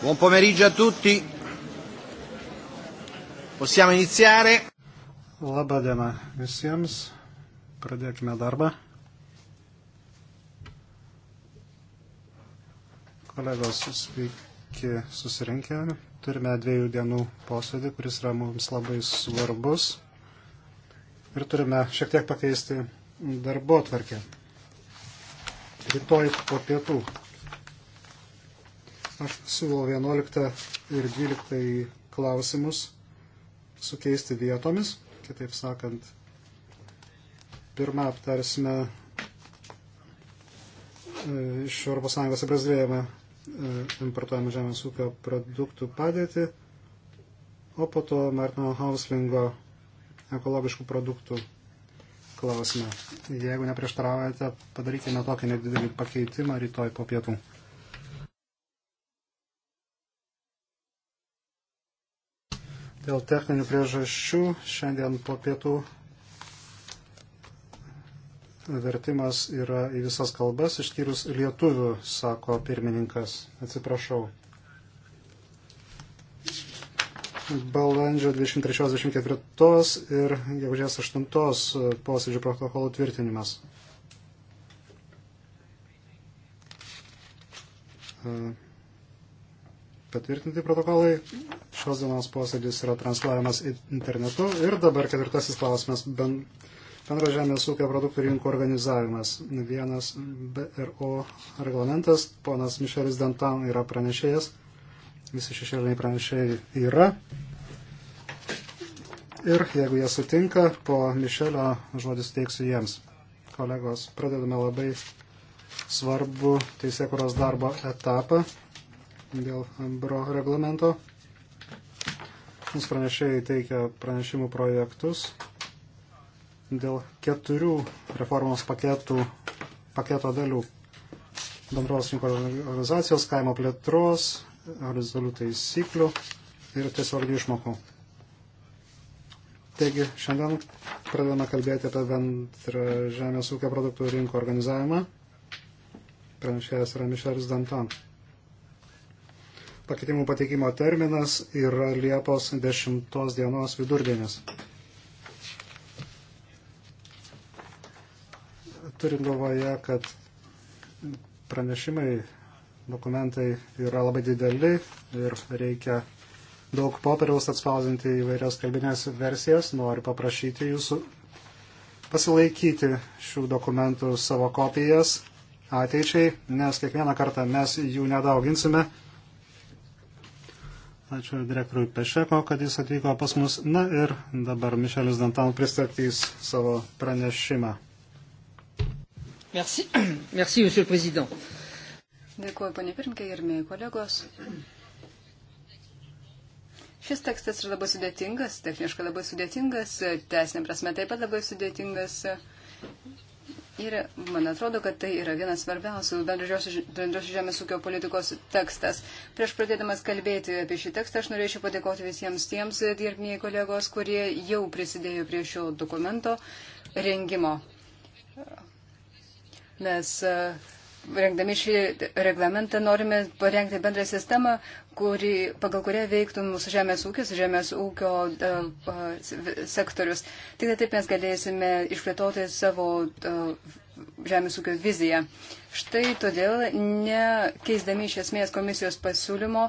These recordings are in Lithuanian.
Buon pomeriggio a tutti. Possiamo iniziare. Labą dieną visiems. Pradėkime darbą. Kolegos, sveiki susirinkę. Turime dviejų dienų posėdį, kuris yra mums labai svarbus. Ir turime šiek tiek pakeisti darbo tvarkę. Rytoj po pietų Aš siūlau 11 ir 12 klausimus sukeisti vietomis. Kitaip sakant, pirmą aptarsime e, iš ES į Braziliją e, importuojamą žemės ūkio produktų padėtį, o po to Martino Hauslingo ekologiškų produktų klausimą. Jeigu neprieštaraujate, padarykime tokį nedidelį pakeitimą rytoj po pietų. Dėl techninių priežasčių šiandien po pietų vertimas yra į visas kalbas, išskyrus lietuvių, sako pirmininkas. Atsiprašau. Balandžio 23-24 ir gegužės 8 posėdžių protokolų tvirtinimas. Uh patvirtinti protokolai. Šios dienos posėdis yra transliuojamas internetu. Ir dabar ketvirtasis klausimas ben, - bendro žemės ūkio produktų rinkų organizavimas. Vienas BRO reglamentas, ponas Mišelis Dantan yra pranešėjas, visi šešėliniai pranešėjai yra. Ir jeigu jie sutinka, po Mišelio žodis teiksiu jiems. Kolegos, pradedame labai svarbu teisėkuros darbo etapą dėl bro reglamento. Mums pranešėjai teikia pranešimų projektus dėl keturių reformos paketų, paketo dalių bendros rinkos organizacijos, kaimo plėtros, horizontalių taisyklių ir tiesioginių išmokų. Taigi šiandien pradedame kalbėti apie bendrą žemės ūkio produktų rinkų organizavimą. Pranešėjas yra Mišelis Dantan. Pakeitimų pateikimo terminas yra Liepos 10 dienos vidurdienis. Turint galvoje, kad pranešimai, dokumentai yra labai dideli ir reikia daug popieriaus atspausinti įvairias kalbinės versijas, noriu paprašyti jūsų pasilaikyti šių dokumentų savo kopijas ateičiai, nes kiekvieną kartą mes jų nedauginsime. Ačiū direktoriui Pešeko, kad jis atvyko pas mus. Na ir dabar Mišelis Dantan pristatys savo pranešimą. Merci, Merci monsieur le président. Dėkuoju, panė pirmkė, gerbėjai kolegos. Šis tekstas yra labai sudėtingas, techniškai labai sudėtingas, teisinė prasme taip pat labai sudėtingas. Ir man atrodo, kad tai yra vienas svarbiausių bendros žemės ūkio politikos tekstas. Prieš pradėdamas kalbėti apie šį tekstą, aš norėčiau padėkoti visiems tiems e, dirbiniai kolegos, kurie jau prisidėjo prie šio dokumento rengimo. Mes e, rengdami šį reglamentą norime parengti bendrą sistemą, kuri, pagal kurią veiktų mūsų žemės ūkis, žemės ūkio uh, sektorius. Tik tai taip mes galėsime išplėtoti savo uh, žemės ūkio viziją. Štai todėl, nekeisdami iš esmės komisijos pasiūlymo,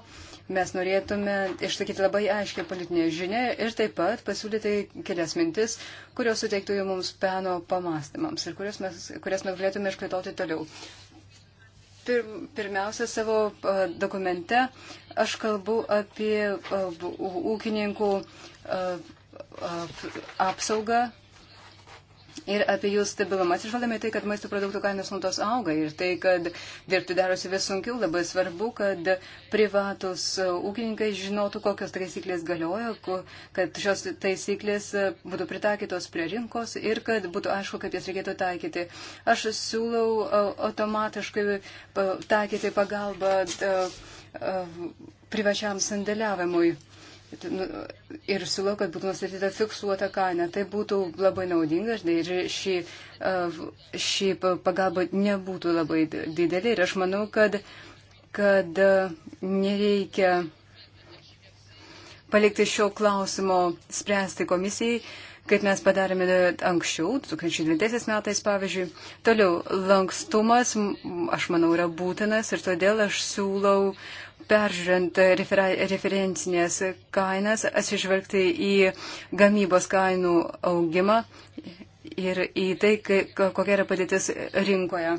mes norėtume išsakyti labai aiškę politinę žinę ir taip pat pasiūlyti kelias mintis, kurios suteiktų jau mums peno pamastymams ir kurias mes, kurias mes galėtume išplėtoti toliau. Pir, pirmiausia, savo dokumente aš kalbu apie ūkininkų apsaugą ir apie jų stabilumą. Atsižvelgdami tai, kad maisto produktų kainos nuotos auga ir tai, kad dirbti darosi vis sunkiau, labai svarbu, kad privatus ūkininkai žinotų, kokios taisyklės galioja, kad šios taisyklės būtų pritaikytos prie rinkos ir kad būtų aišku, kaip jas reikėtų taikyti. Aš siūlau automatiškai taikyti pagalbą privačiam sandėliavimui. Nu, ir siūlau, kad būtų nustatyta fiksuota kaina. Tai būtų labai naudinga ir ši, uh, ši pagalba nebūtų labai didelė ir aš manau, kad, kad uh, nereikia palikti šio klausimo spręsti komisijai, kaip mes padarėme anksčiau, 2020 metais pavyzdžiui. Toliau, lankstumas, aš manau, yra būtinas ir todėl aš siūlau peržiūrint referencinės kainas, atsižvelgti į gamybos kainų augimą ir į tai, kokia yra padėtis rinkoje.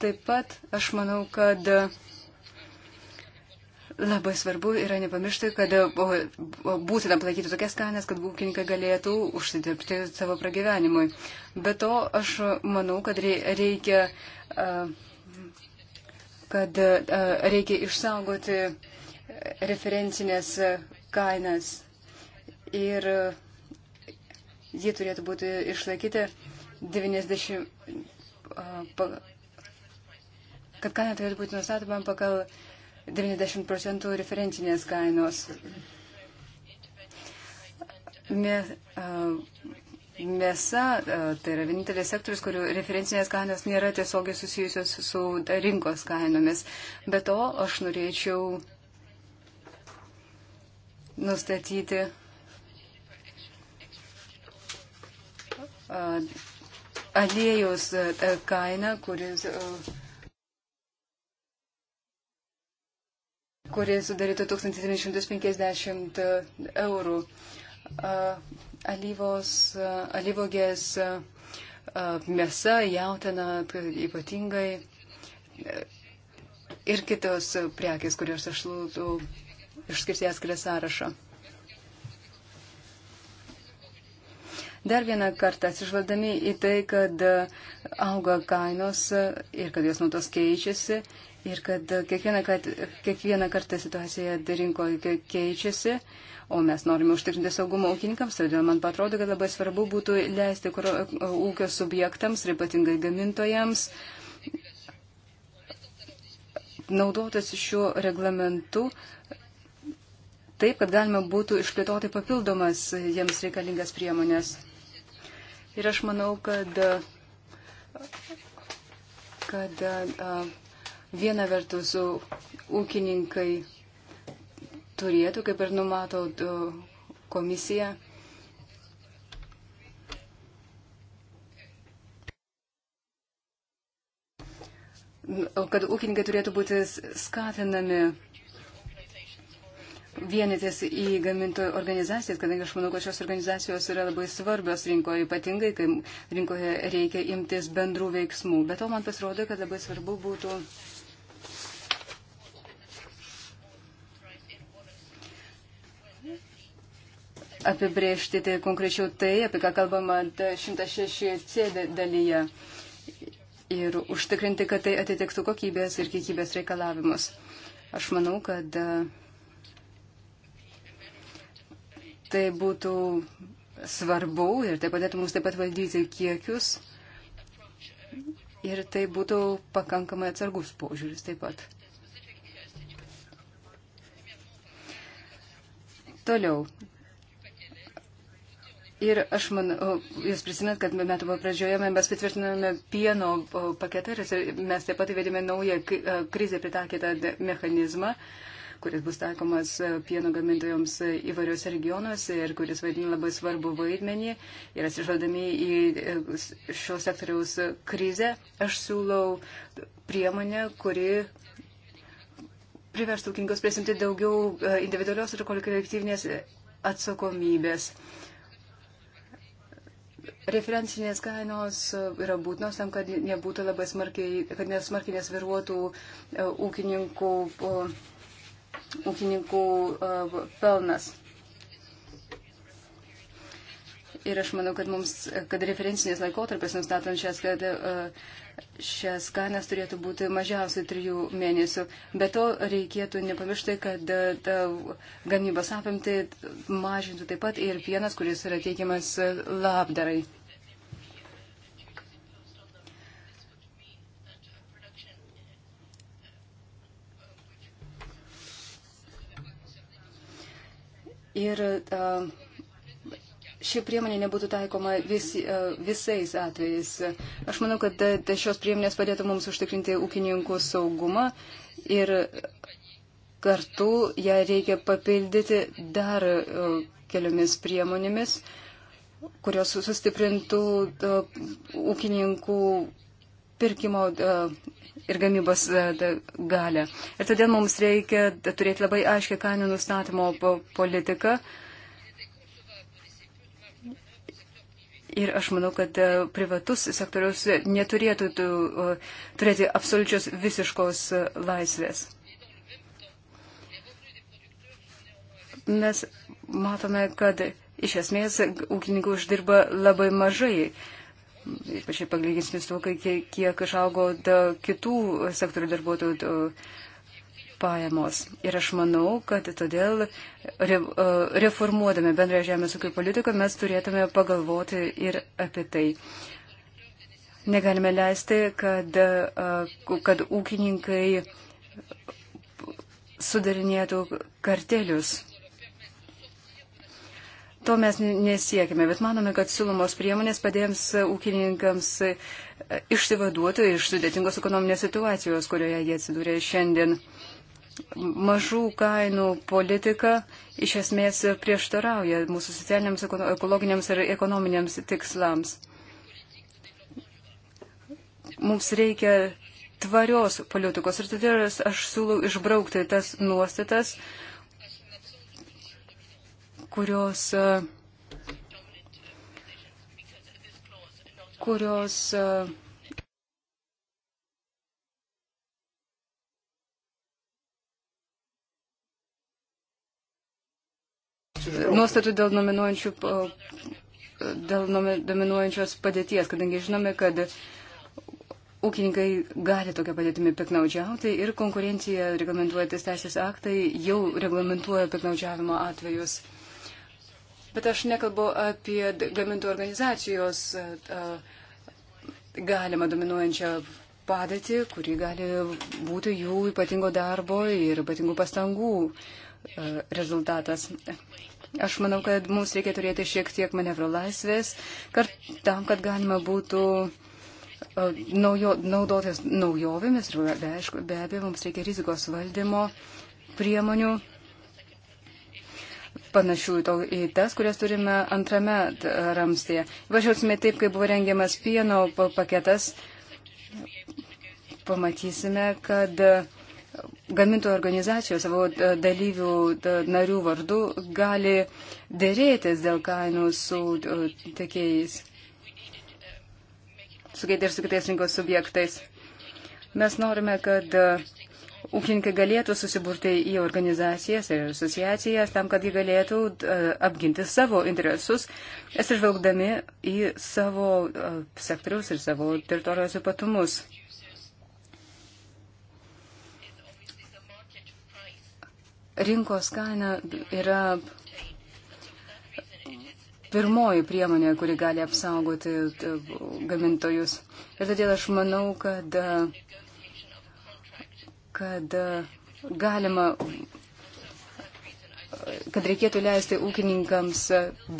Taip pat aš manau, kad Labai svarbu yra nepamiršti, kad būtina palaikyti tokias kainas, kad ūkininkai galėtų užsidirbti savo pragyvenimui. Be to, aš manau, kad reikia, kad reikia išsaugoti referencinės kainas ir ji turėtų būti išlaikyti 90, kad kaina turėtų būti nustatoma pagal 90 procentų referentinės kainos. Me, mėsa tai yra vienintelis sektorius, kurių referencinės kainos nėra tiesiogiai susijusios su rinkos kainomis. Be to, aš norėčiau nustatyti aliejus kainą, kuris. Uh, kuris sudarytų 1750 eurų. Alyvos, alyvogės mėsa, jautina ypatingai e, ir kitos prekės, kurios aš lūtų išskirti atskirą sąrašą. Dar vieną kartą atsižvaldami į tai, kad auga kainos ir kad jos nuotos keičiasi Ir kad kiekvieną, kad kiekvieną kartą situacija rinkoje keičiasi, o mes norime užtikrinti saugumą ūkininkams, todėl man patrodo, kad labai svarbu būtų leisti kur, ūkio subjektams ir ypatingai gamintojams naudotis šiuo reglamentu taip, kad galima būtų išplėtoti papildomas jiems reikalingas priemonės. Ir aš manau, kad, kad a, Viena vertus, ūkininkai turėtų, kaip ir numato komisija, kad ūkininkai turėtų būti skatinami vienytis į gamintojų organizacijas, kadangi aš manau, kad šios organizacijos yra labai svarbios rinkoje, ypatingai, kai rinkoje reikia imtis bendrų veiksmų. Bet to man pasirodė, kad labai svarbu būtų apibriežti tai konkrečiau tai, apie ką kalbama 106C dalyje ir užtikrinti, kad tai atitiktų kokybės ir kiekybės reikalavimus. Aš manau, kad e, tai būtų svarbu ir tai padėtų mums taip pat valdyti kiekius. Ir tai būtų pakankamai atsargus požiūris taip pat. Toliau, Ir aš manau, jūs prisimint, kad metų pradžioje mes patvirtinome pieno paketą ir mes taip pat įvedėme naują krizę pritaikytą mechanizmą kuris bus taikomas pieno gamintojams įvairiuose regionuose ir kuris vaidina labai svarbu vaidmenį. Ir atsižvelgdami į e, šio sektoriaus krizę, aš siūlau priemonę, kuri priverstų kinkus prisimti daugiau individualios ir kolektyvinės atsakomybės. Uh, Referencinės kainos e, yra būtinos tam, kad nebūtų labai smarkiai, kad nesmarkiai nesviruotų e, ūkininkų, ūkininkų e, pelnas. Ir aš manau, kad mums, kad referencinės laikotarpis nustatant šias kad, šias kainas turėtų būti mažiausiai trijų mėnesių. Be to reikėtų nepamiršti, kad e, ta gamybos apimti mažintų taip pat ir pienas, kuris yra teikiamas e, labdarai. Ir uh, ši priemonė nebūtų taikoma vis, e, visais atvejais. Aš manau, kad šios priemonės padėtų mums užtikrinti ūkininkų saugumą ir kartu ją reikia papildyti dar e, keliomis priemonėmis, kurios sustiprintų e, ūkininkų pirkimo ir gamybos galę. Ir todėl mums reikia turėti labai aiškę kainų nustatymo politiką Ir aš manau, kad e, privatus sektorius neturėtų e, turėti absoliučios visiškos e, laisvės. Mes matome, kad iš esmės ūkininkų uždirba labai mažai. Ypač palyginsime su to, kiek išaugo kitų sektorių darbuotojų pajamos. Ir aš manau, kad todėl e, reformuodami bendrąją žemės ūkio politiką mes turėtume pagalvoti ir apie tai. Negalime leisti, kad, e, kad ūkininkai sudarinėtų kartelius. To mes nesiekime, bet manome, kad siūlomos priemonės padėjams ūkininkams e, išsivaduoti iš sudėtingos ekonominės situacijos, kurioje jie atsidūrė šiandien mažų kainų politika iš esmės prieštarauja mūsų socialiniams, ekologiniams ir ekonominiams tikslams. Mums reikia tvarios politikos ir todėl aš siūlau išbraukti tas nuostatas, kurios, kurios nuostatų dėl nominuojančių dėl dominuojančios padėties, kadangi žinome, kad ūkininkai gali tokią padėtimį piknaudžiauti ir konkurencija reglamentuojantis teisės aktai jau reglamentuoja piknaudžiavimo atvejus. Bet aš nekalbu apie gamintų organizacijos galimą dominuojančią padėtį, kuri gali būti jų ypatingo darbo ir ypatingų pastangų rezultatas. Aš manau, kad mums reikia turėti šiek tiek manevro laisvės, kart, tam, kad galima būtų e, naujo, naudotis naujovėmis ir be, aišku, be abejo mums reikia rizikos valdymo priemonių panašių to, į tas, kurias turime antrame ramstėje. Važiuosime taip, kaip buvo rengiamas pieno paketas. Pamatysime, kad uh, gamintojų organizacijos savo e, dalyvių e, narių vardu gali dėrėtis dėl kainų su e, tiekėjais, su ir su kitais rinkos subjektais. Mes norime, kad ūkininkai galėtų susiburti į organizacijas ir asociacijas tam, kad jie galėtų apginti savo interesus, atsižvelgdami į savo sektorius ir savo teritorijos ypatumus. rinkos kaina yra pirmoji priemonė, kuri gali apsaugoti e, gamintojus. Ir todėl aš manau, kad, kad galima kad reikėtų leisti ūkininkams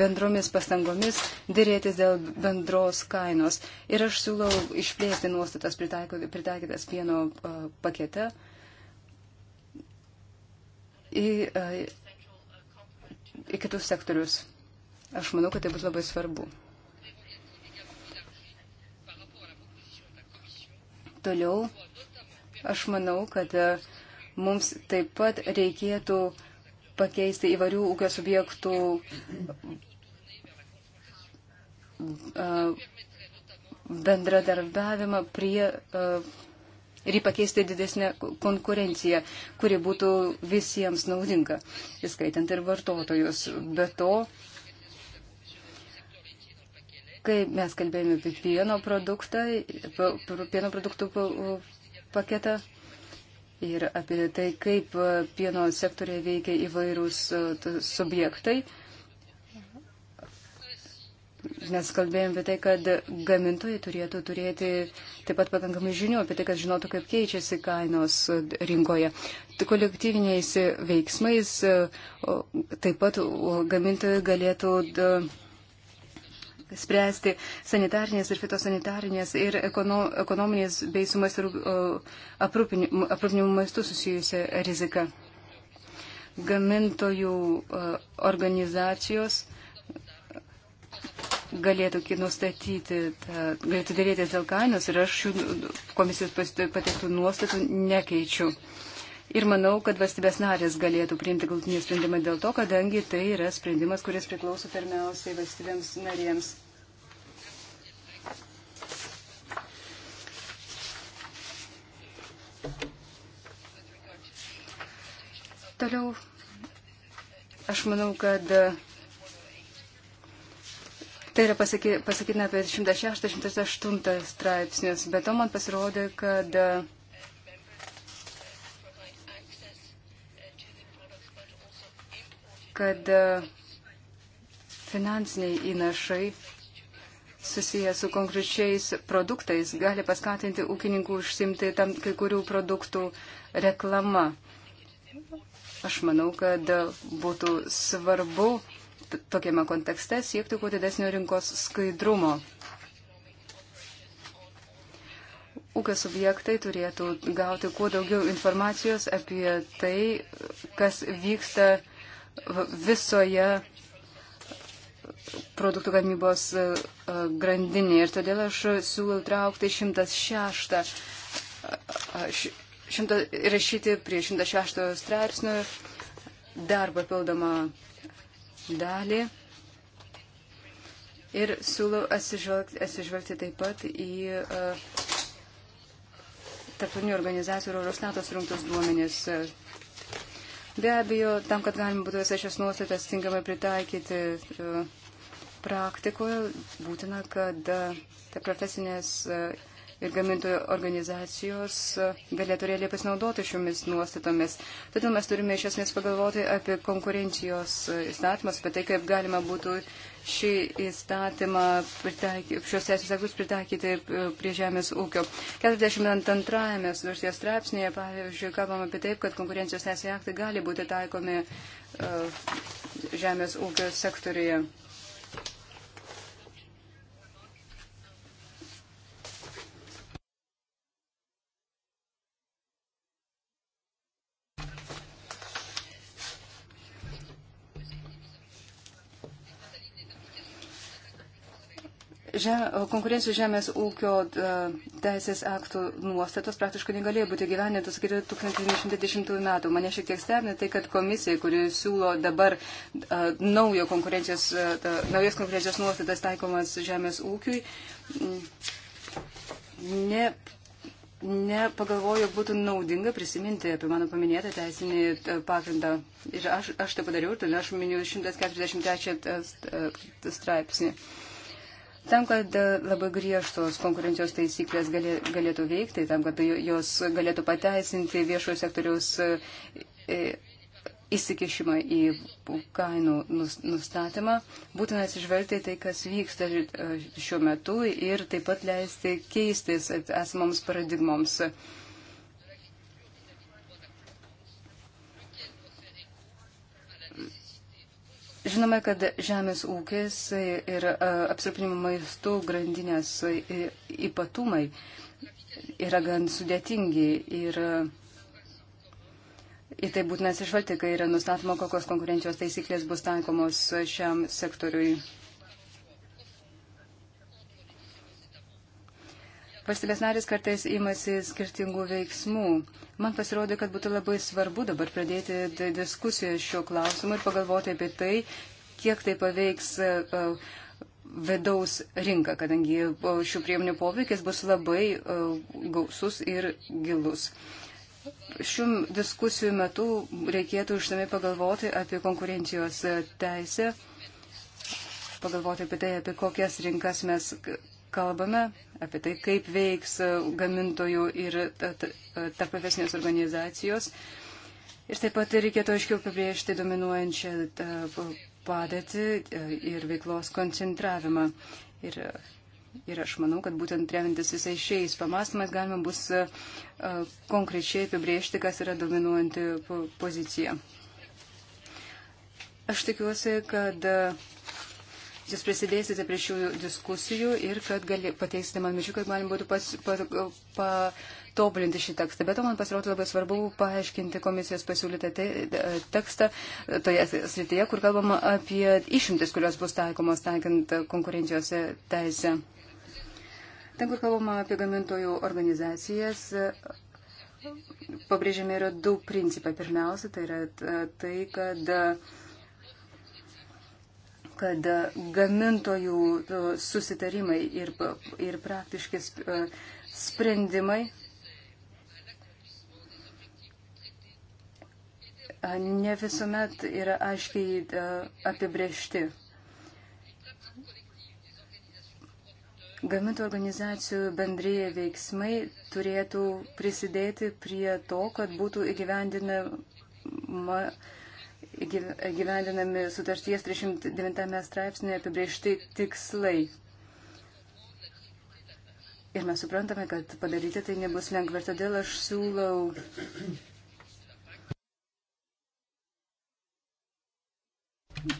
bendromis pastangomis dėrėtis dėl bendros kainos. Ir aš siūlau išplėsti nuostatas pritaikytas pieno e, pakete uh, į, e, į kitus sektorius. Aš manau, kad tai bus labai svarbu. Toliau, aš manau, kad e, mums taip pat reikėtų pakeisti įvarių ūkio subjektų e, bendradarbiavimą prie ir jį pakeisti didesnę konkurenciją, kuri būtų visiems naudinga, įskaitant ir vartotojus. Be to, kai mes kalbėjome apie pieno produktą, pieno produktų paketą ir apie tai, kaip pieno sektorėje veikia įvairūs subjektai, Mes kalbėjom apie tai, kad gamintojai turėtų turėti taip pat pakankamai žinių apie tai, kad žinotų, kaip keičiasi kainos rinkoje. Kolektyviniais veiksmais e, taip pat gamintojai galėtų spręsti sanitarnės ir fitosanitarnės ir ekonominės bei su maistu aprūpinimu maistu susijusią riziką. Gamintojų e, organizacijos galėtų nustatyti, tą, galėtų dėrėtis dėl kainos ir aš šių komisijos pateiktų nuostatų nekeičiu. Ir manau, kad valstybės narės galėtų priimti galutinį sprendimą dėl to, kadangi tai yra sprendimas, kuris priklauso pirmiausiai valstybėms narėms. Toliau, aš manau, kad Tai yra pasakytina apie 106-108 straipsnius, bet to man pasirodė, kad kad finansiniai įnašai susiję su konkrečiais produktais gali paskatinti ūkininkų užsimti tam kai kurių produktų reklama. Aš manau, kad būtų svarbu tokiame kontekste siekti kuo didesnio rinkos skaidrumo. Ūkio subjektai turėtų gauti kuo daugiau informacijos apie tai, kas vyksta visoje produktų gamybos e, e, grandinėje. Ir todėl aš siūlau traukti 106 šimta, rašyti prie 106 straipsnių dar papildomą dalį ir siūlau atsižvelgti, atsižvelgti taip pat į uh, tarptautinių organizacijų ir Eurostatos rinktus duomenis. Be abejo, tam, kad galima būtų visas šias nuostatas tinkamai pritaikyti uh, praktikoje, būtina, kad uh, ta profesinės. Uh, ir gamintojų organizacijos galėtų realiai pasinaudoti šiomis nuostatomis. Todėl mes turime iš esmės pagalvoti apie konkurencijos įstatymas, apie tai, kaip galima būtų šį įstatymą, pritaikyti, šios teisės aktus pritaikyti prie žemės ūkio. 42 sutarties straipsnėje, pavyzdžiui, kalbam apie taip, kad konkurencijos teisės aktai gali būti taikomi uh, žemės ūkio sektorijoje. konkurencijų žemės ūkio e, teisės aktų nuostatos praktiškai negalėjo būti gyvenintos iki 1910 metų. Mane šiek tiek stebina tai, kad komisija, kuri siūlo dabar e, naujo konkurencijos, e, naujas konkurencijos nuostatas taikomas žemės ūkiui, mm, ne, nepagalvoju, būtų naudinga prisiminti apie mano paminėtą teisinį pagrindą. Ir aš, aš tai padariau, todėl aš miniu 143 straipsnį. Tam, kad e, labai griežtos konkurencijos taisyklės galėtų veikti, tam, kad jos galėtų pateisinti viešojo sektoriaus e, e, įsikišimą į kainų nustatymą, būtina atsižvelgti tai, kas vyksta šiuo metu ir taip pat leisti keistis esamoms paradigmoms. Žinome, kad žemės ūkis ir e, apsirūpinimo maistų grandinės ypatumai yra gan sudėtingi ir e, į tai būtinas išvalti, kai yra nustatoma, kokios konkurencijos taisyklės bus taikomos šiam sektoriui. Valstybės narės kartais imasi skirtingų veiksmų. Man pasirodė, kad būtų labai svarbu dabar pradėti diskusiją šiuo klausimu ir pagalvoti apie tai, kiek tai paveiks e, e, vidaus rinką, kadangi e, šių priemonių poveikis bus labai gausus ir gilus. Šių diskusijų metu reikėtų išsamei pagalvoti apie konkurencijos teisę, pagalvoti apie tai, apie kokias rinkas mes kalbame apie tai, kaip veiks gamintojų ir tarpprofesinės organizacijos. Ir taip pat reikėtų aiškiau pabrėžti dominuojančią padėtį e, ir veiklos koncentravimą. Ir, ir aš manau, kad būtent remintis visais šiais pamastymais galima bus e, konkrečiai apibrėžti, kas yra dominuojanti pozicija. Aš tikiuosi, kad jūs prisidėsite prie šių diskusijų ir kad gali, pateisite man minčių, kad man būtų patobulinti šį tekstą. Bet to man pasirodė labai svarbu paaiškinti komisijos pasiūlytą te, tekstą toje srityje, kur kalbama apie išimtis, kurios bus taikomos taikant konkurencijos teisę. Ten, kur kalbama apie gamintojų organizacijas, pabrėžiami yra du principai. Pirmiausia, tai yra tai, kad kad gamintojų e, susitarimai ir, ir praktiški e, sprendimai ne visuomet yra aiškiai e, apibriešti. Gamintų organizacijų bendrėje veiksmai turėtų prisidėti prie to, kad būtų įgyvendinama gyvendinami sutarties 39 straipsnėje apibriežti tikslai. Ir mes suprantame, kad padaryti tai nebus lengva. Ir todėl aš siūlau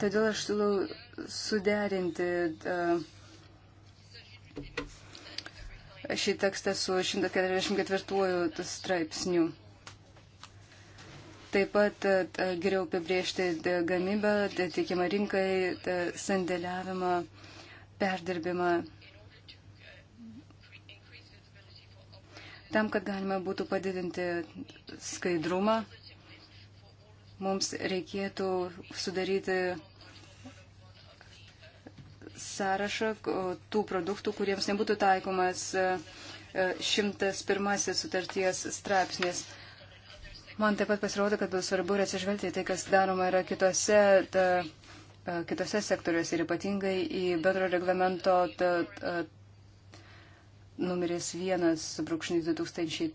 Todėl aš siūlau suderinti e, šį tekstą su 144 straipsniu. Taip pat e, geriau apibriežti gamybą, tiekimą rinkai, sandėliavimą, perdirbimą. Tam, kad galima būtų padidinti skaidrumą, mums reikėtų sudaryti sąrašą tų produktų, kuriems nebūtų taikomas 101 e, e, sutarties straipsnis. Man taip pat pasirodo, kad bus svarbu ir atsižvelgti į tai, kas daroma yra kitose, ta, kitose sektoriuose ir ypatingai į bendro reglamento ta, ta, numeris 1.2003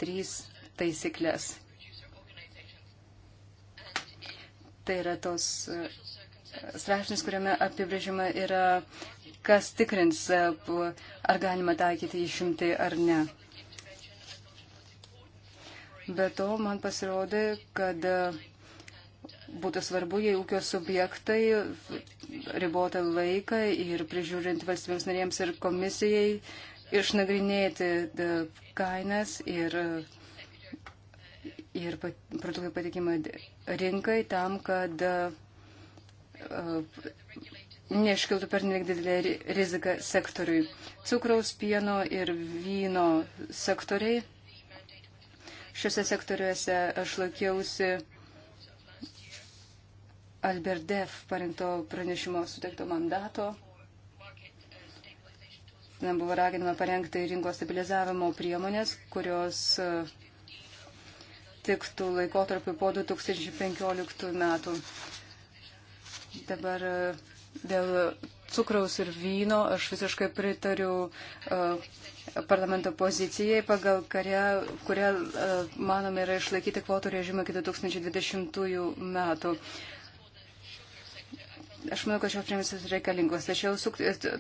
taisyklės. Tai yra tos straipsnis, kuriame apibrėžima yra, kas tikrins, ar galima taikyti išimti ar ne. Be to, man pasirodė, kad e, būtų svarbu, jei ūkio subjektai ribotą laiką ir prižiūrint valstybėms narėms ir komisijai išnagrinėti e, kainas ir, e, ir produktų patikimą rinkai tam, kad neiškiltų per nedidelę riziką sektoriui. Cukraus, pieno ir vyno sektoriai Šiuose sektoriuose aš laikiausi Alberdev parinkto pranešimo suteikto mandato. Ten buvo raginama parengti rinkos stabilizavimo priemonės, kurios e, tiktų laikotarpiu po 2015 metų. Dabar e, dėl cukraus ir vyno, aš visiškai pritariu uh, parlamento pozicijai, pagal kurią, kurią uh, manome yra išlaikyti kvotų režimą iki 2020 metų. Aš manau, kad šios priemonės reikalingos. Tačiau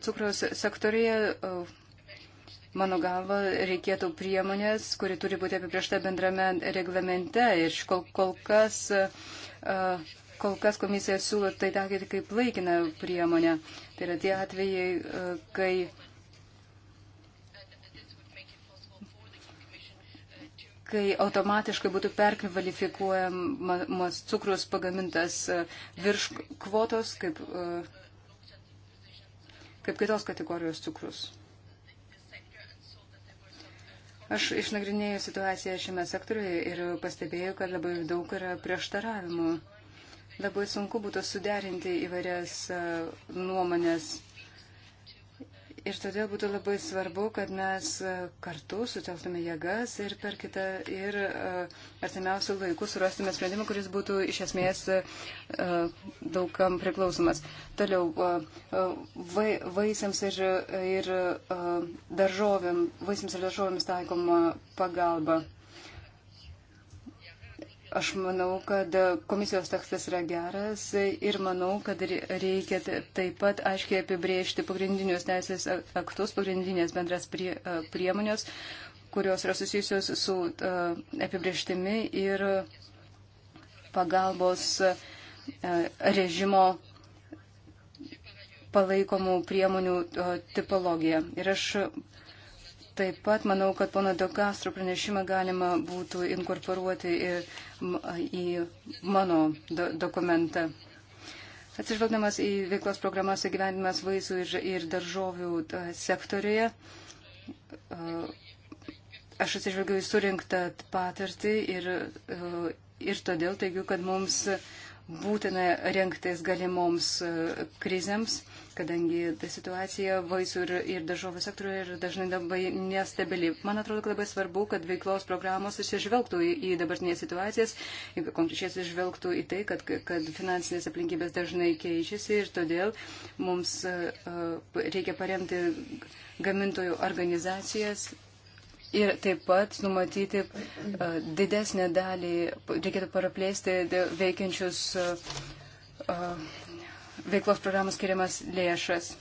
cukraus sektorija, uh, mano galva, reikėtų priemonės, kuri turi būti apibriešta bendrame reglamente. Ir kol, kol kas uh, Kol kas komisija siūlo tai taikyti kaip laikiną priemonę. Tai yra tie atvejai, e, kai kai automatiškai būtų perkvalifikuojamas cukrus pagamintas e, virš kvotos kaip, e, kaip kitos kategorijos cukrus. Aš išnagrinėjau situaciją šiame sektoriuje ir pastebėjau, kad labai daug yra prieštaravimų. Labai sunku būtų suderinti įvairias e, nuomonės. Ir todėl būtų labai svarbu, kad mes e, kartu sutelktume jėgas ir per kitą ir e, artimiausių laikų surastume sprendimą, kuris būtų iš esmės daugam priklausomas. Toliau, vai, vaisiams ir, ir daržovėm, vaisiams ir daržovėms taikoma pagalba. Aš manau, kad komisijos tekstas yra geras ir manau, kad reikia taip pat aiškiai apibriežti pagrindinius teisės aktus, pagrindinės bendras prie, priemonės, kurios yra susijusios su apibrieštimi ir pagalbos režimo palaikomų priemonių tipologija. Ir aš Taip pat manau, kad pono Dogastro pranešimą galima būtų inkorporuoti ir, į mano do, dokumentą. Atsižvelgdamas į veiklos programas įgyvendimas vaisių ir, ir daržovių e, sektoriuje, e, aš atsižvelgiu į surinktą patirtį ir, e, ir todėl teigiu, kad mums būtina rengtis galimoms krizėms kadangi ta situacija vaisių ir, ir daržovių sektoriuje yra dažnai labai nestabili. Man atrodo, kad labai svarbu, kad veiklos programos išžvelgtų į, į dabartinės situacijas, konkrečiai išžvelgtų į tai, kad, kad finansinės aplinkybės dažnai keičiasi ir todėl mums uh, reikia paremti gamintojų organizacijas. Ir taip pat numatyti uh, didesnę dalį, reikėtų paraplėsti veikiančius uh, uh veiklos programos skiriamas lėšas.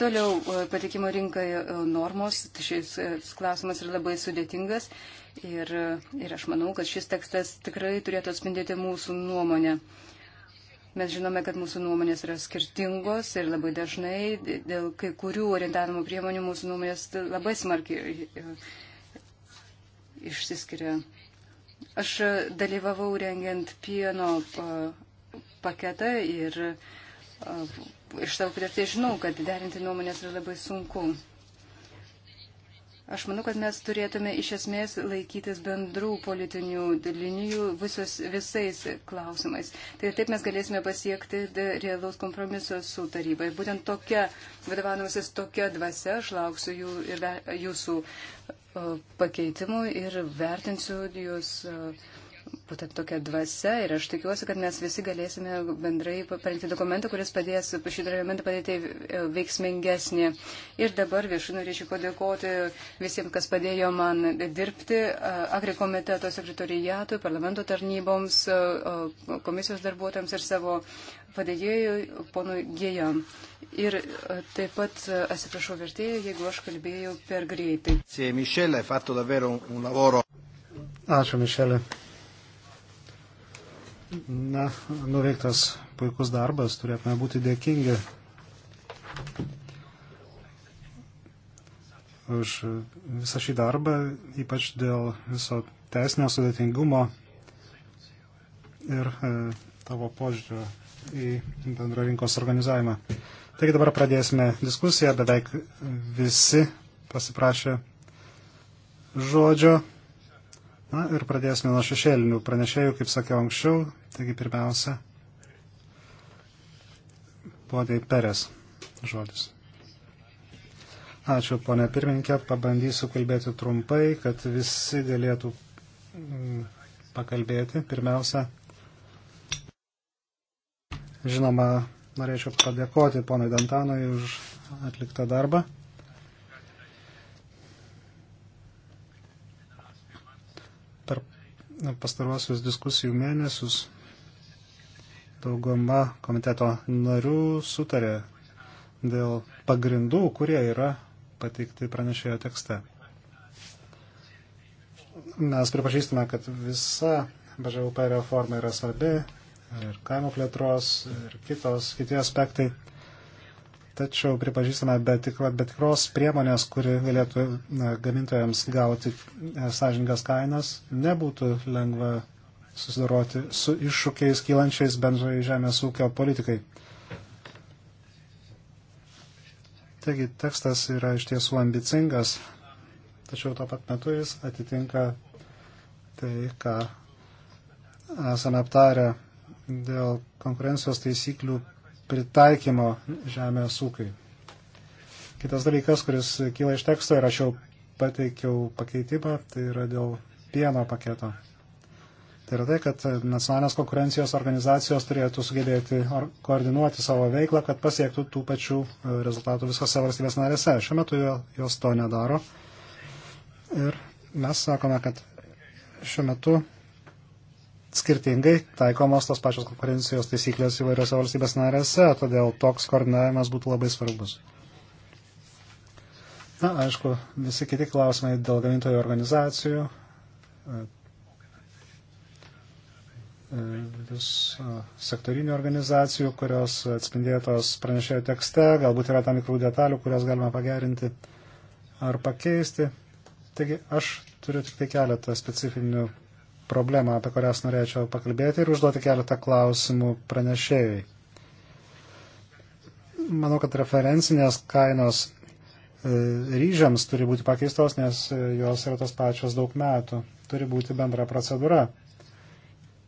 Toliau e, patikimo rinkai e, normos, tai šis e, klausimas yra labai sudėtingas ir, ir aš manau, kad šis tekstas tikrai turėtų atspindėti mūsų nuomonę. Mes žinome, kad mūsų nuomonės yra skirtingos ir labai dažnai dėl kai kurių orientavimo priemonių mūsų nuomonės labai smarkiai išsiskiria. Aš dalyvavau rengiant pieno paketą ir iš savo patirties žinau, kad derinti nuomonės yra labai sunku. Aš manau, kad mes turėtume iš esmės laikytis bendrų politinių linijų visos, visais klausimais. Tai taip mes galėsime pasiekti realaus kompromiso su taryba. Ir būtent tokia, vadovavimasis tokia dvasia, aš lauksiu jų ir jūsų pakeitimų ir vertinsiu jūs. Uh, būtent tokia dvasia ir aš tikiuosi, kad mes visi galėsime bendrai parengti dokumentą, kuris padės šį dokumentą padėti e, veiksmingesnį. Ir dabar viešai norėčiau padėkoti visiems, kas padėjo man dirbti, e, agrikomiteto sekretorijatui, parlamento tarnyboms, e, komisijos darbuotojams ir savo padėjėjui, ponui Gėjam. Ir taip pat atsiprašau vertėjų, jeigu aš kalbėjau per greitai. Ačiū, Mišelė. Na, nuveiktas puikus darbas, turėtume būti dėkingi už visą šį darbą, ypač dėl viso teisinio sudėtingumo ir e, tavo požiūrio į bendro rinkos organizavimą. Taigi dabar pradėsime diskusiją, beveik visi pasiprašė žodžio. Na ir pradėsime nuo šešėlinių pranešėjų, kaip sakiau anksčiau. Taigi pirmiausia, poniai Peres žodis. Ačiū, ponė pirmininkė, pabandysiu kalbėti trumpai, kad visi galėtų mm, pakalbėti. Pirmiausia, žinoma, norėčiau padėkoti ponui Dantanui už atliktą darbą. pastaruosius diskusijų mėnesius dauguma komiteto narių sutarė dėl pagrindų, kurie yra pateikti pranešėjo tekste. Mes pripažįstame, kad visa BŽUP reforma yra svarbi ir kaimo plėtros ir kitos, kiti aspektai Tačiau pripažįstame, bet, bet tikros priemonės, kuri galėtų gamintojams gauti e, sąžininkas kainas, nebūtų lengva susidoroti su iššūkiais kylančiais bendrai žemės ūkio politikai. Taigi tekstas yra iš tiesų ambicingas, tačiau tuo pat metu jis atitinka tai, ką esame aptarę dėl konkurencijos taisyklių pritaikymo žemės ūkiui. Kitas dalykas, kuris kyla iš teksto ir aš jau pateikiau pakeitimą, tai yra dėl pieno paketo. Tai yra tai, kad nacionalinės konkurencijos organizacijos turėtų sugebėti koordinuoti savo veiklą, kad pasiektų tų pačių e, rezultatų visose valstybės narėse. Šiuo metu jos to nedaro. Ir mes sakome, kad šiuo metu skirtingai taikomos tos pačios konkurencijos taisyklės įvairiose valstybės narėse, todėl toks koordinavimas būtų labai svarbus. Na, aišku, visi kiti klausimai dėl gamintojų organizacijų. E, e, vis e, sektorinių organizacijų, kurios atspindėtos pranešėjo tekste, galbūt yra tam tikrų detalių, kurias galima pagerinti ar pakeisti. Taigi aš turiu tik tai keletą specifinių problemą, apie kurias norėčiau pakalbėti ir užduoti keletą klausimų pranešėjai. Manau, kad referencinės kainos e, ryžiams turi būti pakeistos, nes e, jos yra tos pačios daug metų. Turi būti bendra procedūra,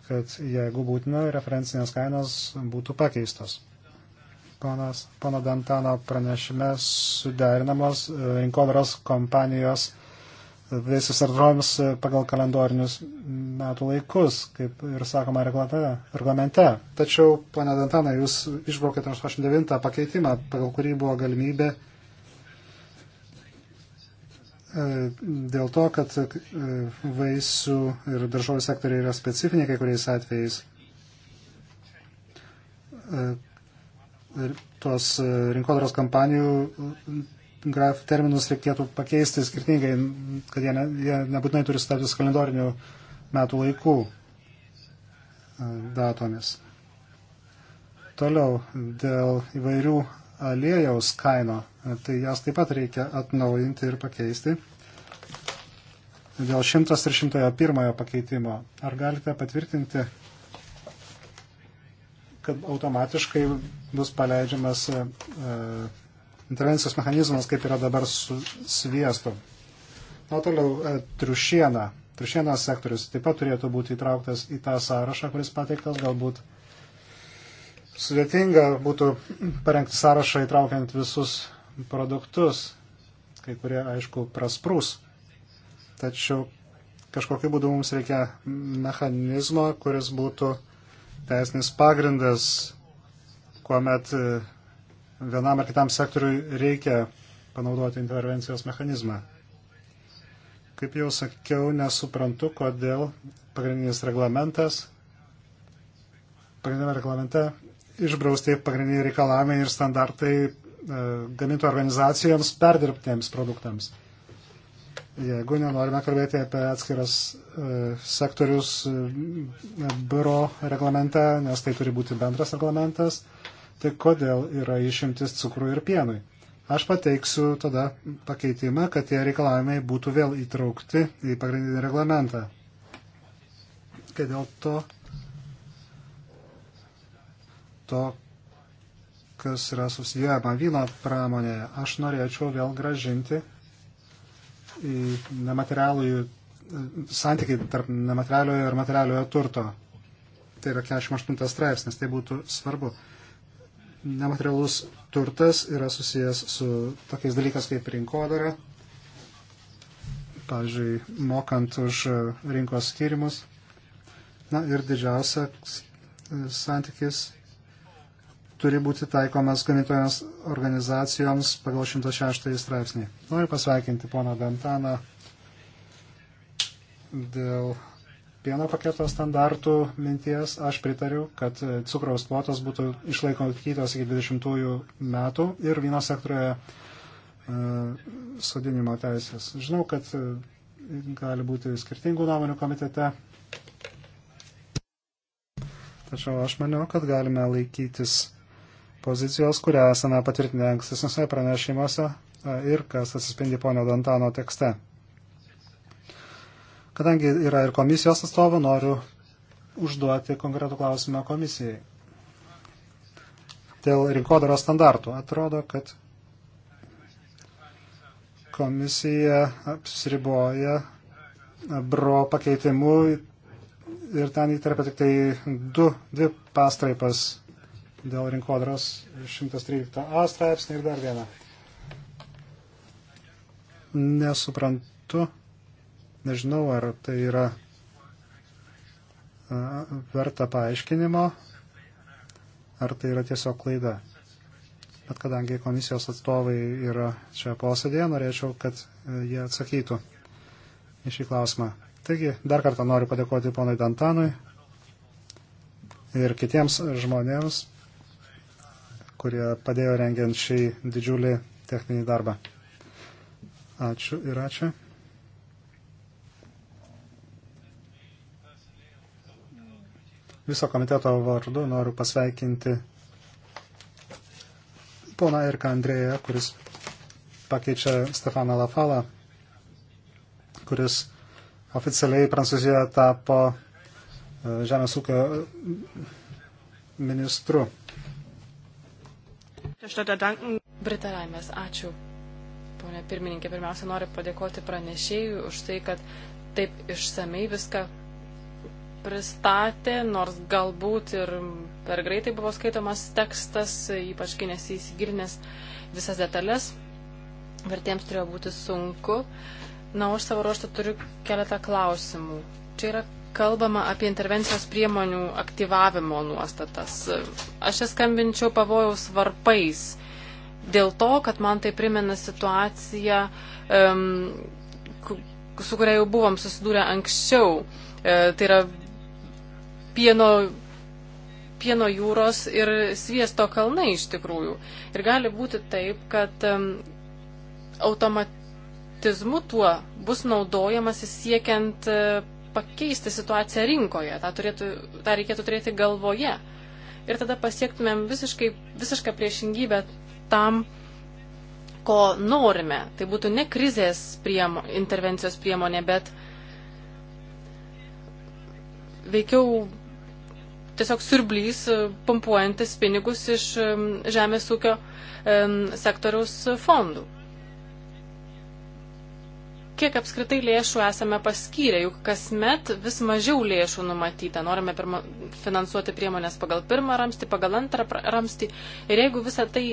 kad jeigu būtina, referencinės kainos būtų pakeistos. Ponas, pono Dantano pranešime suderinamos e, rinkodaros kompanijos vaisius ar drovimus pagal kalendorinius metų laikus, kaip ir sakoma reglamente. Tačiau, pane Dantana, jūs išbraukėte 89 pakeitimą, pagal kurį buvo galimybė e, dėl to, kad e, vaisių ir daržovių sektoriai yra specifiniai kai kuriais atvejais. E, ir tuos rinkodaros kampanijų graf, terminus reikėtų pakeisti skirtingai, kad jie, ne, jie nebūtinai turi status kalendorinių metų laikų e, datomis. Toliau, dėl įvairių aliejaus kaino, e, tai jas taip pat reikia atnaujinti ir pakeisti. Dėl 100 ir 101 pakeitimo, ar galite patvirtinti, kad automatiškai bus paleidžiamas uh, intervencijos mechanizmas, kaip yra dabar su sviestu. Na, toliau e, triušiena. Triušienos sektorius taip pat turėtų būti įtrauktas į tą sąrašą, kuris pateiktas. Galbūt sudėtinga būtų parengti sąrašą įtraukiant visus produktus, kai kurie, aišku, prasprūs. Tačiau kažkokiu būdu mums reikia mechanizmo, kuris būtų teisinis pagrindas, kuomet e, vienam ar kitam sektoriui reikia panaudoti intervencijos mechanizmą. Kaip jau sakiau, nesuprantu, kodėl pagrindinis reglamentas, pagrindinėme reglamente išbrausti pagrindiniai reikalavimai ir standartai e, gamintų organizacijoms perdirbtiems produktams. Jeigu nenorime kalbėti apie atskiras e, sektorius e, biuro reglamente, nes tai turi būti bendras reglamentas, e, tai kodėl yra išimtis cukrų ir pienui. Aš pateiksiu tada pakeitimą, kad tie reikalavimai būtų vėl įtraukti į pagrindinį reglamentą. Kai dėl to, to kas yra susijęma vyno pramonėje, aš norėčiau vėl gražinti į nematerialųjų santykiai tarp nematerialiojo ir materialiojo turto. Tai yra 48 straipsnis, tai būtų svarbu nematerialus turtas yra susijęs su tokiais dalykas kaip rinkodara, pavyzdžiui, mokant už rinkos tyrimus. Na ir didžiausias santykis turi būti taikomas gamintojams organizacijoms pagal 106 straipsnį. Noriu pasveikinti poną Dantaną dėl pieno paketo standartų minties aš pritariu, kad cukraus kvotos būtų išlaikytos iki 20 metų ir vyno sektorioje sodinimo teisės. Žinau, kad e, gali būti skirtingų nuomonių komitete, tačiau aš maniau, kad galime laikytis pozicijos, kurią esame patvirtinę ankstesniuose pranešimuose e, ir kas atsispindi ponio Dantano tekste. Kadangi yra ir komisijos atstovų, noriu užduoti konkretų klausimą komisijai. Dėl rinkodaros standartų atrodo, kad komisija apsiriboja bro pakeitimu ir ten įtarpia tik tai du, dvi pastraipas dėl rinkodaros 113a straipsnį ir dar vieną. Nesuprantu Nežinau, ar tai yra verta paaiškinimo, ar tai yra tiesiog klaida. Bet kadangi komisijos atstovai yra čia posėdėje, norėčiau, kad e, jie atsakytų į šį klausimą. Taigi, dar kartą noriu padėkoti ponui Dantanui ir kitiems žmonėms, kurie padėjo rengiant šį didžiulį techninį darbą. Ačiū ir ačiū. viso komiteto vardu noriu pasveikinti poną Irką Andrėją, kuris pakeičia Stefaną Lafalą, kuris oficialiai Prancūzijoje tapo e, žemės ūkio ministru. Brita Raimės, ačiū. Pone pirmininkė, pirmiausia, noriu padėkoti pranešėjui už tai, kad taip išsamei viską pristatė, nors galbūt ir per greitai buvo skaitomas tekstas, ypač kai nesigilinęs visas detalės, vertėms turėjo būti sunku. Na, aš savo ruoštą turiu keletą klausimų. Čia yra kalbama apie intervencijos priemonių aktyvavimo nuostatas. Aš jas skambinčiau pavojaus varpais dėl to, kad man tai primena situaciją, um, su kuria jau buvom susidūrę anksčiau. E, tai yra pieno, pieno jūros ir sviesto kalnai iš tikrųjų. Ir gali būti taip, kad automatizmu tuo bus naudojamasi siekiant e, pakeisti situaciją rinkoje. Ta, turėtų, ta reikėtų turėti galvoje. Ir tada pasiektumėm visiškai, visišką priešingybę tam, ko norime. Tai būtų ne krizės priemo, intervencijos priemonė, bet veikiau tiesiog surblys e, pumpuojantis pinigus iš e, žemės ūkio e, sektoriaus fondų. Kiek apskritai lėšų esame paskyrę, juk kasmet vis mažiau lėšų numatyta. Norime pirma, finansuoti priemonės pagal pirmą ramstį, pagal antrą ramstį. Ir jeigu visą tai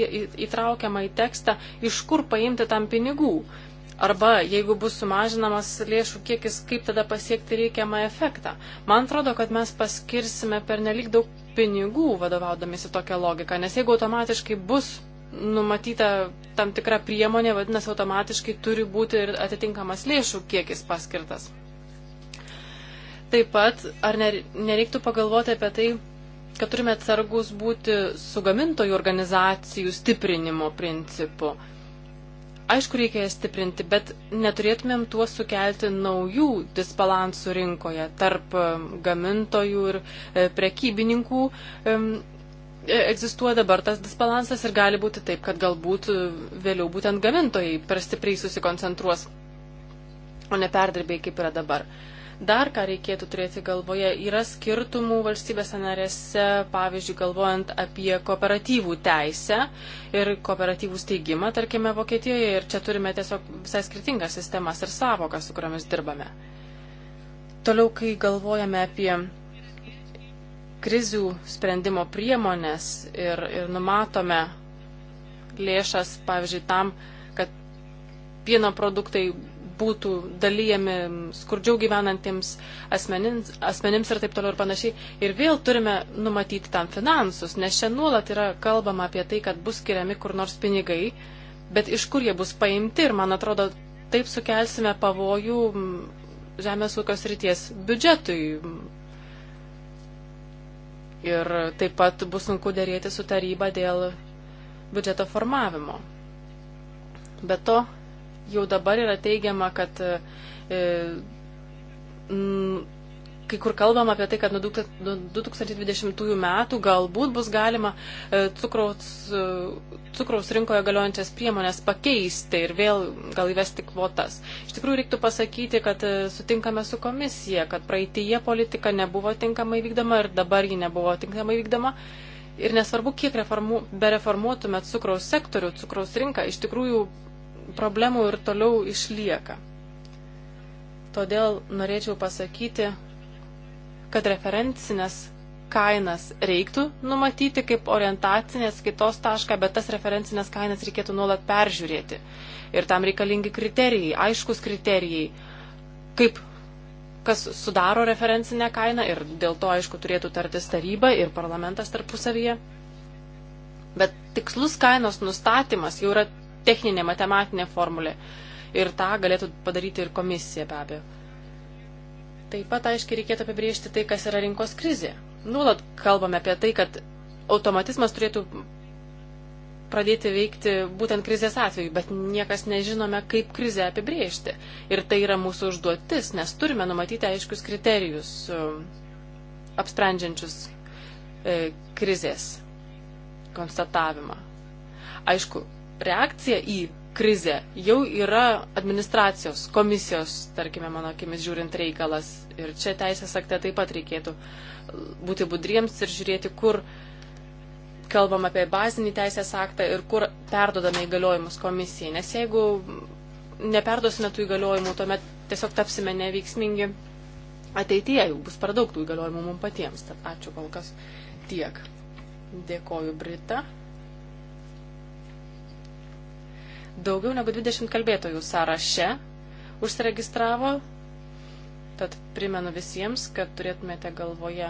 įtraukiama į tekstą, iš kur paimti tam pinigų? Arba jeigu bus sumažinamas lėšų kiekis, kaip tada pasiekti reikiamą efektą. Man atrodo, kad mes paskirsime per nelik daug pinigų vadovaudamėsi tokią logiką, nes jeigu automatiškai bus numatyta tam tikra priemonė, vadinasi, automatiškai turi būti ir atitinkamas lėšų kiekis paskirtas. Taip pat, ar nereiktų pagalvoti apie tai, kad turime atsargus būti su gamintojų organizacijų stiprinimo principu. Aišku, reikia jas stiprinti, bet neturėtumėm tuo sukelti naujų disbalansų rinkoje tarp um, gamintojų ir e, prekybininkų. Um, e, egzistuoja dabar tas disbalansas ir gali būti taip, kad galbūt e, vėliau būtent gamintojai per stipriai susikoncentruos, o ne perdirbėjai kaip yra dabar. Uh, Dar ką reikėtų turėti galvoje, yra skirtumų valstybėse narėse, pavyzdžiui, galvojant apie kooperatyvų teisę ir kooperatyvų steigimą, tarkime, Vokietijoje, ir čia turime tiesiog visai skirtingas sistemas ir savokas, su kuriamis dirbame. Toliau, kai galvojame apie krizių sprendimo priemonės ir, ir numatome lėšas, pavyzdžiui, tam, kad pieno produktai būtų dalyjami skurdžiau gyvenantiems asmenims, asmenims ir taip toliau ir panašiai. Ir vėl turime numatyti tam finansus, nes čia nuolat yra kalbama apie tai, kad bus skiriami kur nors pinigai, bet iš kur jie bus paimti ir, man atrodo, taip sukelsime pavojų žemės ūkio srities biudžetui. Ir taip pat bus sunku dėrėti su taryba dėl biudžeto formavimo. Be to, jau dabar yra teigiama, kad e, m, e, kai kur kalbam apie tai, kad nuo 2020 metų galbūt bus galima e, cukraus, e, cukraus rinkoje galiojančias priemonės pakeisti ir vėl gal įvesti kvotas. Iš tikrųjų reiktų pasakyti, kad e, sutinkame su komisija, kad praeitįje politika nebuvo tinkamai vykdoma ir dabar ji nebuvo tinkamai vykdoma. Ir nesvarbu, kiek reformu, bereformuotumėt cukraus sektorių, cukraus rinką, iš tikrųjų problemų ir toliau išlieka. Todėl norėčiau pasakyti, kad referencinės kainas reiktų numatyti kaip orientacinės kitos tašką, bet tas referencinės kainas reikėtų nuolat peržiūrėti. Ir tam reikalingi kriterijai, aiškus kriterijai, kaip kas sudaro referencinę kainą ir dėl to, aišku, turėtų tartis taryba ir parlamentas tarpusavyje. Bet tikslus kainos nustatymas jau yra techninė, matematinė formulė. Ir tą galėtų padaryti ir komisija be abejo. Taip pat aiškiai reikėtų apibriežti tai, kas yra rinkos krizė. Nuolat kalbame apie tai, kad automatizmas turėtų pradėti veikti būtent krizės atveju, bet niekas nežinome, kaip krizę apibriežti. Ir tai yra mūsų užduotis, nes turime numatyti aiškius kriterijus um, apsprendžiančius e, krizės konstatavimą. Aišku, reakcija į krizę jau yra administracijos, komisijos, tarkime, mano akimis žiūrint reikalas. Ir čia teisės akte taip pat reikėtų būti budriems ir žiūrėti, kur kalbam apie bazinį teisės aktą ir kur perdodame įgaliojimus komisijai. Nes jeigu neperdosime tų įgaliojimų, tuomet tiesiog tapsime neveiksmingi ateityje, jau bus per daug tų įgaliojimų mums patiems. Tad ačiū kol kas tiek. Dėkoju Brita. Daugiau negu 20 kalbėtojų sąraše užsiregistravo, tad primenu visiems, kad turėtumėte galvoje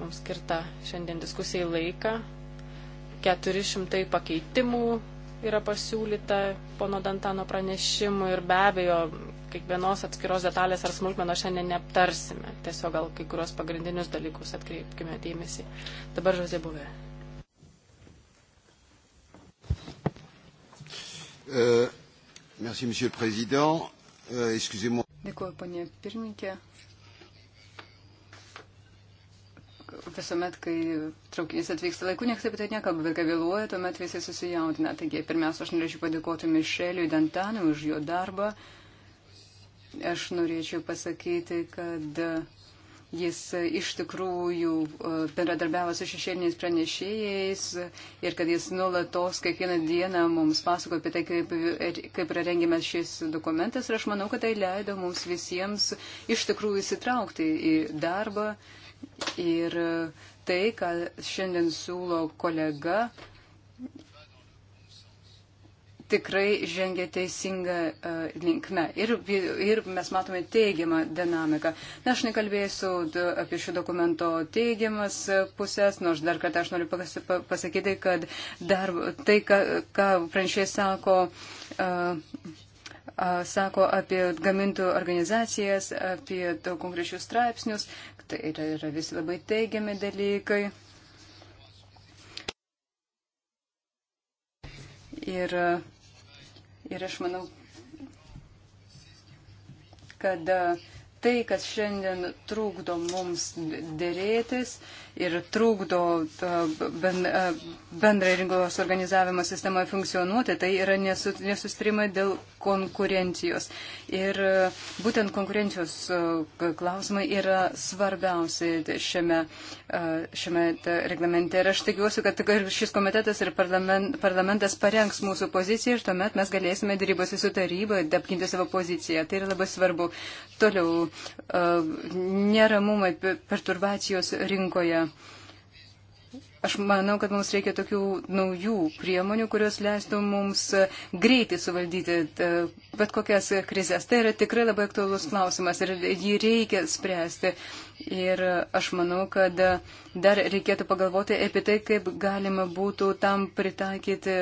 mums skirtą šiandien diskusijai laiką. 400 pakeitimų yra pasiūlyta pono Dantano pranešimų ir be abejo kiekvienos atskiros detalės ar smulkmenos šiandien neaptarsime. Tiesiog gal kai kurios pagrindinius dalykus atkreipkime dėmesį. Dabar Žozė Buvė. Uh, merci, Monsieur le Président. Uh, Excusez-moi. Dėkuoju, panė pirmininkė. Visuomet, kai traukinys atvyksta laiku, niekas apie tai nekalba, bet kai vėluoja, tuomet visi susijaudina. Taigi, pirmiausia, aš norėčiau padėkoti Mišeliui Dantanui už jo darbą. Aš norėčiau pasakyti, kad uh, jis e, iš tikrųjų e, bendradarbiavo su šešėliniais pranešėjais ir kad jis nulatos kiekvieną dieną mums pasako apie tai, kaip, e, kaip yra rengiamas šis dokumentas. Ir aš manau, kad tai leido mums visiems iš tikrųjų įsitraukti į darbą. Ir tai, ką šiandien siūlo kolega, tikrai žengia teisinga uh, linkme ir, ir mes matome teigiamą dinamiką. Na, aš nekalbėsiu apie šio dokumento teigiamas pusės, nors dar kartą aš noriu pasakyti, kad dar tai, ką, ką pranešėjai sako. Uh, sako apie gamintojų organizacijas, apie konkrečius straipsnius. Tai yra, yra visi labai teigiami dalykai. Ir uh, Ir aš manau, kad e, tai, kas šiandien trūkdo mums dėrėtis, uh, ir trukdo e, e, bendrai rinkos organizavimo sistemai funkcionuoti, tai yra nesustrimai dėl konkurencijos. Ir e, būtent konkurencijos klausimai yra svarbiausi šiame, šiame reglamente. Ir aš tikiuosi, kad šis komitetas ir parlamentas parengs mūsų poziciją ir tuomet mes galėsime dėrybose su taryba apginti savo poziciją. Tai yra labai svarbu. Toliau, neramumai, perturbacijos rinkoje uh, Aš manau, kad mums reikia tokių naujų priemonių, kurios leistų mums e, greitai suvaldyti e, bet kokias krizės. Tai yra tikrai labai aktualus klausimas ir jį reikia spręsti. Ir aš manau, kad e, dar reikėtų pagalvoti apie tai, kaip galima būtų tam pritaikyti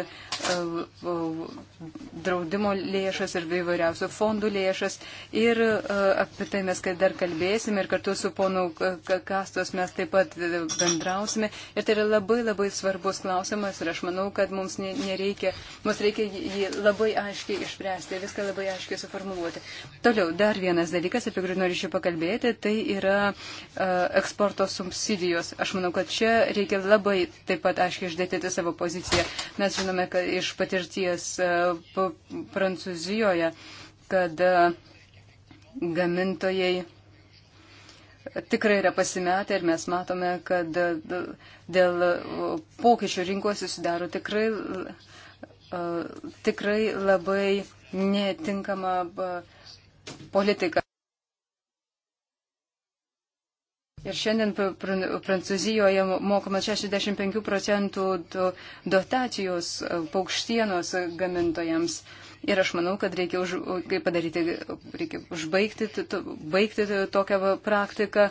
draudimo lėšas ir įvairiausių fondų lėšas. Ir apie tai mes dar kalbėsime ir kartu su ponu Kastos mes taip pat bendrausime. Ir tai yra labai labai svarbus klausimas ir aš manau, kad mums nereikia, mums reikia jį labai aiškiai išspręsti, viską labai aiškiai suformuluoti. Toliau, dar vienas dalykas, apie kurį norėčiau pakalbėti, tai yra uh, eksporto subsidijos. Aš manau, kad čia reikia labai taip pat aiškiai išdėtyti savo poziciją. Mes žinome, kad iš patirties uh, Prancūzijoje, kad uh, gamintojai tikrai yra pasimetę ir mes matome, kad dėl pokyčių rinkos susidaro tikrai, tikrai labai netinkama politika. Ir šiandien Prancūzijoje mokama 65 procentų dotacijos paukštienos gamintojams. Ir aš manau, kad reikia, už, padaryti, reikia užbaigti to, baigti tokią praktiką,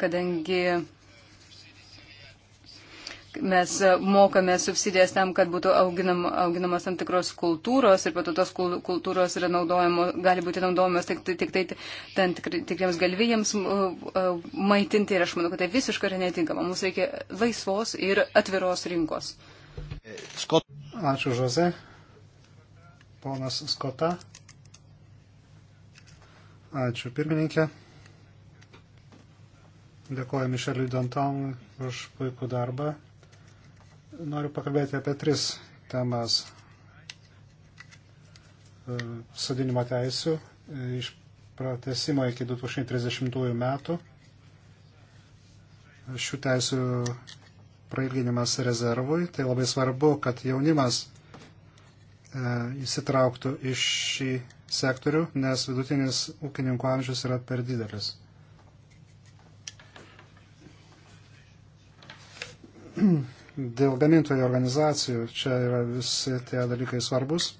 kadangi mes mokame subsidijas tam, kad būtų auginam, auginamas tam tikros kultūros ir pato tos kultūros yra naudojamos, gali būti naudojamos tik, tik tai ten tikri, tikriems galvijams maitinti ir aš manau, kad tai visiškai yra netinkama. Mums reikia laisvos ir atviros rinkos. Ačiū, Žoze. Ponas Skota. Ačiū pirmininkė. Dėkuoju Mišeliui Dantonui už puikų darbą. Noriu pakalbėti apie tris temas e, sodinimo teisų iš pratesimo iki 2030 metų. Šių teisų prailginimas rezervui. Tai labai svarbu, kad jaunimas E, įsitrauktų iš šį sektorių, nes vidutinis ūkininkų amžius yra per didelis. Dėl gamintojų organizacijų čia yra visi tie dalykai svarbus.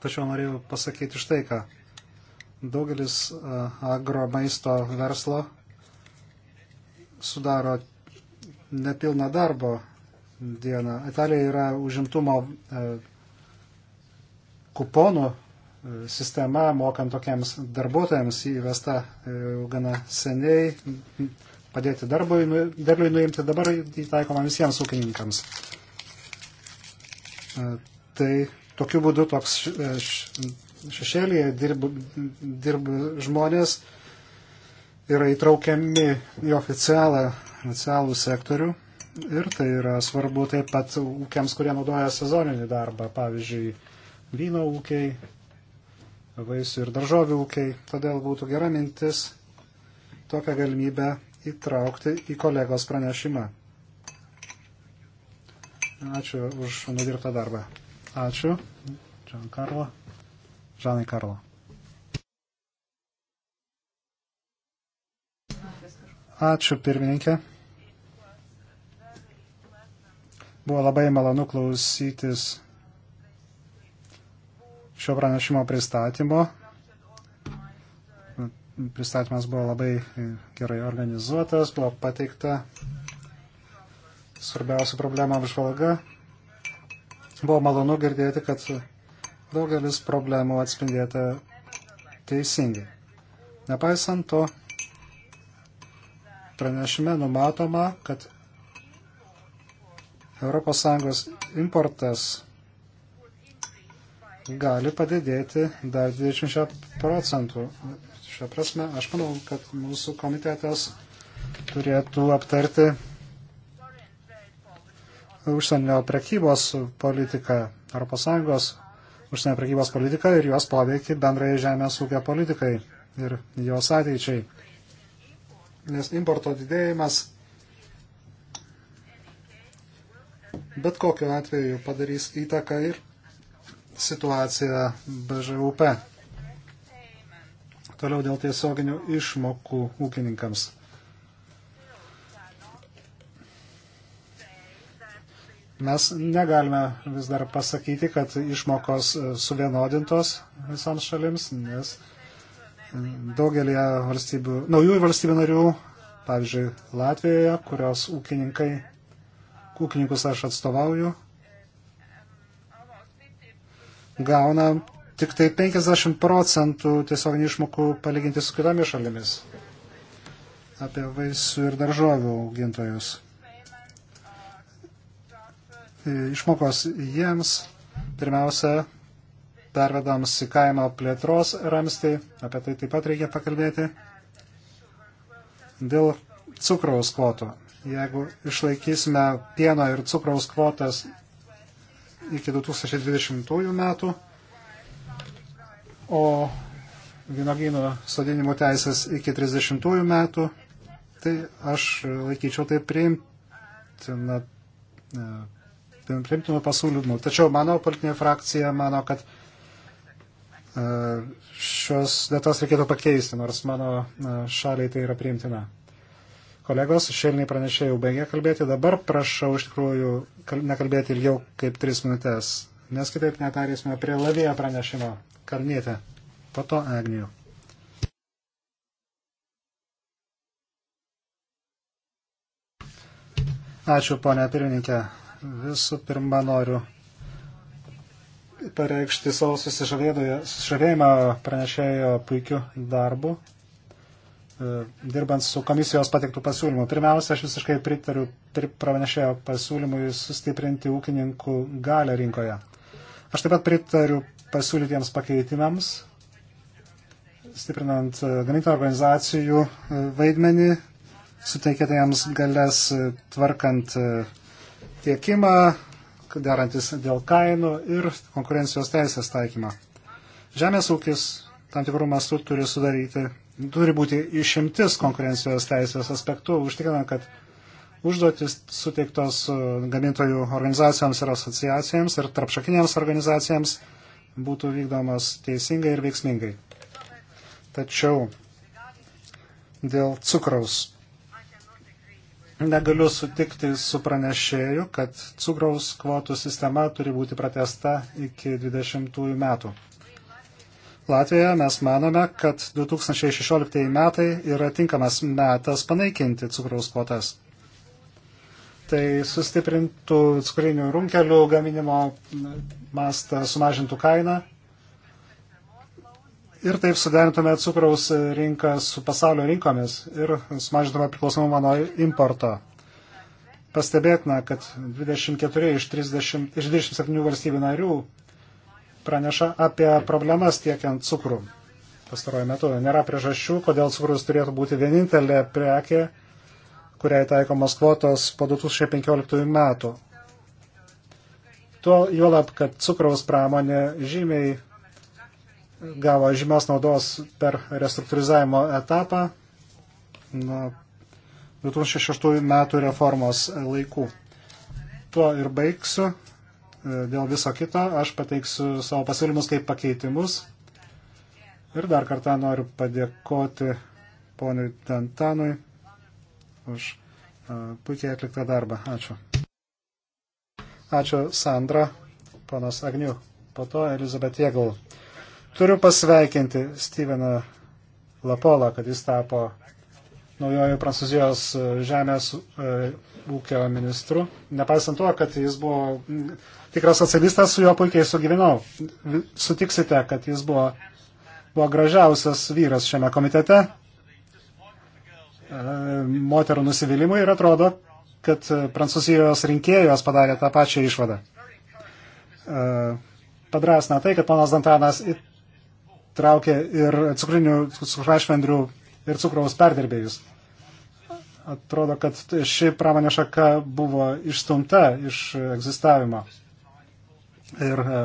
Tačiau norėjau pasakyti štai ką. Daugelis e, agro maisto verslo sudaro nepilną darbo dieną. Italija yra užimtumo e, kuponų e, sistema mokant tokiems darbuotojams įvesta e, gana seniai padėti darbui, nu, derliui nuimti, dabar įtaikoma visiems ūkininkams. E, tai tokiu būdu toks šešėlėje dirba dirb žmonės, yra įtraukiami į oficialą, oficialų sektorių ir tai yra svarbu taip pat ūkiams, kurie naudoja sezoninį darbą, pavyzdžiui, vyno ūkiai, vaisių ir daržovių ūkiai. Todėl būtų gera mintis tokią galimybę įtraukti į kolegos pranešimą. Ačiū už nudirbtą darbą. Ačiū. Žan Karlo. Žanai Karlo. Ačiū pirmininkė. Buvo labai malonu klausytis šio pranešimo pristatymo. Pristatymas buvo labai gerai organizuotas, buvo pateikta svarbiausių problemų apžvalga. Buvo malonu girdėti, kad daugelis problemų atspindėta teisingai. Nepaisant to, pranešime numatoma, kad ES importas gali padidėti dar 20 procentų. Šią prasme, aš manau, kad mūsų komitetas turėtų aptarti užsienio prekybos politiką, ES užsienio prekybos politiką ir jos poveikį bendrai žemės ūkio politikai ir jos ateičiai. Nes importo didėjimas bet kokiu atveju padarys įtaką ir situaciją BŽUP. Toliau dėl tiesioginių išmokų ūkininkams. Mes negalime vis dar pasakyti, kad išmokos suvienodintos visoms šalims, nes daugelį valstybių, naujųjų valstybių narių, pavyzdžiui, Latvijoje, kurios ūkininkai, ūkininkus aš atstovauju, gauna tik tai 50 procentų tiesioginių išmokų palyginti su kitomis šalimis apie vaisių ir daržovių augintojus. E, išmokos jiems pirmiausia pervedams į kaimo plėtros ramstį, apie tai taip pat reikia pakalbėti, dėl cukraus kvotų. Jeigu išlaikysime pieno ir cukraus kvotas iki 2020 metų, o vynogynų sodinimo teisės iki 30 metų, tai aš laikyčiau tai priimtina, e, priimtinu pasiūlymu. Tačiau mano politinė frakcija mano, kad e, šios datas reikėtų pakeisti, nors mano e, šaliai tai yra priimtina. Kolegos, šelniai pranešė jau baigė kalbėti, dabar prašau iš tikrųjų nekalbėti ilgiau kaip tris minutės, nes kitaip netarysime prie lavėjo pranešimo. Kalnėte, po to Agnijų. Ačiū, ponia pirmininkė. Visų pirma, noriu pareikšti savo susižavėjimą pranešėjo puikiu darbu E, dirbant su komisijos pateiktų pasiūlymų. Pirmiausia, aš visiškai pritariu pranešėjo pasiūlymui sustiprinti ūkininkų galę rinkoje. Aš taip pat pritariu pasiūlytiems pakeitimams, stiprinant e, gamintojų organizacijų e, vaidmenį, suteikėte jiems galės tvarkant tiekimą, derantis dėl kainų ir konkurencijos teisės taikymą. Žemės ūkis tam tikrų mastų turi sudaryti turi būti išimtis konkurencijos teisės aspektų, užtikrinant, kad užduotis suteiktos e, gamintojų organizacijoms ir asociacijoms ir tarpšakiniams organizacijams būtų vykdomos teisingai ir veiksmingai. Tačiau dėl cukraus negaliu sutikti su pranešėju, kad cukraus kvotų sistema turi būti pratesta iki 20 metų. Latvijoje mes manome, kad 2016 metai yra tinkamas metas panaikinti cukraus kvotas. Tai sustiprintų cukrinių runkelių gaminimo mastą, sumažintų kainą ir taip suderintume cukraus rinką su pasaulio rinkomis ir sumažintume priklausomumą nuo importo. Pastebėtina, kad 24 iš, 30, iš 27 valstybių narių praneša apie problemas tiekiant cukrų pastaruoju metu. Nėra priežasčių, kodėl cukrus turėtų būti vienintelė prekė, kuriai taikomos kvotos po 2015 metų. Tuo juolab, kad cukraus pramonė žymiai gavo žymios naudos per restruktūrizavimo etapą nuo 2006 metų reformos laikų. Tuo ir baigsiu. E, dėl viso kito aš pateiksiu savo pasiūlymus kaip pakeitimus. Ir dar kartą noriu padėkoti ponui Dantanui už e, puikiai atliktą darbą. Ačiū. Ačiū Sandra, ponas Agniu, po to Elizabet Jėgal. Turiu pasveikinti Steveną Lapolą, kad jis tapo naujojo Prancūzijos žemės e, ūkio ministru, nepaisant to, kad jis buvo tikras socialistas, su juo puikiai sugyvenau. Sutiksite, kad jis buvo, buvo gražiausias vyras šiame komitete, e, moterų nusivylimui ir atrodo, kad prancūzijos rinkėjos padarė tą pačią išvadą. E, Padrasna tai, kad panas Dantanas traukė ir cukrinių cukrašvendrių ir cukraus perdirbėjus atrodo, kad ši pramonė šaka buvo išstumta iš egzistavimo. Ir e,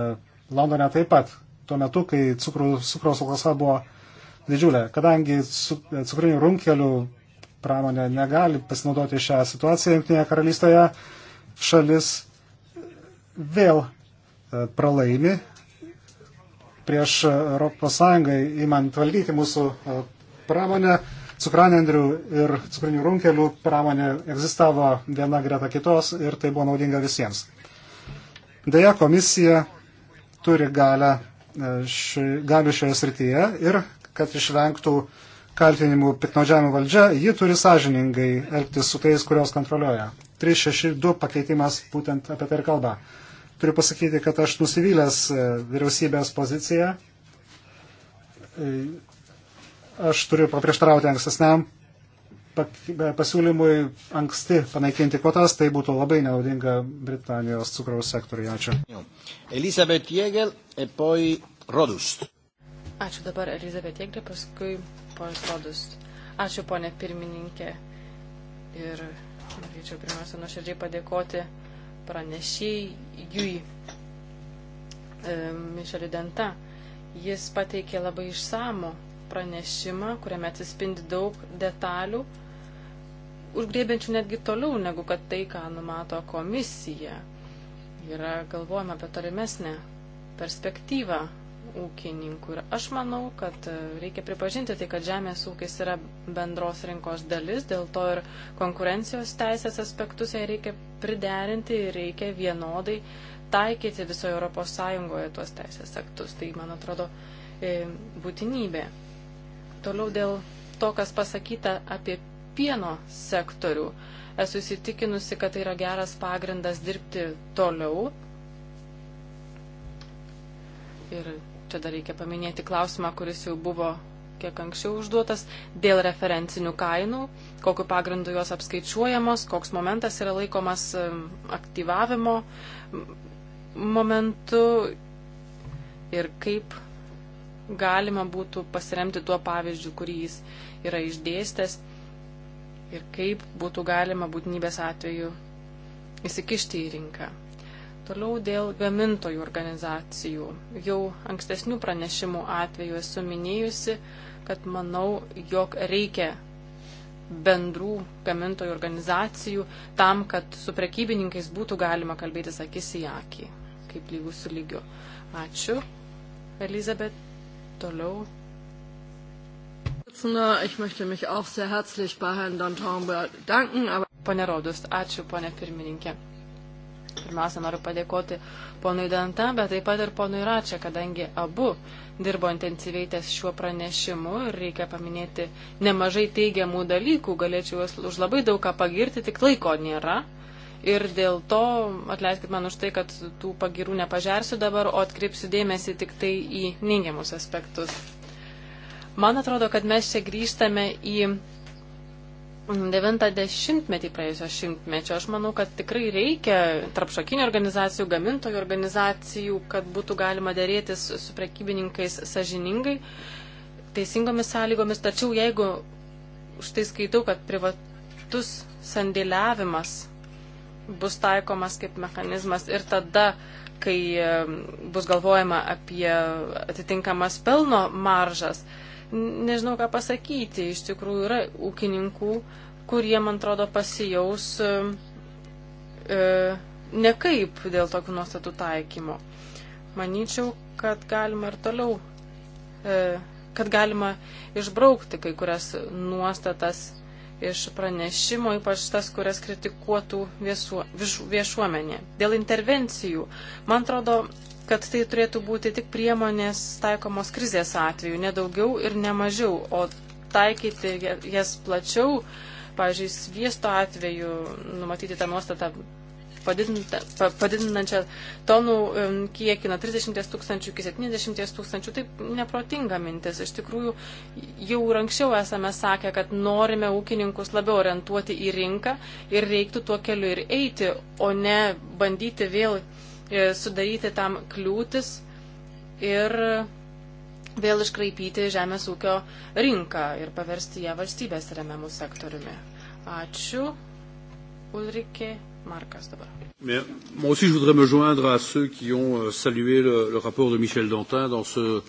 Londone taip pat, tuo metu, kai cukrų, cukraus klasa buvo didžiulė. Kadangi cukrinių runkelių pramonė negali pasinaudoti šią situaciją, Junktinėje karalystėje šalis vėl e, pralaimi prieš ES įmant valdyti mūsų e, pramonę cukranendrių ir cukrinių runkelių pramonė egzistavo viena greta kitos ir tai buvo naudinga visiems. Deja, komisija turi galę, e, ši, galių šioje srityje ir kad išvengtų kaltinimų piknaudžiavimo valdžia, ji turi sąžiningai elgtis su tais, kurios kontroliuoja. 362 pakeitimas būtent apie tai ir kalba. Turiu pasakyti, kad aš nusivylęs e, vyriausybės poziciją e, Aš turiu paprieštarauti ankstesniam pasiūlymui anksti panaikinti kvotas, tai būtų labai naudinga Britanijos cukraus sektoriui. Ačiū. Elizabeth Jėgel ir e poi Rodust. Ačiū dabar Elizabeth Jėgel, paskui ponas Rodust. Ačiū ponė pirmininkė ir norėčiau pirmiausia nuoširdžiai padėkoti pranešėjui e, Mišeliu Denta. Jis pateikė labai išsamų pranešimą, kuriame atsispindi daug detalių, užgrėbiančių netgi toliau negu kad tai, ką numato komisija. Yra galvojama apie tolimesnę perspektyvą ūkininkų. Ir aš manau, kad e, reikia pripažinti tai, kad žemės ūkis yra bendros rinkos dalis, dėl to ir konkurencijos teisės aspektus jai reikia priderinti ir reikia vienodai taikyti visoje Europos Sąjungoje tuos teisės aktus. Tai, man atrodo, e, būtinybė. Toliau dėl to, kas pasakyta apie pieno sektorių. Esu įsitikinusi, kad tai yra geras pagrindas dirbti toliau. Ir čia dar reikia paminėti klausimą, kuris jau buvo kiek anksčiau užduotas, dėl referencinių kainų, kokiu pagrindu jos apskaičiuojamos, koks momentas yra laikomas aktyvavimo momentu ir kaip galima būtų pasiremti tuo pavyzdžiu, kurį jis yra išdėstęs ir kaip būtų galima būtinybės atveju įsikišti į rinką. Toliau dėl gamintojų organizacijų. Jau ankstesnių pranešimų atveju esu minėjusi, kad manau, jog reikia bendrų gamintojų organizacijų tam, kad su prekybininkais būtų galima kalbėtis akis į akį, kaip lygus su lygiu. Ačiū, Elizabet toliau. Pane Rodus, ačiū, pane pirmininkė. Pirmiausia, noriu padėkoti ponui Danta, bet taip pat ir ponui Račia, kadangi abu dirbo intensyviai ties šiuo pranešimu ir reikia paminėti nemažai teigiamų dalykų, galėčiau juos už labai daug ką pagirti, tik laiko nėra. Ir dėl to, atleiskit man už tai, kad tų pagirų nepažersiu dabar, o atkreipsiu dėmesį tik tai į neigiamus aspektus. Man atrodo, kad mes čia grįžtame į 90-metį praėjusio šimtmečio. Aš manau, kad tikrai reikia tarpšakinių organizacijų, gamintojų organizacijų, kad būtų galima dėrėtis su prekybininkais sažiningai, teisingomis sąlygomis. Tačiau jeigu štai skaitau, kad privatus sandėliavimas bus taikomas kaip mechanizmas ir tada, kai bus galvojama apie atitinkamas pelno maržas. Nežinau, ką pasakyti. Iš tikrųjų yra ūkininkų, kurie, man atrodo, pasijaus e, nekaip dėl tokių nuostatų taikymo. Manyčiau, kad galima ir toliau, e, kad galima išbraukti kai kurias nuostatas iš pranešimo, ypač tas, kurias kritikuotų viesuo, viešu, viešuomenė. Dėl intervencijų, man atrodo, kad tai turėtų būti tik priemonės taikomos krizės atveju, nedaugiau ir nemažiau, o taikyti jas plačiau, pavyzdžiui, sviesto atveju numatyti tą nuostatą padidinančią tonų kiekį nuo 30 tūkstančių iki 70 tūkstančių. Tai neprotinga mintis. Iš tikrųjų, jau ir anksčiau esame sakę, kad norime ūkininkus labiau orientuoti į rinką ir reiktų tuo keliu ir eiti, o ne bandyti vėl e, sudaryti tam kliūtis ir vėl iškraipyti žemės ūkio rinką ir paversti ją valstybės remiamų sektoriumi. Ačiū. Ulrike Markas dabar. Bien. Moi aussi, je voudrais me joindre à ceux qui ont euh, salué le, le rapport de Michel Dantin dans ce.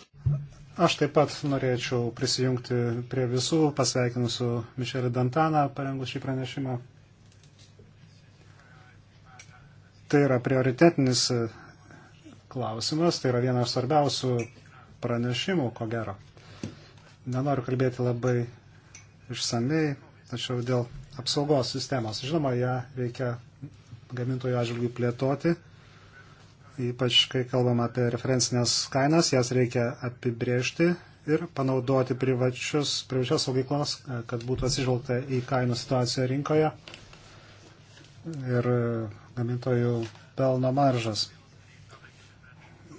Aš taip pat norėčiau prisijungti prie visų, pasveikinusių Mišelį Dantaną, parengus šį pranešimą. Tai yra prioritetinis e, klausimas, tai yra vienas svarbiausių pranešimų, ko gero. Nenoriu kalbėti labai išsamei, tačiau dėl apsaugos sistemos. Žinoma, ją reikia gamintojų atžvilgių plėtoti, ypač kai kalbam apie referencinės kainas, jas reikia apibriežti ir panaudoti privačius, privačios saugyklos, kad būtų atsižvelgta į kainų situaciją rinkoje ir gamintojų pelno maržas.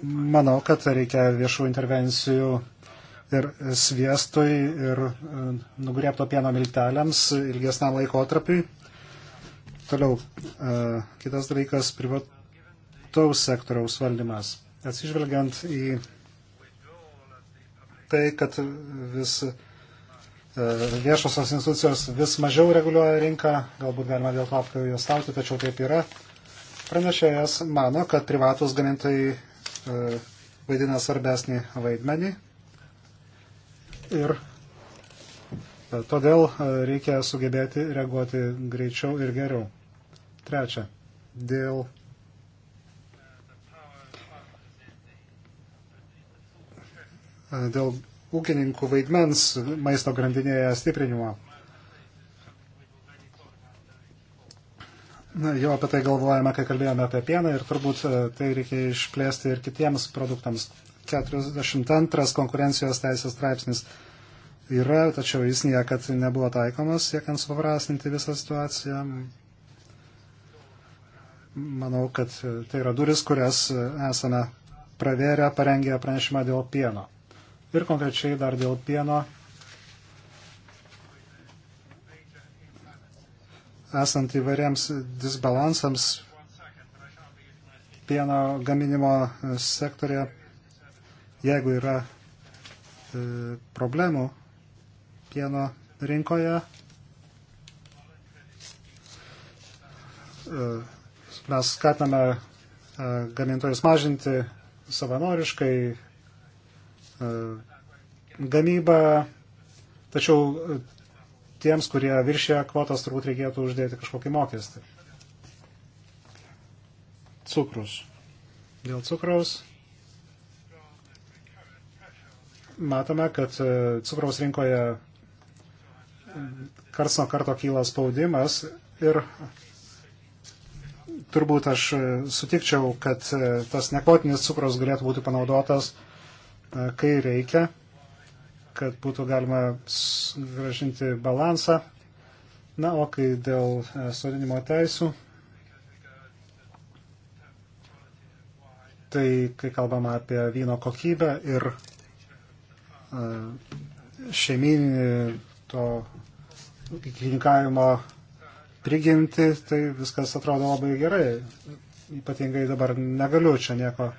Manau, kad reikia viešų intervencijų ir sviestui, ir nugrėpto pieno milteliams ilgesnam laikotarpiui, Toliau, e, kitas dalykas - privataus sektoriaus valdymas. Atsižvelgiant į tai, kad vis e, viešosios institucijos vis mažiau reguliuoja rinką, galbūt galima dėl to apgailestauti, tačiau taip yra. Pranešėjas mano, kad privatus gamintojai e, vaidina svarbesnį vaidmenį ir E, todėl e, reikia sugebėti reaguoti greičiau ir geriau. Trečia, dėl e, dėl ūkininkų vaidmens maisto grandinėje stiprinimo. Na, jau apie tai galvojame, kai kalbėjome apie pieną ir turbūt tai reikia išplėsti ir kitiems produktams. 42 konkurencijos teisės straipsnis yra, tačiau jis niekad nebuvo taikomas, siekiant suprasninti visą situaciją. Manau, kad tai yra duris, kurias esame pravėrę, parengę pranešimą dėl pieno. Ir konkrečiai dar dėl pieno. Esant įvairiems disbalansams pieno gaminimo sektorė, jeigu yra e, problemų, pieno rinkoje. E, mes skatiname e, gamintojus mažinti savanoriškai e, gamybą, tačiau tiems, kurie viršė kvotas, turbūt reikėtų uždėti kažkokį mokestį. Cukrus. Dėl cukraus matome, kad cukraus rinkoje karts nuo karto kyla spaudimas ir turbūt aš sutikčiau, kad e, tas nekvotinis cukros galėtų būti panaudotas, e, kai reikia, kad būtų galima gražinti balansą. Na, o kai dėl e, sodinimo teisų, tai kai kalbama apie vyno kokybę ir šeimininį to ūkininkavimo prigimti, tai viskas atrodo labai gerai. Ypatingai dabar negaliu čia nieko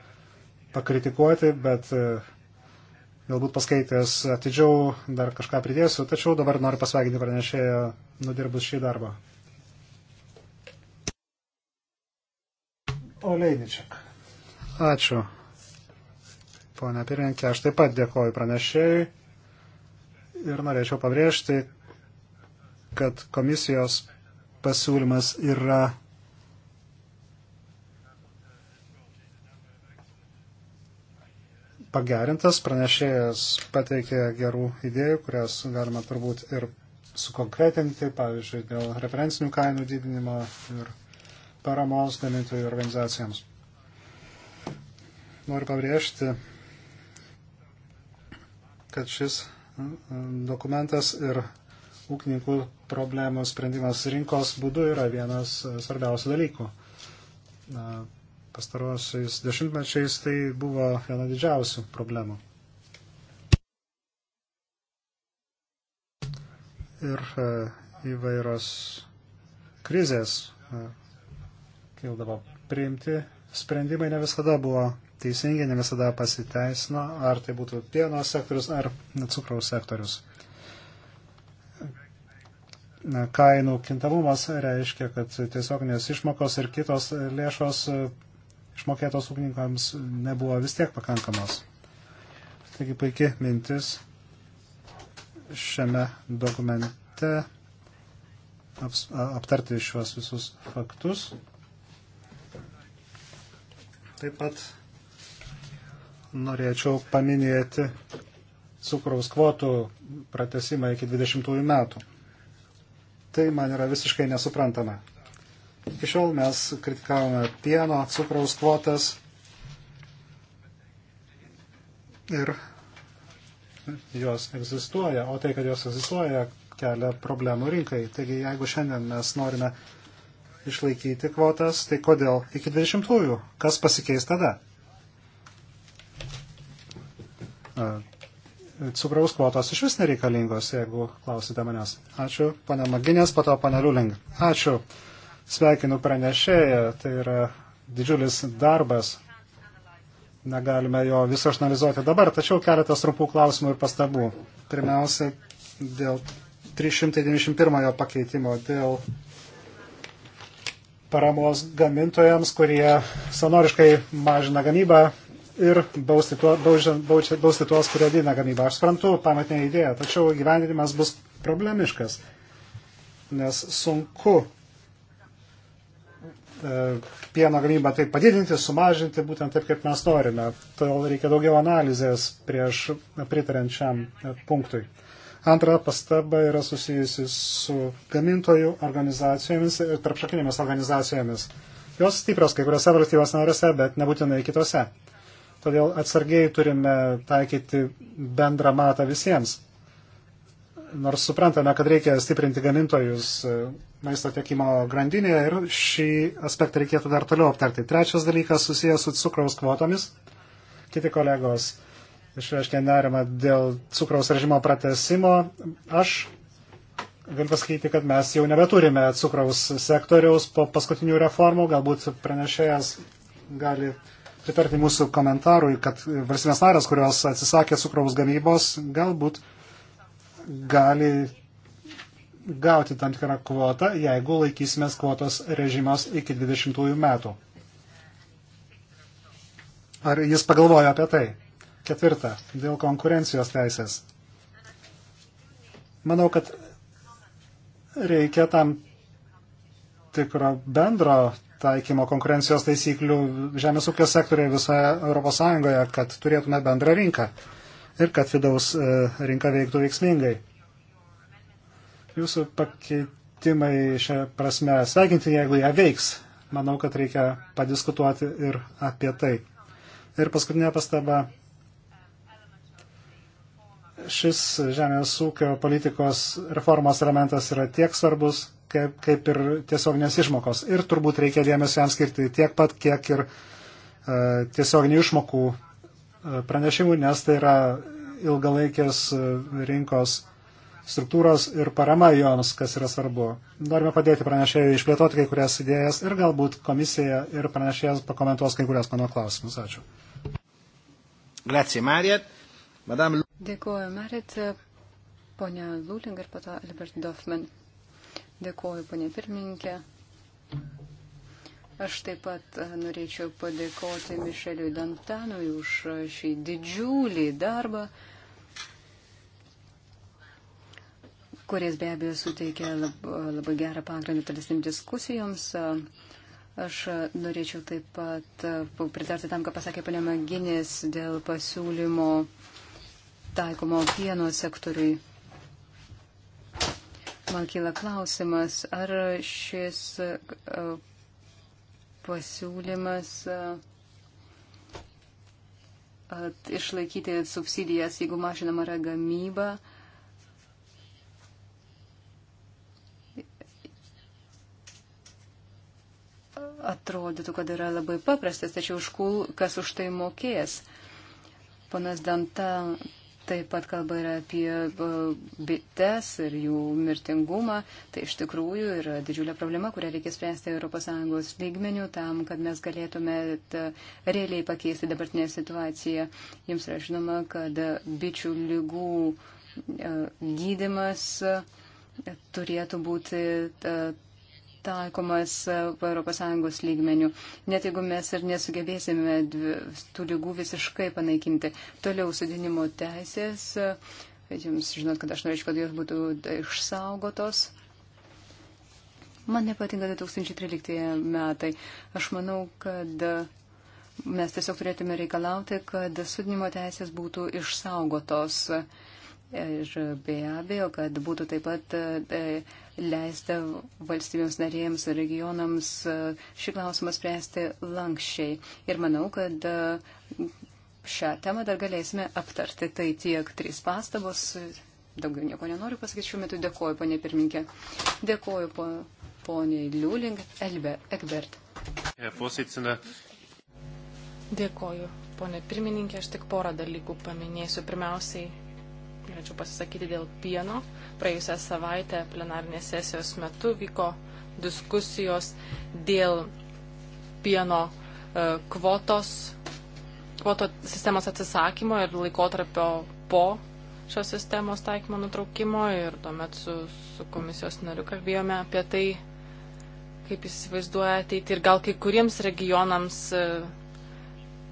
pakritikuoti, bet e, galbūt paskaitęs atidžiau dar kažką pridėsiu, tačiau dabar noriu pasveikinti pranešėją nudirbus šį darbą. Olejničiak. Ačiū. Pone pirmininkė, aš taip pat dėkoju pranešėjai ir norėčiau pabrėžti, kad komisijos pasiūlymas yra pagerintas, pranešėjas pateikė gerų idėjų, kurias galima turbūt ir sukonkretinti, pavyzdžiui, dėl referencinių kainų didinimo ir paramos gamintojų organizacijams. Noriu pabrėžti, kad šis dokumentas ir ūkininkų problemų sprendimas rinkos būdu yra vienas svarbiausių dalykų. Pastarosiais dešimtmečiais tai buvo viena didžiausių problemų. Ir e, įvairios krizės e, kildavo priimti sprendimai ne visada buvo teisingi, ne visada pasiteisino, ar tai būtų pieno sektorius ar cukraus sektorius kainų kintamumas reiškia, kad tiesioginės išmokos ir kitos lėšos e, išmokėtos ūkininkams nebuvo vis tiek pakankamos. Taigi puikiai mintis šiame dokumente aps, aptarti šiuos visus faktus. Taip pat norėčiau paminėti cukraus kvotų pratesimą iki 20 metų. Tai man yra visiškai nesuprantama. Iki šiol mes kritikavome pieno, cukraus kvotas ir jos egzistuoja, o tai, kad jos egzistuoja, kelia problemų rinkai. Taigi, jeigu šiandien mes norime išlaikyti kvotas, tai kodėl iki 20-ųjų? Kas pasikeis tada? cukraus kvotos iš vis nereikalingos, jeigu klausite manęs. Ačiū, pane Maginės, pato pane Liuling. Ačiū. Sveikinu pranešėją, tai yra didžiulis darbas. Negalime jo viso išanalizuoti dabar, tačiau keletas trumpų klausimų ir pastabų. Pirmiausia, dėl 391 pakeitimo, dėl paramos gamintojams, kurie sanoriškai mažina gamybą ir bausti, tuo, baužia, baužia, bausti tuos, kurie didina gamybą. Aš suprantu pamatinę idėją, tačiau gyvenimas bus problemiškas, nes sunku e, pieno gamybą taip padidinti, sumažinti, būtent taip, kaip mes norime. Todėl reikia daugiau analizės prieš pritariant šiam e, punktui. Antra pastaba yra susijusi su gamintojų organizacijomis ir e, tarpšakinėmis organizacijomis. Jos stiprios kai kuriuose valstybės narėse, bet nebūtinai kitose. Todėl atsargiai turime taikyti bendrą matą visiems. Nors suprantame, kad reikia stiprinti gamintojus e, maisto tiekimo grandinėje ir šį aspektą reikėtų dar toliau aptarti. Trečias dalykas susijęs su cukraus kvotomis. Kiti kolegos išreiškė nerimą dėl cukraus režimo pratesimo. Aš galiu pasakyti, kad mes jau nebeturime cukraus sektoriaus po paskutinių reformų. Galbūt pranešėjas gali pritarti mūsų komentarui, kad valstybės narės, kurios atsisakė cukraus gamybos, galbūt gali gauti tam tikrą kvotą, jeigu laikysimės kvotos režimas iki 20 metų. Ar jis pagalvojo apie tai? Ketvirta, dėl konkurencijos teisės. Manau, kad reikia tam tikro bendro taikymo konkurencijos taisyklių žemės ūkio sektoriai visoje ES, kad turėtume bendrą rinką ir kad vidaus e, rinka veiktų veiksmingai. Jūsų pakeitimai šią prasme sveikinti, jeigu jie veiks. Manau, kad reikia padiskutuoti ir apie tai. Ir paskutinė pastaba šis žemės ūkio politikos reformos elementas yra tiek svarbus, kaip, kaip ir tiesioginės išmokos. Ir turbūt reikia dėmesio jam skirti tiek pat, kiek ir e, tiesioginių išmokų e, pranešimų, nes tai yra ilgalaikės e, rinkos struktūros ir parama joms, kas yra svarbu. Norime padėti pranešėjui išplėtoti kai kurias idėjas ir galbūt komisija ir pranešėjas pakomentuos kai kurias mano klausimus. Ačiū. Grazie, Marijat. Madame... Dėkuoju, Marit, ponia Lūling ir pato Albert Dofman. Dėkuoju, ponia pirmininkė. Aš taip pat e, norėčiau padėkoti Mišeliui Dantanui už e, šį didžiulį darbą, kuris be abejo suteikia labai gerą pagrindą tolesnėms diskusijoms. E, Aš norėčiau taip pat pritarti tam, ką pasakė panė Maginės dėl pasiūlymo taikomo pieno sektoriui. Man kyla klausimas, ar šis e, pasiūlymas e, išlaikyti subsidijas, jeigu mažinama yra gamyba, atrodytų, kad yra labai paprastas, tačiau už kul, kas už tai mokės. Ponas Danta Taip pat kalba yra apie e, bites ir jų mirtingumą. Tai iš tikrųjų yra didžiulė problema, kurią reikia spręsti ES lygmenių tam, kad mes galėtume e, realiai pakeisti dabartinę situaciją. Jums yra žinoma, kad bičių lygų e, gydimas turėtų būti taikomas e, ES lygmenių, net jeigu mes ir nesugebėsime tų lygų visiškai panaikinti. Toliau sudinimo teisės, e, jums žinot, kad aš norėčiau, kad jos būtų išsaugotos. Man nepatinka 2013 metai. Aš manau, kad mes tiesiog turėtume reikalauti, kad sudinimo teisės būtų išsaugotos. Ir be abejo, kad būtų taip pat e, leista valstybėms narėjams ir regionams e, šį klausimą spręsti lankščiai. Ir manau, kad e, šią temą dar galėsime aptarti. Tai tiek trys pastabos. Daugiau nieko nenoriu pasakyti šiuo metu. Dėkoju, ponė pirminkė. Dėkoju, po, ponė Liuling, Elbe, Egbert. Dėkoju, ponė pirmininkė. Aš tik porą dalykų paminėsiu. Pirmiausiai norėčiau pasisakyti dėl pieno. Praėjusią savaitę plenarinės sesijos metu vyko diskusijos dėl pieno e, kvotos, kvoto sistemos atsisakymo ir laikotarpio po šios sistemos taikymo nutraukimo ir tuomet su, su komisijos nariu kalbėjome apie tai, kaip jis įsivaizduoja ateitį ir gal kai kuriems regionams e,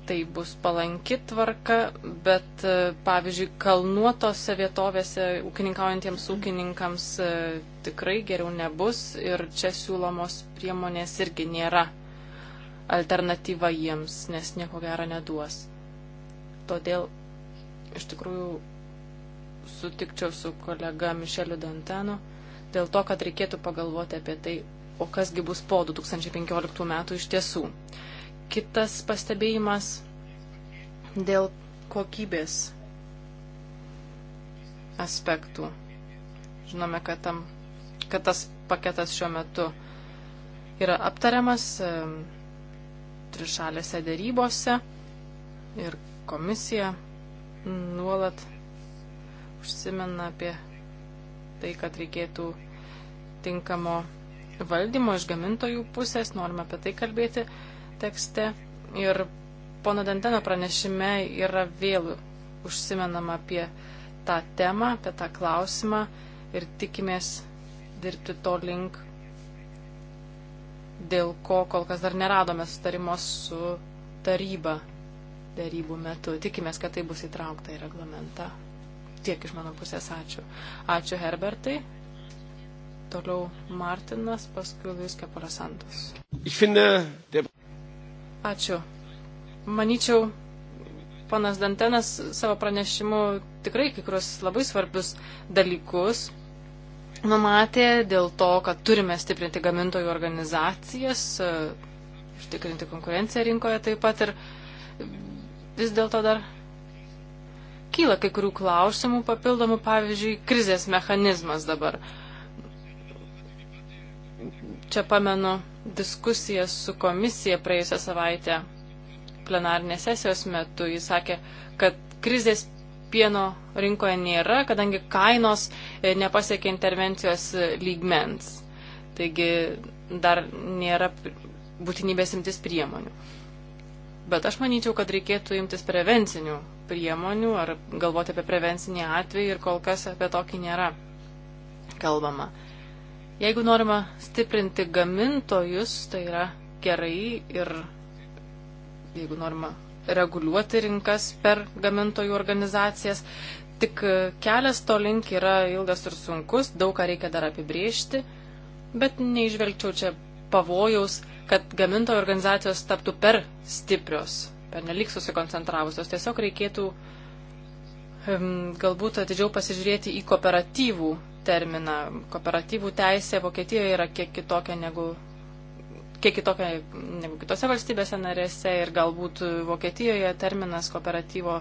tai bus palanki tvarka, bet e, pavyzdžiui, kalnuotose vietovėse ūkininkaujantiems ūkininkams e, tikrai geriau nebus ir čia siūlomos priemonės irgi nėra alternatyva jiems, nes nieko gero neduos. Todėl iš tikrųjų sutikčiau su kolega Mišeliu Dantenu dėl to, kad reikėtų pagalvoti apie tai, o kasgi bus po 2015 metų iš tiesų. Kitas pastebėjimas dėl kokybės aspektų. Žinome, kad, tam, kad tas paketas šiuo metu yra aptariamas trišalėse dėrybose ir komisija nuolat užsimena apie tai, kad reikėtų tinkamo valdymo iš gamintojų pusės, norime apie tai kalbėti tekste ir pono Danteno pranešime yra vėl užsimenama apie tą temą, apie tą klausimą ir tikimės dirbti to link, dėl ko kol kas dar neradome sutarimo su taryba darybų metu. Tikimės, kad tai bus įtraukta į reglamentą. Tiek iš mano pusės ačiū. Ačiū Herbertai. Toliau Martinas, paskui Luis Keporasantos. Ich finde, der Ačiū. Manyčiau, panas Dantenas savo pranešimu tikrai kai kurios labai svarbius dalykus numatė dėl to, kad turime stiprinti gamintojų organizacijas, užtikrinti konkurenciją rinkoje taip pat ir vis dėlto dar kyla kai kurių klausimų papildomų, pavyzdžiui, krizės mechanizmas dabar. Čia pamenu diskusijas su komisija praėjusią savaitę plenarinės sesijos metu. Jis sakė, kad krizės pieno rinkoje nėra, kadangi kainos e, nepasiekia intervencijos lygmens. Taigi dar nėra būtinybės imtis priemonių. Bet aš manyčiau, kad reikėtų imtis prevencinių priemonių ar galvoti apie prevencinį atvejį ir kol kas apie tokį nėra kalbama. Jeigu norima stiprinti gamintojus, tai yra gerai ir jeigu norima reguliuoti rinkas per gamintojų organizacijas, tik kelias to link yra ilgas ir sunkus, daug ką reikia dar apibriežti, bet neižvelgčiau čia pavojaus, kad gamintojų organizacijos taptų per stiprios, per nelik susikoncentravusios. Tiesiog reikėtų um, galbūt atidžiau pasižiūrėti į kooperatyvų terminą. Kooperatyvų teisė Vokietijoje yra kiek kitokia negu kiek kitokia negu kitose valstybėse narėse ir galbūt Vokietijoje terminas kooperatyvo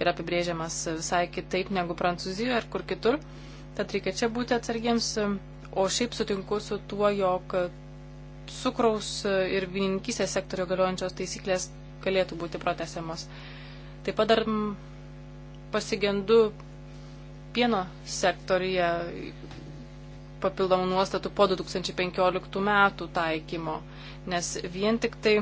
yra apibrėžiamas visai kitaip negu Prancūzijoje ar kur kitur. Tad reikia čia būti atsargiems, o šiaip sutinku su tuo, jog cukraus ir vininkysės sektorio galiojančios taisyklės galėtų būti pratesiamos. Taip pat dar pasigendu pieno sektorija papildomų nuostatų po 2015 metų taikymo, nes vien tik tai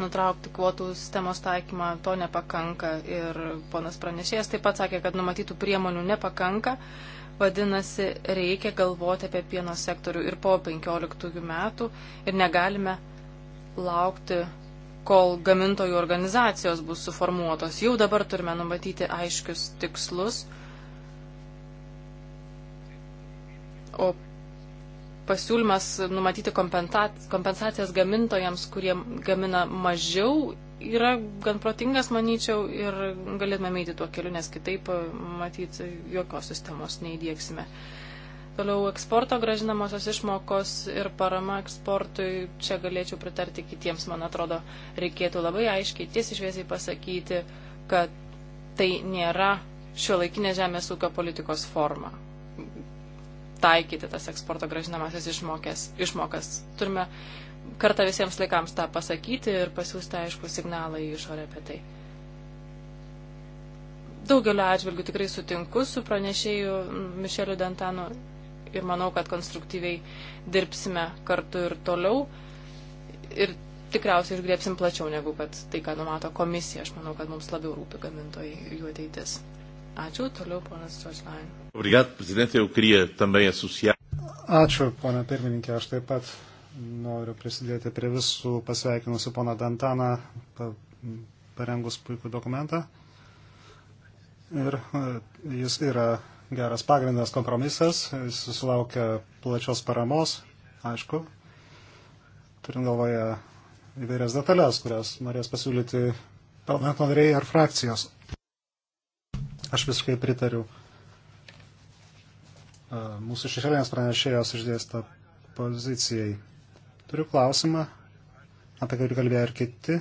nutraukti kvotų sistemos taikymą to nepakanka ir ponas pranešėjas taip pat sakė, kad numatytų priemonių nepakanka, vadinasi, reikia galvoti apie pieno sektorių ir po 15 metų ir negalime laukti kol gamintojų organizacijos bus suformuotos. Jau dabar turime numatyti aiškius tikslus O pasiūlymas numatyti kompensacijas gamintojams, kurie gamina mažiau, yra gan protingas, manyčiau, ir galėtume eiti tuo keliu, nes kitaip, e, matyt, jokios sistemos neįdėksime. Toliau eksporto gražinamosios išmokos ir parama eksportui, čia galėčiau pritarti kitiems, man atrodo, reikėtų labai aiškiai, tiesiai šviesiai pasakyti, kad tai nėra šio laikinė žemės ūkio politikos forma taikyti tas eksporto gražinamasis išmokės, išmokas. Turime kartą visiems laikams tą pasakyti ir pasiūsti aišku signalą į išorę apie tai. Daugelio atžvilgių tikrai sutinku su pranešėju Mišeliu Dantanu ir manau, kad konstruktyviai dirbsime kartu ir toliau. Ir tikriausiai išgrėpsim plačiau negu kad tai, ką numato komisija. Aš manau, kad mums labiau rūpi gamintojai ir jų ateitis. Ačiū, toliau ponas George Lyon. Obrigado, prezidentė, eu queria também associar. Ačiū, pana pirmininkė, aš taip pat noriu prisidėti prie visų pasveikinusių pana Dantaną, pa, parengus puikų dokumentą. Ir e, jis yra geras pagrindas kompromisas, jis susilaukia plačios paramos, aišku, turint galvoje įvairias detalės, kurias norės pasiūlyti parlamento nariai ar frakcijos. Aš visiškai pritariu mūsų šešėlės pranešėjos išdėsta pozicijai. Turiu klausimą, apie kurį kalbėjo ir kiti,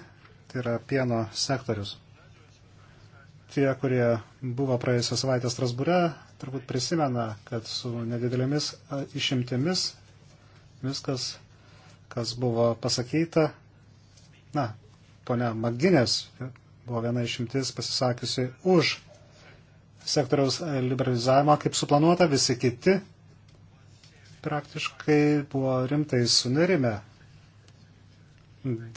tai yra pieno sektorius. Tie, kurie buvo praėjusią savaitę Strasbūre, turbūt prisimena, kad su nedidelėmis išimtimis viskas, kas buvo pasakyta, na, ponia Maginės buvo viena išimtis pasisakiusi už sektoriaus liberalizavimą kaip suplanuota, visi kiti praktiškai buvo rimtai sunerime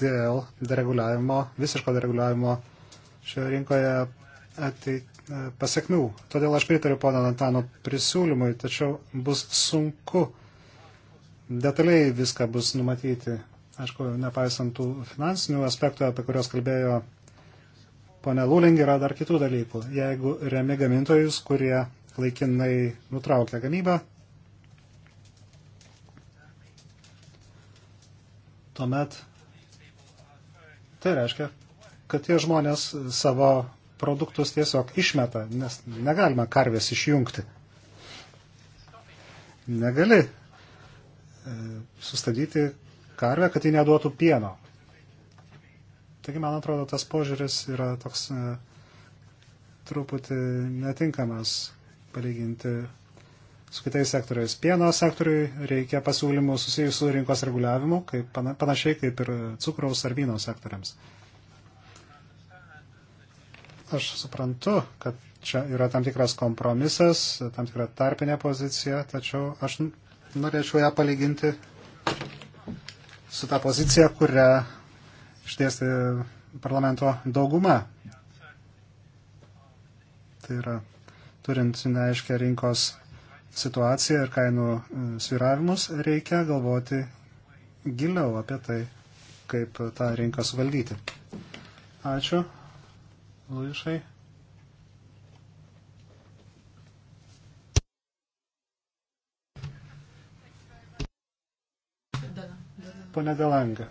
dėl dereguliavimo, visiško dereguliavimo šioje rinkoje ateit, pasiekmių. Todėl aš pritariu pono Antano prisiūlymui, tačiau bus sunku detaliai viską bus numatyti. Aišku, nepaisant tų finansinių aspektų, apie kuriuos kalbėjo Pone Lūling, yra dar kitų dalykų. Jeigu remi gamintojus, kurie laikinai nutraukia gamybą, tuomet tai reiškia, kad tie žmonės savo produktus tiesiog išmeta, nes negalima karvės išjungti. Negali e, sustabdyti karvę, kad ji neduotų pieno. Taigi, man atrodo, tas požiūris yra toks e, truputį netinkamas palyginti su kitais sektoriais. Pieno sektoriui reikia pasiūlymų susijusių su rinkos reguliavimu, kaip, panašiai kaip ir cukraus ar vyno sektoriams. Aš suprantu, kad čia yra tam tikras kompromisas, tam tikra tarpinė pozicija, tačiau aš norėčiau ją palyginti su tą poziciją, kurią išdėstė parlamento dauguma. Tai yra turint neaiškę rinkos situaciją ir kainų e, sviravimus, reikia galvoti giliau apie tai, kaip tą rinką suvaldyti. Ačiū. Luišai. Pone Delanga.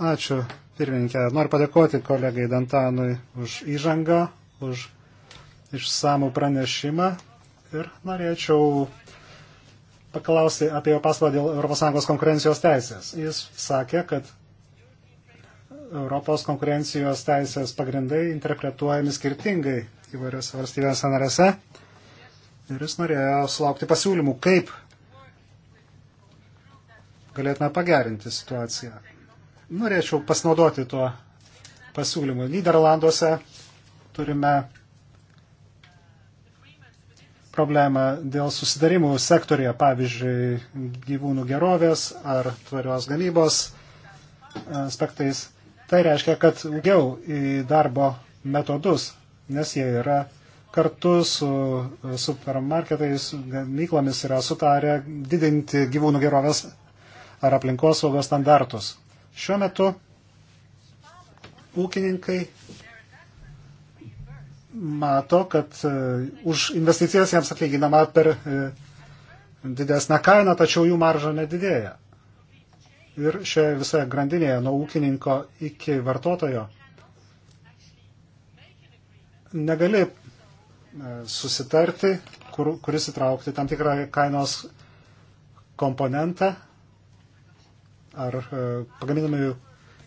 Ačiū, pirmininkė. Noriu padėkoti kolegai Dantanui už įžangą, už išsamų pranešimą ir norėčiau paklausti apie jo pasvalą dėl ES konkurencijos teisės. Jis sakė, kad Europos konkurencijos teisės pagrindai interpretuojami skirtingai įvairiose valstybėse narėse. Ir jis norėjo sulaukti pasiūlymų, kaip galėtume pagerinti situaciją. Norėčiau pasinaudoti tuo pasiūlymu. Niderlanduose turime problemą dėl susidarimų sektorija, pavyzdžiui, gyvūnų gerovės ar tvarios gamybos aspektais. Tai reiškia, kad ilgiau į darbo metodus, nes jie yra kartu su supermarketais, gamyklomis yra sutarę didinti gyvūnų gerovės ar aplinkosaugos standartus. Šiuo metu ūkininkai mato, kad e, už investicijas jiems atlyginama per e, didesnę kainą, tačiau jų marža nedidėja. Ir šioje visoje grandinėje nuo ūkininko iki vartotojo negali e, susitarti, kur, kuris įtraukti tam tikrą kainos komponentą ar e, pagaminamų,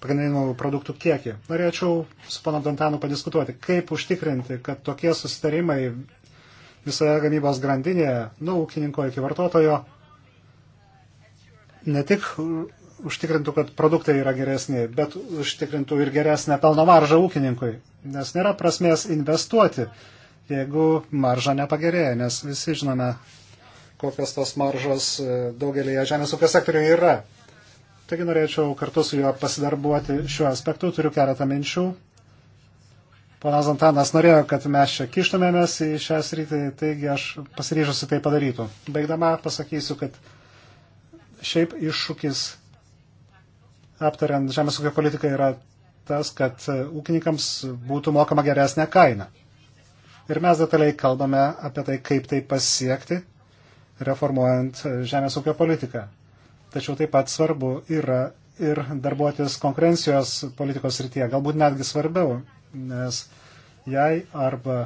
pagaminamų produktų kiekį. Norėčiau su pana Dantanu padiskutuoti, kaip užtikrinti, kad tokie susitarimai visoje gamybos grandinėje, nuo ūkininko iki vartotojo, ne tik užtikrintų, kad produktai yra geresni, bet užtikrintų ir geresnę pelno maržą ūkininkui. Nes nėra prasmės investuoti, jeigu marža nepagerėja, nes visi žinome, kokios tos maržos e, daugelį žemės ūkio sektorių yra. Taigi norėčiau kartu su juo pasidarbuoti šiuo aspektu, turiu keletą minčių. Ponas Antanas norėjo, kad mes čia kištumėmės į šią sritį, taigi aš pasiryžusi tai padarytų. Baigdama pasakysiu, kad šiaip iššūkis aptariant žemės ūkio politiką yra tas, kad ūkininkams būtų mokama geresnė kaina. Ir mes detaliai kalbame apie tai, kaip tai pasiekti, reformuojant žemės ūkio politiką tačiau taip pat svarbu yra ir darbuotis konkurencijos politikos rytyje, galbūt netgi svarbiau, nes jei arba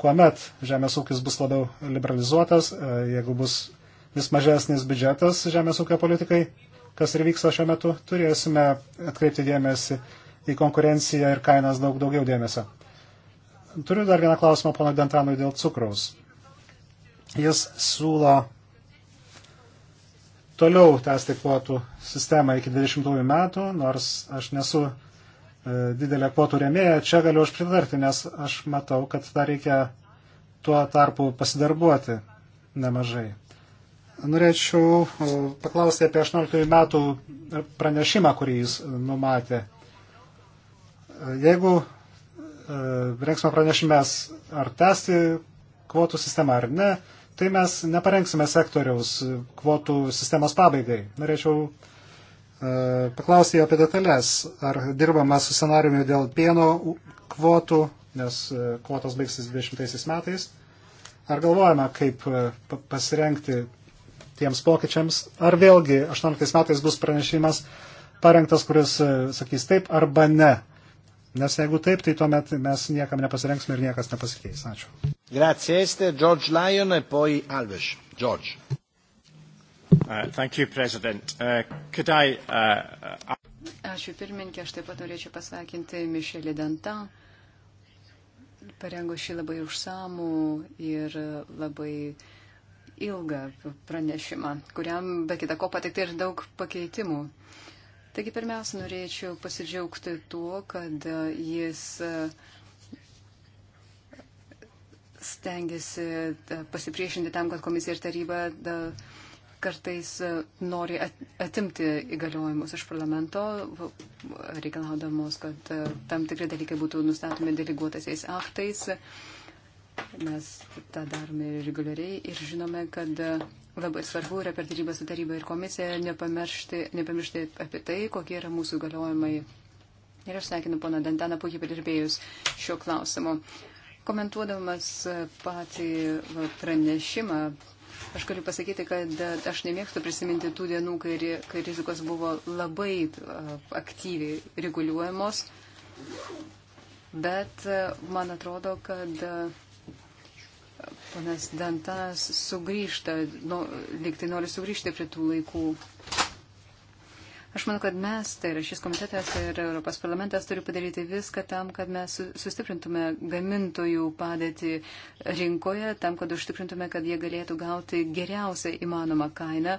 kuomet žemės ūkis bus labiau liberalizuotas, e, jeigu bus vis mažesnis biudžetas žemės ūkio politikai, kas ir vyksta šiuo metu, turėsime atkreipti dėmesį į konkurenciją ir kainas daug daugiau dėmesio. Turiu dar vieną klausimą pono Dentanui dėl cukraus. Jis siūlo toliau tęsti kvotų sistemą iki 20 metų, nors aš nesu e, didelė kvotų rėmėja, čia galiu aš pritarti, nes aš matau, kad dar reikia tuo tarpu pasidarbuoti nemažai. Norėčiau e, paklausti apie 18 metų pranešimą, kurį jis numatė. E, jeigu rengsime pranešimės ar tęsti kvotų sistemą ar ne, tai mes neparengsime sektoriaus kvotų sistemos pabaigai. Norėčiau e, paklausti apie detalės, ar dirbama su scenariumi dėl pieno kvotų, nes e, kvotos baigsis 20 metais, ar galvojame, kaip e, pasirengti tiems pokyčiams, ar vėlgi 18 metais bus pranešimas parengtas, kuris sakys taip arba ne Nes jeigu taip, tai tuomet mes niekam nepasirengsime ir niekas nepasikeis. Ačiū. Grazie, Este, George Lyon ir e poi Alves. George. Uh, thank you, President. Uh, could I, uh, Ačiū pirmininkė, aš taip pat norėčiau pasveikinti Mišelį Dantą, parengo šį labai užsamų ir labai ilgą pranešimą, kuriam be kita ko patikti ir daug pakeitimų. Taigi pirmiausia, norėčiau pasidžiaugti tuo, kad e, jis e, stengiasi e, pasipriešinti tam, kad komisija ir taryba kartais nori atimti įgaliojimus iš parlamento, reikalaudamos, kad tam tikri dalykai būtų nustatomi deleguotaisiais aktais. Mes tą darome reguliariai ir žinome, kad Labai svarbu yra per darybą su taryba ir komisija nepamiršti, nepamiršti apie tai, kokie yra mūsų galiojimai. Ir aš sveikinu poną Dantaną puikiai padirbėjus šiuo klausimu. Komentuodamas patį pranešimą, aš galiu pasakyti, kad aš nemėgstu prisiminti tų dienų, kai, kai rizikos buvo labai aktyviai reguliuojamos, bet man atrodo, kad Panas Dantas sugrįžta, nu, liktai nori sugrįžti prie tų laikų. Aš manau, kad mes, tai yra šis komitetas ir Europos parlamentas, turi padaryti viską tam, kad mes sustiprintume gamintojų padėtį rinkoje, tam, kad užtikrintume, kad jie galėtų gauti geriausią įmanomą kainą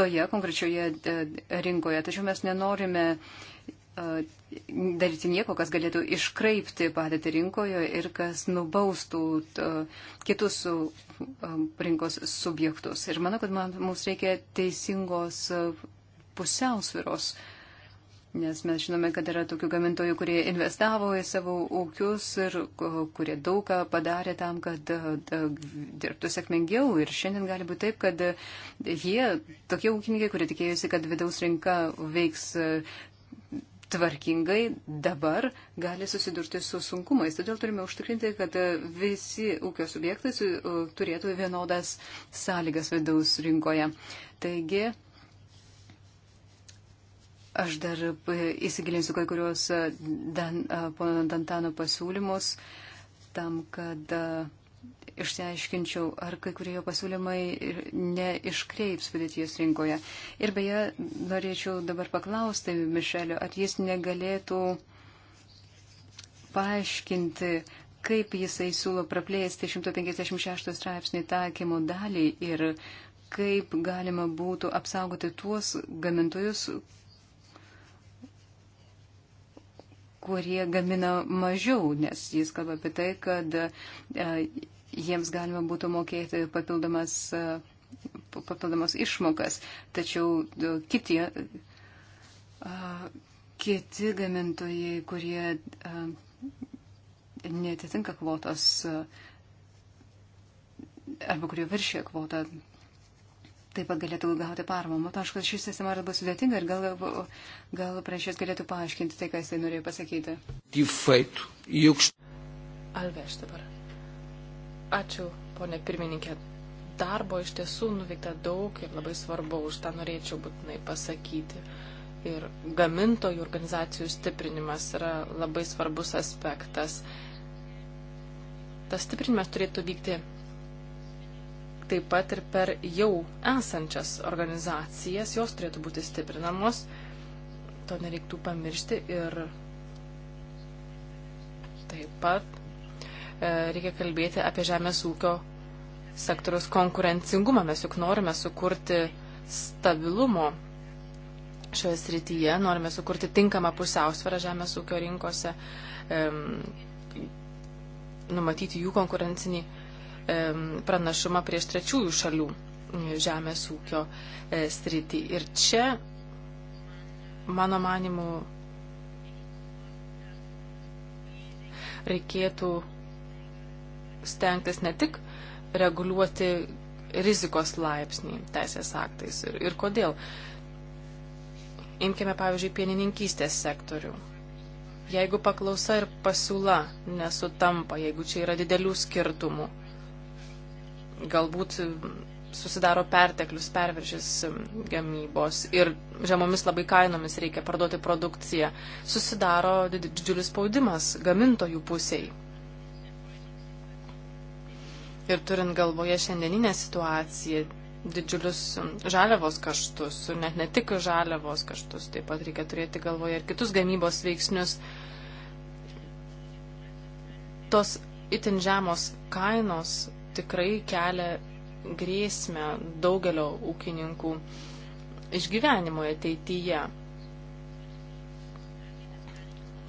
toje konkrečioje e, rinkoje. Tačiau mes nenorime uh, daryti nieko, kas galėtų iškraipti padėtį rinkoje ir kas nubaustų kitus rinkos subjektus. Ir manau, kad man, mums reikia teisingos pusiausviros. Nes mes žinome, kad yra tokių gamintojų, kurie investavo į savo ūkius ir kurie daugą padarė tam, kad dirbtų sėkmingiau. Ir šiandien gali būti taip, kad jie, tokie ūkininkai, kurie tikėjusi, kad vidaus rinka veiks tvarkingai dabar gali susidurti su sunkumais. Todėl turime užtikrinti, kad visi ūkio subjektai turėtų vienodas sąlygas vidaus rinkoje. Taigi, aš dar įsigilinsiu kai kurios dan, pono Dantano pasiūlymus tam, kad. A, išsiaiškinčiau, ar kai kurie jo pasiūlymai neiškreips padėties rinkoje. Ir beje, norėčiau dabar paklausti Mišelio, ar jis negalėtų paaiškinti, kaip jisai siūlo praplėsti 156 straipsnį taikymo dalį ir kaip galima būtų apsaugoti tuos gamintojus, kurie gamina mažiau, nes jis kalba apie tai, kad e, jiems galima būtų mokėti papildomas, e, papildomas išmokas. Tačiau e, kiti, e, kiti gamintojai, kurie netitinka kvotos arba kurie viršė kvotą, taip pat galėtų gauti paramą. Matau, kad ši sistema yra labai sudėtinga ir gal, gal pranešės galėtų paaiškinti tai, ką jisai norėjo pasakyti. Alveš dabar. Ačiū, ponė pirmininkė. Darbo iš tiesų nuveikta daug ir labai svarbu, už tą norėčiau būtinai pasakyti. Ir gamintojų organizacijų stiprinimas yra labai svarbus aspektas. Tas stiprinimas turėtų vykti taip pat ir per jau esančias organizacijas, jos turėtų būti stiprinamos, to nereiktų pamiršti ir taip pat E, reikia kalbėti apie žemės ūkio sektoriaus konkurencingumą. Mes juk norime sukurti stabilumo šioje srityje, norime sukurti tinkamą pusiausvyrą žemės ūkio rinkose, numatyti jų konkurencinį pranašumą prieš trečiųjų šalių žemės ūkio e, sritį. Ir čia, mano manimu, reikėtų stengtis ne tik reguliuoti rizikos laipsnį teisės aktais ir, ir kodėl. Imkime, pavyzdžiui, pienininkystės sektorių. Jeigu paklausa ir pasiūla nesutampa, jeigu čia yra didelių skirtumų, galbūt susidaro perteklius, perviršis gamybos ir žemomis labai kainomis reikia parduoti produkciją, susidaro didžiulis spaudimas gamintojų pusiai. Ir turint galvoje šiandieninę situaciją, didžiulius žaliavos kaštus, ir net ne tik žaliavos kaštus, taip pat reikia turėti galvoje ir kitus gamybos veiksnius. Tos itin žemos kainos tikrai kelia grėsmę daugelio ūkininkų išgyvenimo ateityje.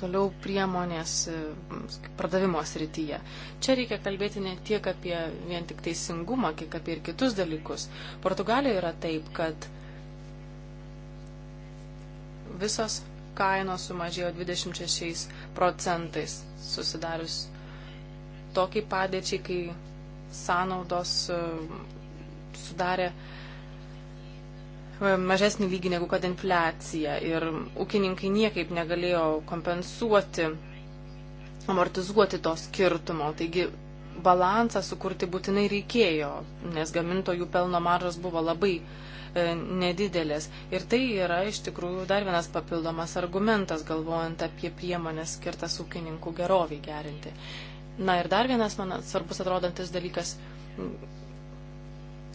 Toliau priemonės e, pardavimo srityje. Čia reikia kalbėti ne tiek apie vien tik teisingumą, kiek apie ir kitus dalykus. Portugalijoje yra taip, kad visos kainos sumažėjo 26 procentais susidarius tokiai padėčiai, kai sąnaudos e, sudarė mažesnį lygį negu kad infliacija ir ūkininkai niekaip negalėjo kompensuoti, amortizuoti to skirtumo. Taigi balansą sukurti būtinai reikėjo, nes gamintojų pelno maržas buvo labai e, nedidelės. Ir tai yra iš tikrųjų dar vienas papildomas argumentas, galvojant apie priemonės skirtas ūkininkų geroviai gerinti. Na ir dar vienas man svarbus atrodantis dalykas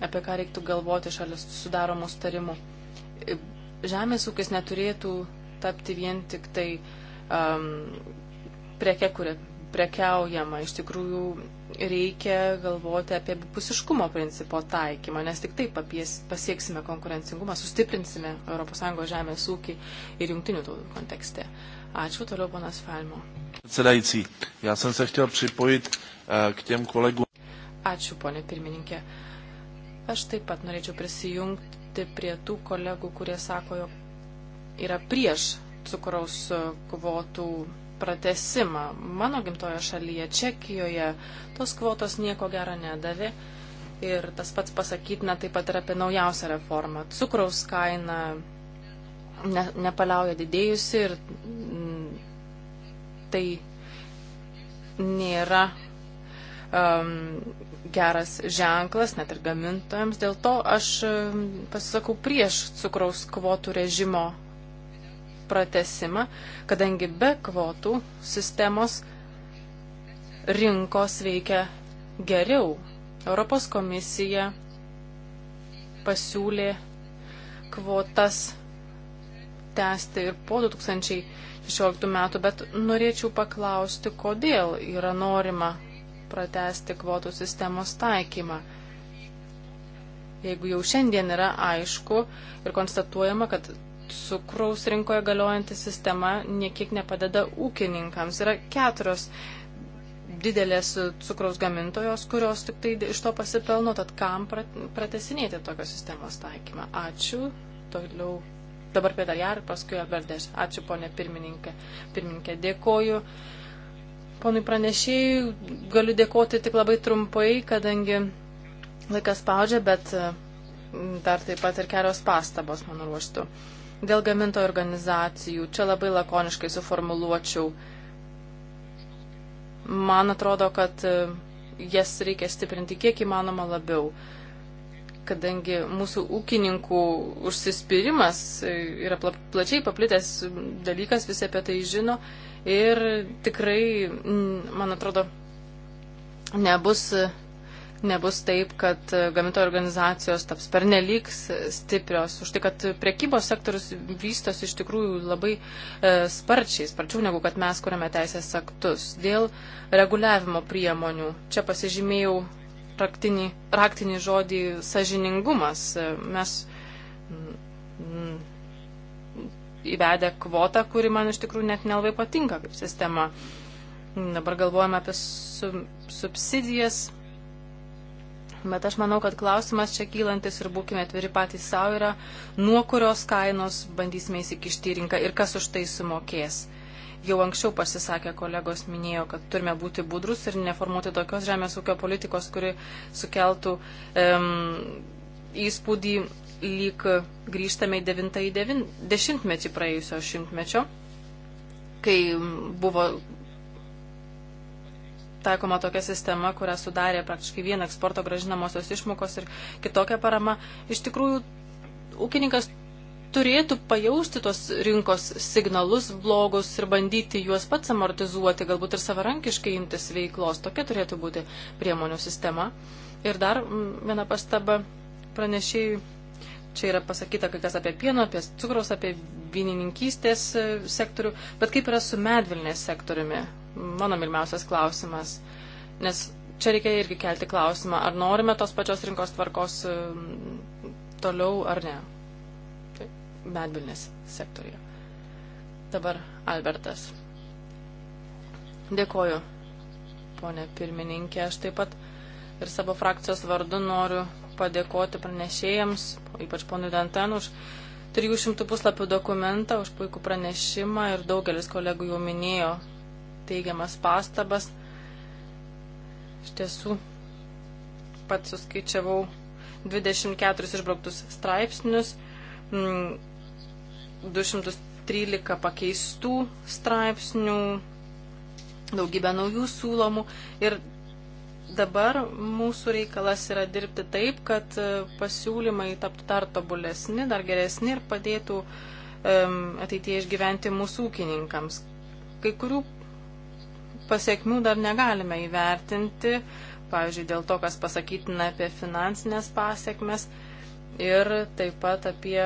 apie ką reiktų galvoti šalia sudaromų starimų. Žemės ūkis neturėtų tapti vien tik tai um, preke, kuria prekiaujama. Iš tikrųjų, reikia galvoti apie pusiškumo principo taikymą, nes tik taip apies, pasieksime konkurencingumą, sustiprinsime ES žemės ūkį ir jungtinių tautų kontekste. Ačiū toliau, ponas Falmo. Atsidaicį, ja jsem se chtěl připojit eh, k těm kolegům. Ačiū, ponė pirmininkė. Uh, Aš taip pat norėčiau prisijungti prie tų kolegų, kurie sako, jog yra prieš cukraus kvotų pratesimą. Mano gimtojo šalyje, Čekijoje, tos kvotos nieko gero nedavė. Ir tas pats pasakytina taip pat ir apie naujausią reformą. Cukraus kaina ne, nepaliauja didėjusi ir mm, tai nėra um, geras ženklas, net ir gamintojams. Dėl to aš pasisakau prieš cukraus kvotų režimo pratesimą, kadangi be kvotų sistemos rinkos veikia geriau. Europos komisija pasiūlė kvotas tęsti ir po 2016 metų, bet norėčiau paklausti, kodėl yra norima pratesti kvotų sistemos taikymą. Jeigu jau šiandien yra aišku ir konstatuojama, kad cukraus rinkoje galiojanti sistema niekiek nepadeda ūkininkams. Yra keturios didelės cukraus gamintojos, kurios tik tai iš to pasipelno, tad kam pratesinėti tokios sistemos taikymą. Ačiū. Toliau. Dabar Petarjar, paskui Alberdeš. Ačiū, ponė pirmininkė. Pirmininkė, dėkoju Ponui pranešėjai galiu dėkoti tik labai trumpai, kadangi laikas spaudžia, bet e, dar taip pat ir kelios pastabos, mano ruoštų. Dėl gaminto organizacijų, čia labai lakoniškai suformuluočiau. Man atrodo, kad e, jas reikia stiprinti kiek įmanoma labiau, kadangi mūsų ūkininkų užsispyrimas e, yra plačiai paplitęs dalykas, visi apie tai žino ir tikrai, mm, man atrodo, nebus, nebus taip, kad gamintojų organizacijos taps pernelyg stiprios už tai, kad priekybos sektorius vystosi iš tikrųjų labai e, sparčiai, sparčiau negu kad mes kuriame teisės aktus. Dėl reguliavimo priemonių čia pasižymėjau raktinį, raktinį žodį sažiningumas. E, mes įvedę kvotą, kuri man iš tikrųjų net nelabai patinka kaip sistema. Dabar galvojame apie su, subsidijas, bet aš manau, kad klausimas čia kylantis ir būkime atviri patys savo yra, nuo kurios kainos bandysime įsikišti į rinką ir kas už tai sumokės. Jau anksčiau pasisakę kolegos minėjo, kad turime būti budrus ir neformuoti tokios žemės ūkio politikos, kuri sukeltų um, įspūdį lyg grįžtame į devintąjį devin, dešimtmetį praėjusio šimtmečio, kai buvo taikoma tokia sistema, kurią sudarė praktiškai vien eksporto gražinamosios išmokos ir kitokia parama. Iš tikrųjų, ūkininkas turėtų pajausti tos rinkos signalus blogus ir bandyti juos pats amortizuoti, galbūt ir savarankiškai imtis veiklos. Tokia turėtų būti priemonių sistema. Ir dar mm, viena pastaba pranešėjai Čia yra pasakyta kai kas apie pieno, apie cukraus, apie vynininkystės e, sektorių, bet kaip yra su medvilnės sektoriumi? Mano milmiausias klausimas. Nes čia reikia irgi kelti klausimą, ar norime tos pačios rinkos tvarkos e, toliau ar ne. Tai medvilnės sektoriuje. Dabar Albertas. Dėkoju, ponė pirmininkė. Aš taip pat ir savo frakcijos vardu noriu padėkoti pranešėjams, ypač ponui Dantan, už 300 puslapių dokumentą, už puikų pranešimą ir daugelis kolegų jau minėjo teigiamas pastabas. Iš tiesų, pats suskaičiavau 24 išbrauktus straipsnius, 213 mm, pakeistų straipsnių, daugybę naujų siūlomų ir Dabar mūsų reikalas yra dirbti taip, kad e, pasiūlymai taptų dar tobulesni, dar geresni ir padėtų um, ateitie išgyventi mūsų ūkininkams. Kai kurių pasiekmių dar negalime įvertinti, pavyzdžiui, dėl to, kas pasakytina apie finansinės pasiekmes ir taip pat apie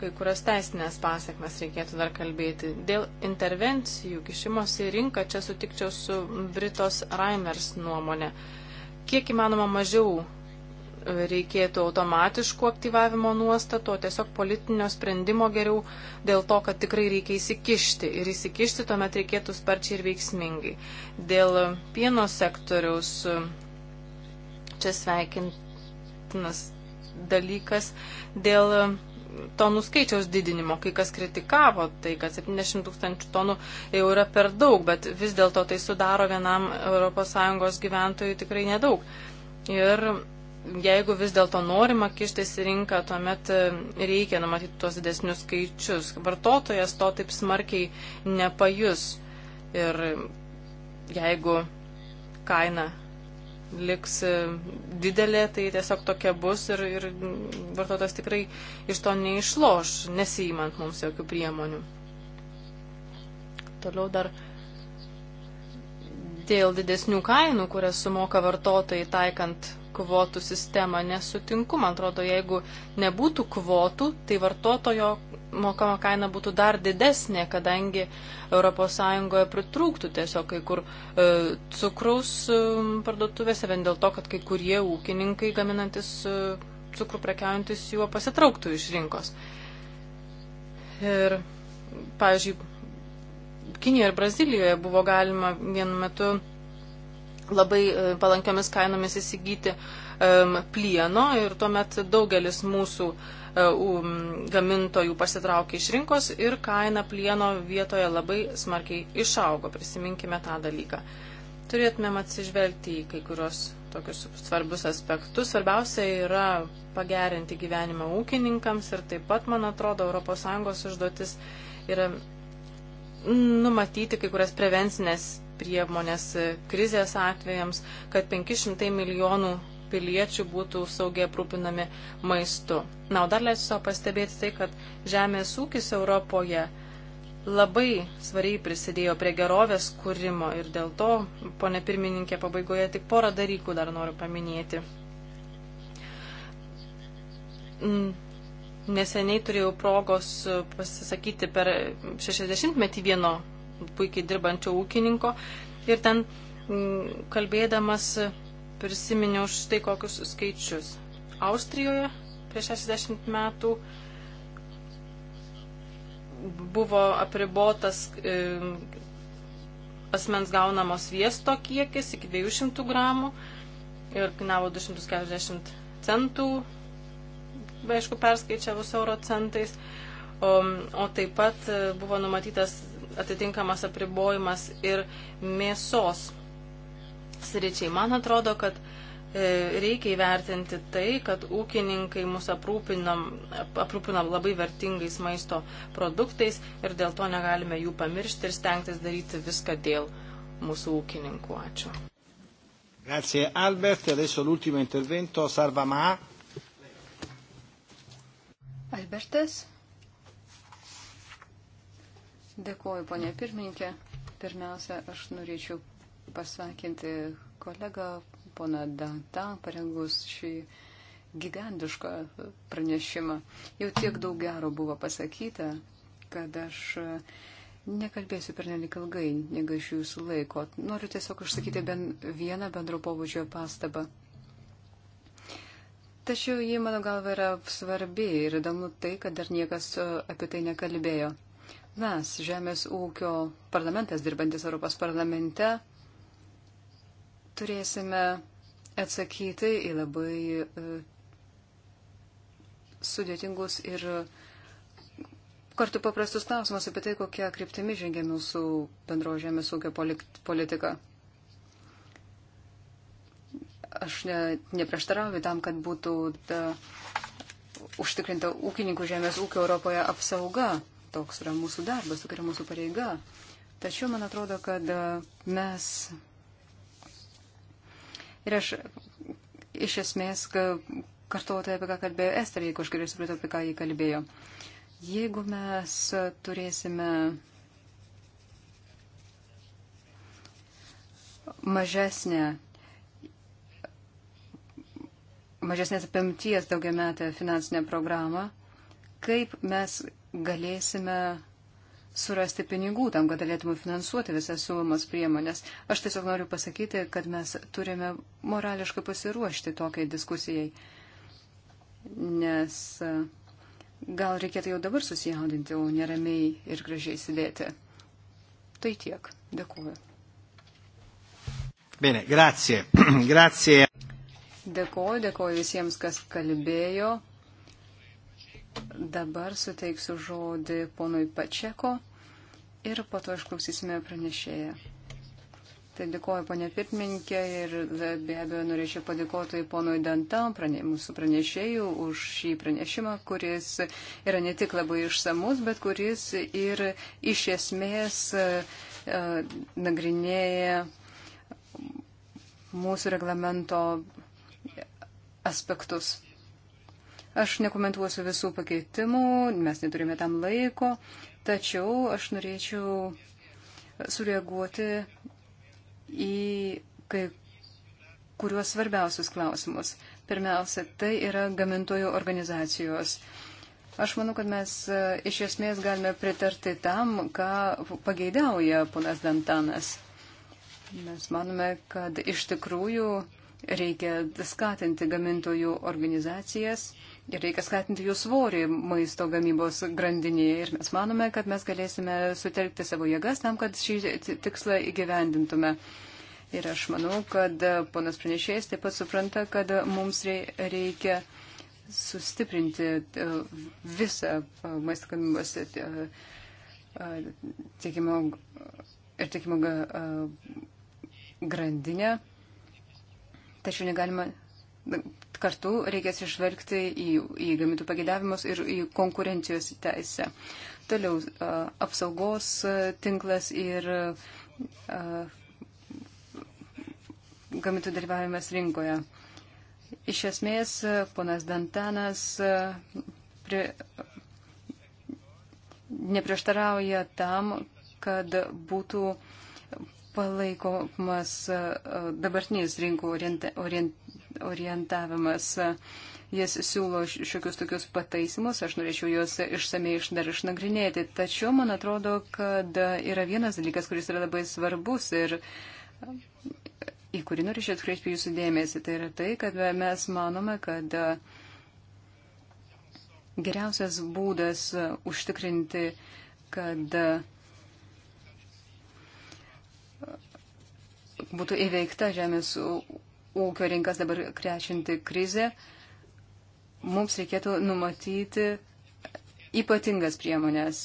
kai kurias teisinės pasiekmes reikėtų dar kalbėti. Dėl intervencijų kišimosi į rinką čia sutikčiau su Britos Raimers nuomonė. Uh, kiek įmanoma mažiau e, reikėtų automatiškų aktyvavimo nuostatų, o tiesiog politinio sprendimo geriau dėl to, kad tikrai reikia įsikišti. Ir įsikišti tuomet reikėtų sparčiai ir veiksmingai. Dėl pieno sektoriaus e, čia sveikintinas dalykas. Dėl tonų skaičiaus didinimo. Kai kas kritikavo tai, kad 70 tūkstančių tonų jau yra per daug, bet vis dėlto tai sudaro vienam ES gyventojui tikrai nedaug. Ir jeigu vis dėlto norima kištis į rinką, tuomet e, reikia numatyti tuos didesnius skaičius. Vartotojas to taip smarkiai nepajus. Ir jeigu kaina liks e, didelė, tai tiesiog tokia bus ir, ir vartotojas tikrai iš to neišloš, nesijimant mums jokių priemonių. Toliau dar dėl didesnių kainų, kurias sumoka vartotojai taikant kvotų sistemą, nesutinku. Man atrodo, jeigu nebūtų kvotų, tai vartotojo mokama kaina būtų dar didesnė, kadangi ES pritrūktų tiesiog kai kur e, cukraus e, parduotuvėse, vien dėl to, kad kai kurie ūkininkai gaminantis e, cukrų prekiaujantis juo pasitrauktų iš rinkos. Ir, pavyzdžiui, Kinijoje ir Brazilijoje buvo galima vienu metu labai palankiomis kainomis įsigyti uh, plieno ir tuomet daugelis mūsų e, um, gamintojų pasitraukė iš rinkos ir kaina plieno vietoje labai smarkiai išaugo. Prisiminkime tą dalyką. Turėtumėm atsižvelgti į kai kurios tokius svarbius aspektus. Svarbiausia yra pagerinti gyvenimą ūkininkams ir taip pat, man atrodo, ES užduotis yra numatyti kai kurias prevencinės priemonės krizės atvejams, kad 500 milijonų piliečių būtų saugiai aprūpinami maistu. Na, o dar leisiu savo pastebėti tai, kad žemės ūkis Europoje labai svariai prisidėjo prie gerovės kūrimo ir dėl to, ponė pirmininkė, pabaigoje tik porą dalykų dar noriu paminėti. Neseniai turėjau progos pasisakyti per 60-metį vieno puikiai dirbančio ūkininko ir ten kalbėdamas prisiminiau štai kokius skaičius. Austrijoje prieš 60 metų buvo apribotas e, asmens gaunamos sviesto kiekis iki 200 gramų ir kainavo 240 centų, aišku, perskaičiavus euro centais. O, o taip pat e, buvo numatytas atitinkamas apribojimas ir mėsos sričiai. Man atrodo, kad e, reikia įvertinti tai, kad ūkininkai mus aprūpinam, aprūpinam labai vertingais maisto produktais ir dėl to negalime jų pamiršti ir stengtis daryti viską dėl mūsų ūkininkų. Ačiū. Grazie Albert, e adesso l'ultimo intervento, Salva Ma. Albertas. Dėkuoju, ponė pirmininkė. Pirmiausia, aš norėčiau pasveikinti kolegą poną Dantą, parengus šį gigantišką pranešimą. Jau tiek daug gero buvo pasakyta, kad aš nekalbėsiu per nelik ilgai, negaišiu jūsų laiko. Noriu tiesiog išsakyti bent vieną bendro pobūdžio pastabą. Tačiau ji, mano galva, yra svarbi ir įdomu tai, kad dar niekas apie tai nekalbėjo. Mes, Žemės ūkio parlamentas, dirbantis Europos parlamente, turėsime atsakyti į labai e, sudėtingus ir kartu paprastus klausimus apie tai, kokia kryptimi žengia mūsų bendro žemės ūkio politika. Aš ne, neprieštarauju tam, kad būtų da, užtikrinta ūkininkų žemės ūkio Europoje apsauga. Toks yra mūsų darbas, tokia yra mūsų pareiga. Tačiau man atrodo, kad mes Ir aš iš esmės kartuoju tai, apie ką kalbėjo Ester, jeigu aš gerai supratau, apie ką jį kalbėjo. Jeigu mes turėsime mažesnę mažesnės apimties daugiametę finansinę programą, kaip mes galėsime surasti pinigų tam, kad galėtume finansuoti visas siūlomas priemonės. Aš tiesiog noriu pasakyti, kad mes turime morališkai pasiruošti tokiai diskusijai, nes e, gal reikėtų jau dabar susijaudinti, o neramiai ir gražiai sėdėti. Tai tiek. Dėkuoju. Bene, grazie. grazie. Dėkuoju, dėkuoju visiems, kas kalbėjo. Dabar suteiksiu žodį ponui Pačeko, ir po to išklausysime pranešėją. Tai dėkoju, ponė Pirmininkė, ir be abejo norėčiau padėkoti ponui Dantam, prane, mūsų pranešėjų, už šį pranešimą, kuris yra ne tik labai išsamus, bet kuris ir iš esmės e, e, nagrinėja mūsų reglamento aspektus. Aš nekomentuosiu visų pakeitimų, mes neturime tam laiko. Tačiau aš norėčiau sureaguoti į kai kuriuos svarbiausius klausimus. Pirmiausia, tai yra gamintojų organizacijos. Aš manau, kad mes e, iš esmės galime pritarti tam, ką pageidauja ponas Dantanas. Mes manome, kad iš tikrųjų reikia skatinti gamintojų organizacijas Ir reikia skatinti jų svorį maisto gamybos grandinėje. Ir mes manome, kad mes galėsime sutelkti savo jėgas tam, kad šį tikslą įgyvendintume. Ir aš manau, kad e, ponas pranešėjas taip pat supranta, kad mums reikia sustiprinti e, visą e, maisto gamybos tiekimo ir tiekimo grandinę. Tačiau negalima kartu reikės išvelgti į, į gamintų pagėdavimus ir į konkurencijos teisę. Toliau apsaugos tinklas ir gamintų dalyvavimas rinkoje. Iš esmės, ponas Dantanas prie, neprieštarauja tam, kad būtų palaikomas dabartinis rinkų orient, orient, orientavimas. Jis siūlo šiokius tokius pataisimus, aš norėčiau juos išsamei iš dar išnagrinėti. Tačiau man atrodo, kad yra vienas dalykas, kuris yra labai svarbus ir į kurį norėčiau atkreipti jūsų dėmesį. Tai yra tai, kad mes manome, kad geriausias būdas užtikrinti, kad būtų įveikta žemės ūkio rinkas dabar krečinti krizė, mums reikėtų numatyti ypatingas priemonės.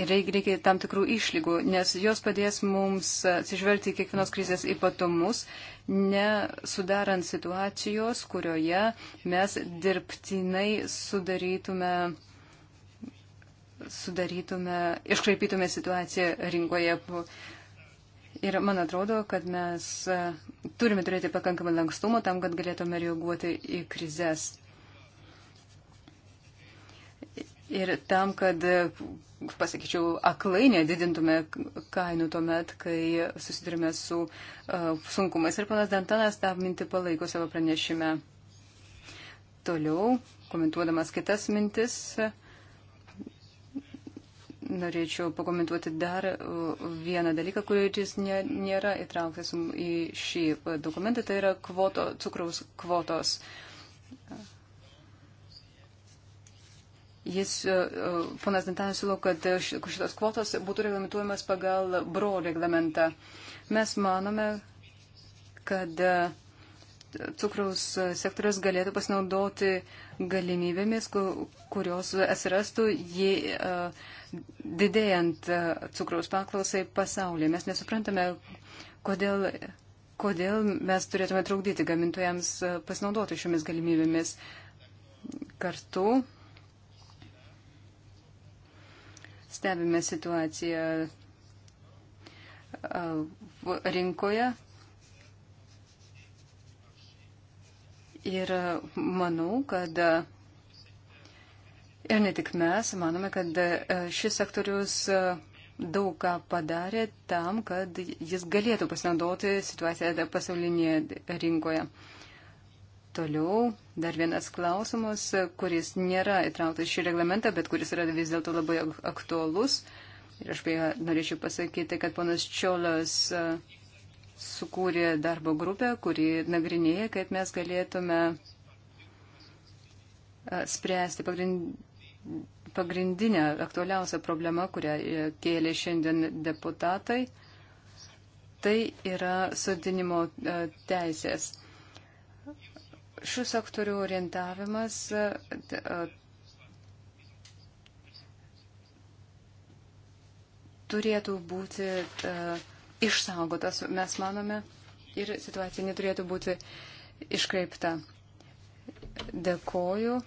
Ir reikia tam tikrų išlygų, nes jos padės mums atsižvelgti į kiekvienos krizės ypatumus, nesudarant situacijos, kurioje mes dirbtinai sudarytume sudarytume, iškraipytume situaciją rinkoje. Ir man atrodo, kad mes e, turime turėti pakankamą lankstumą tam, kad galėtume reaguoti į krizės. Ir tam, kad, e, pasakyčiau, aklai nedidintume kainų tuomet, kai susidurime su uh, sunkumais. Ir panas Dantanas tą mintį palaiko savo pranešime. Toliau, komentuodamas kitas mintis. Uh, norėčiau pakomentuoti dar uh, vieną dalyką, kuris nėra įtrauktas į šį dokumentą, tai yra kvoto, cukraus kvotos. Jis, uh, uh, ponas Dantanas, siūlo, kad šitos kvotos būtų reglamentuojamas pagal bro reglamentą. Mes manome, kad cukraus sektorius galėtų pasinaudoti uh, galimybėmis, kurios atsirastų jį e, didėjant e, cukraus paklausai pasaulyje. Mes nesuprantame, kodėl, kodėl mes turėtume trukdyti gamintojams e, pasinaudoti šiomis galimybėmis kartu. Stebime situaciją rinkoje, Ir manau, kad ir ne tik mes, manome, kad e, šis sektorius e, daug ką padarė tam, kad jis galėtų pasinaudoti situaciją pasaulinėje rinkoje. Toliau dar vienas klausimas, kuris nėra įtrauktas šį reglamentą, bet kuris yra vis dėlto labai aktuolus. Ir aš beje norėčiau pasakyti, kad ponas Čiolas uh, sukūrė darbo grupę, kuri nagrinėja, kaip mes galėtume spręsti pagrindinę aktualiausią problemą, kurią e, kėlė šiandien deputatai. Tai yra sodinimo teisės. Šių sektorių orientavimas turėtų būti uh, išsaugotas, mes manome, ir situacija neturėtų būti iškreipta. Dėkoju.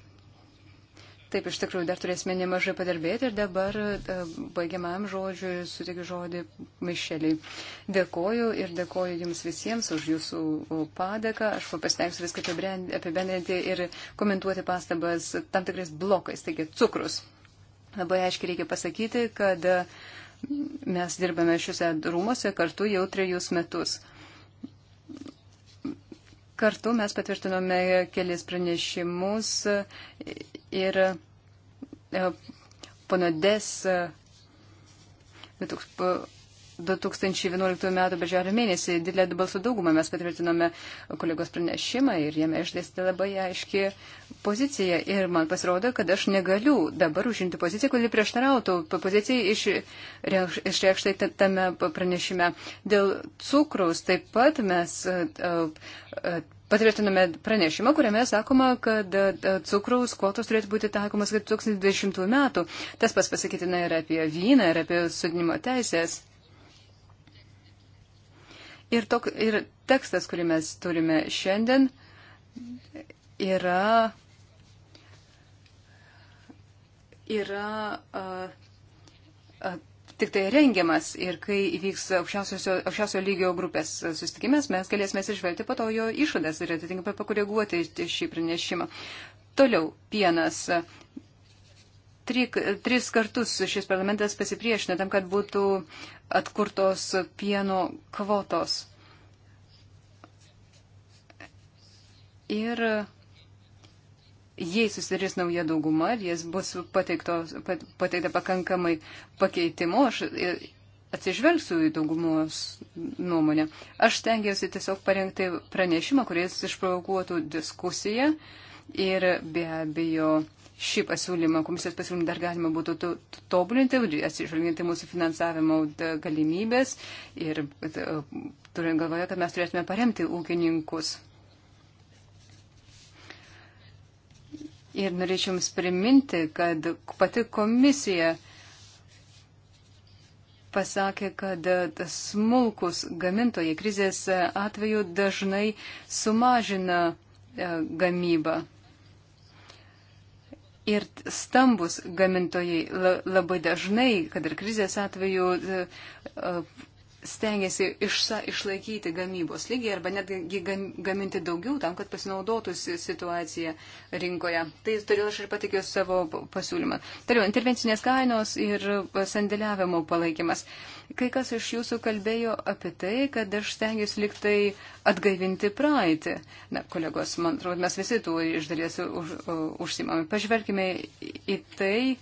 Taip, iš tikrųjų, dar turėsime nemažai padirbėti ir dabar e, baigiamam žodžiui sutikiu žodį Mišeliai. Dėkoju ir dėkoju Jums visiems už Jūsų padėką. Aš pasitengsiu viską apibendrinti ir komentuoti pastabas tam tikrais blokais, taigi cukrus. Labai aiškiai reikia pasakyti, kad uh, Mes dirbame šiuose rūmose kartu jau trejus metus. Kartu mes patvirtinome kelis pranešimus ir e, ponades e, 2011 m. birželio mėnesį didelę balsų daugumą mes patvirtinome kolegos pranešimą ir jame išdėstė labai aiški pozicija. Ir man pasirodo, kad aš negaliu dabar užimti poziciją, kuri prieštarautų pozicijai iš, išreikštai tame pranešime. Dėl cukraus taip pat mes. E, e, e, Patvirtiname pranešimą, kuriame sakoma, kad cukraus kvotos turėtų būti taikomas iki 2020 metų. Tas pas pasakytina ir apie vyną, ir apie sudinimo teisės. Ir, tok, ir tekstas, kurį mes turime šiandien, yra, yra a, a, tik tai rengiamas ir kai įvyks aukščiausio lygio grupės susitikimas, mes galėsime išvelgti po to jo išvadas ir atitinkamai pakoreguoti šį pranešimą. Toliau pienas tri, tris kartus šis parlamentas pasipriešino tam, kad būtų atkurtos pieno kvotos. Ir jei susidarys nauja dauguma ir jis bus pateikto, pateikta pakankamai pakeitimo, aš e, atsižvelgsiu į daugumos nuomonę. Aš tengiausi tiesiog parengti pranešimą, kuris išprovokuotų diskusiją ir be abejo šį pasiūlymą, komisijos pasiūlymą dar galima būtų tobulinti, atsižvelginti mūsų finansavimo e, galimybės ir e, turint galvoje, kad mes turėtume paremti ūkininkus. Ir norėčiau Jums priminti, kad pati komisija pasakė, kad e, smulkus gamintojai krizės atveju dažnai sumažina gamybą. Ir stambus gamintojai labai dažnai, kad ir krizės atveju, e, stengiasi išsa, išlaikyti gamybos lygį arba netgi gaminti daugiau tam, kad pasinaudotų situaciją rinkoje. Tai todėl aš ir patikiu savo pasiūlymą. Toliau, intervencinės kainos ir sandėliavimo palaikymas. Kai kas iš jūsų kalbėjo apie tai, kad aš stengiuosi liktai atgaivinti praeitį. Na, kolegos, man atrodo, mes visi tuo iš dalies už, užsimame. Pažvelkime į tai,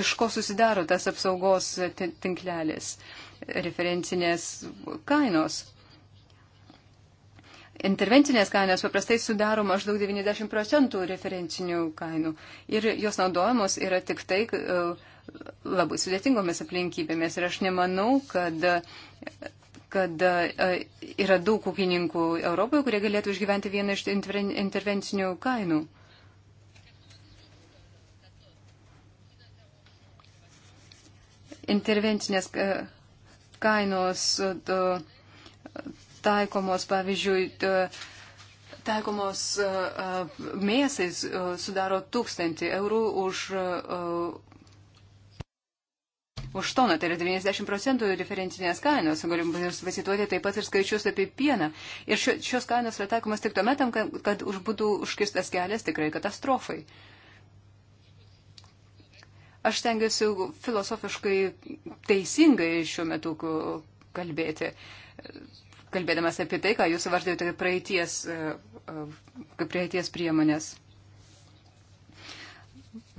iš ko susidaro tas apsaugos tinklelis. Uh, referencinės kainos. Intervencinės kainos paprastai sudaro maždaug 90 procentų referencinių kainų ir jos naudojamos yra tik tai e, labai sudėtingomis aplinkybėmis. Ir aš nemanau, kad, kad e, yra daug ūkininkų Europoje, kurie galėtų išgyventi vieną iš intervencinių kainų. Intervencinės e, kainos e, taikomos, pavyzdžiui, e, taikomos e, mėsai sudaro tūkstantį eurų už, už toną, tai yra 90 procentų referencinės kainos. Galim pasituoti taip pat ir skaičius apie pieną. Ir šios kainos yra taikomas tik tuomet, kad už būtų užkirstas kelias tikrai katastrofai. Uh, Aš tengiuosi filosofiškai teisingai šiuo metu kalbėti, kalbėdamas apie tai, ką jūs vardėjote kaip praeities, e, e, kaip praeities priemonės.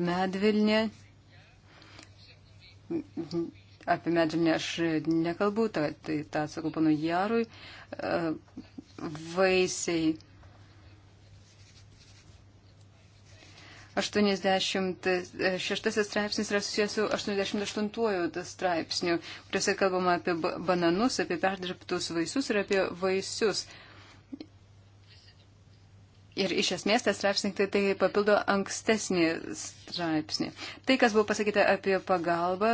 Medvilnė. Apie medvilnę aš nekalbu, tai tą tai, sakau panu Jarui. E, vaisiai 86 straipsnis yra susijęs su 88 straipsniu, kuriuose kalbama apie bananus, apie perdirbtus vaisius ir apie vaisius. Ir iš esmės tas straipsnis tai, tai papildo ankstesnį straipsnį. Tai, kas buvo pasakyta apie pagalbą,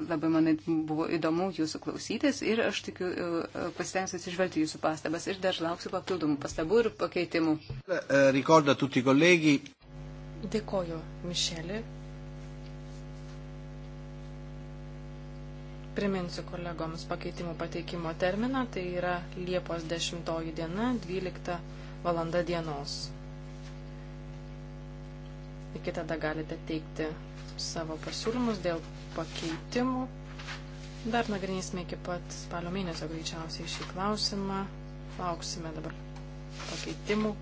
labai manai buvo įdomu jūsų klausytis ir aš tikiu e, pasitengsiu atsižvelgti jūsų pastabas ir dar lauksiu papildomų pastabų ir pakeitimų. E, Dėkoju, Mišelį. Priminsiu kolegoms pakeitimų pateikimo terminą, tai yra Liepos 10 diena, 12 valanda dienos. Iki tada galite teikti savo pasiūlymus dėl pakeitimų. Dar nagrinėsime iki pat spalio mėnesio greičiausiai šį klausimą. Lauksime dabar pakeitimų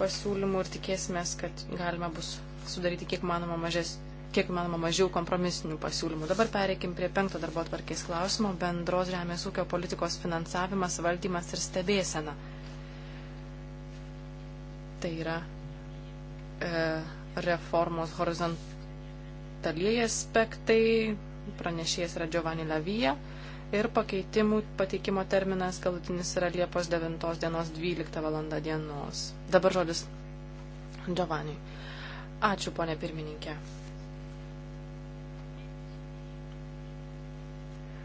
pasiūlymų ir tikėsimės, kad galima bus sudaryti kiek manoma, mažes, kiek manoma mažiau kompromisinių pasiūlymų. Dabar pereikim prie penkto darbo atvarkės klausimo - bendros žemės ūkio politikos finansavimas, valdymas ir stebėsena. Tai yra e, reformos horizontalieji aspektai, pranešėjas yra Giovanni Lavija. E, ir pakeitimų pateikimo terminas galutinis yra Liepos 9 dienos 12 val. dienos. Dabar žodis Giovanniui. Ačiū, ponė pirmininkė.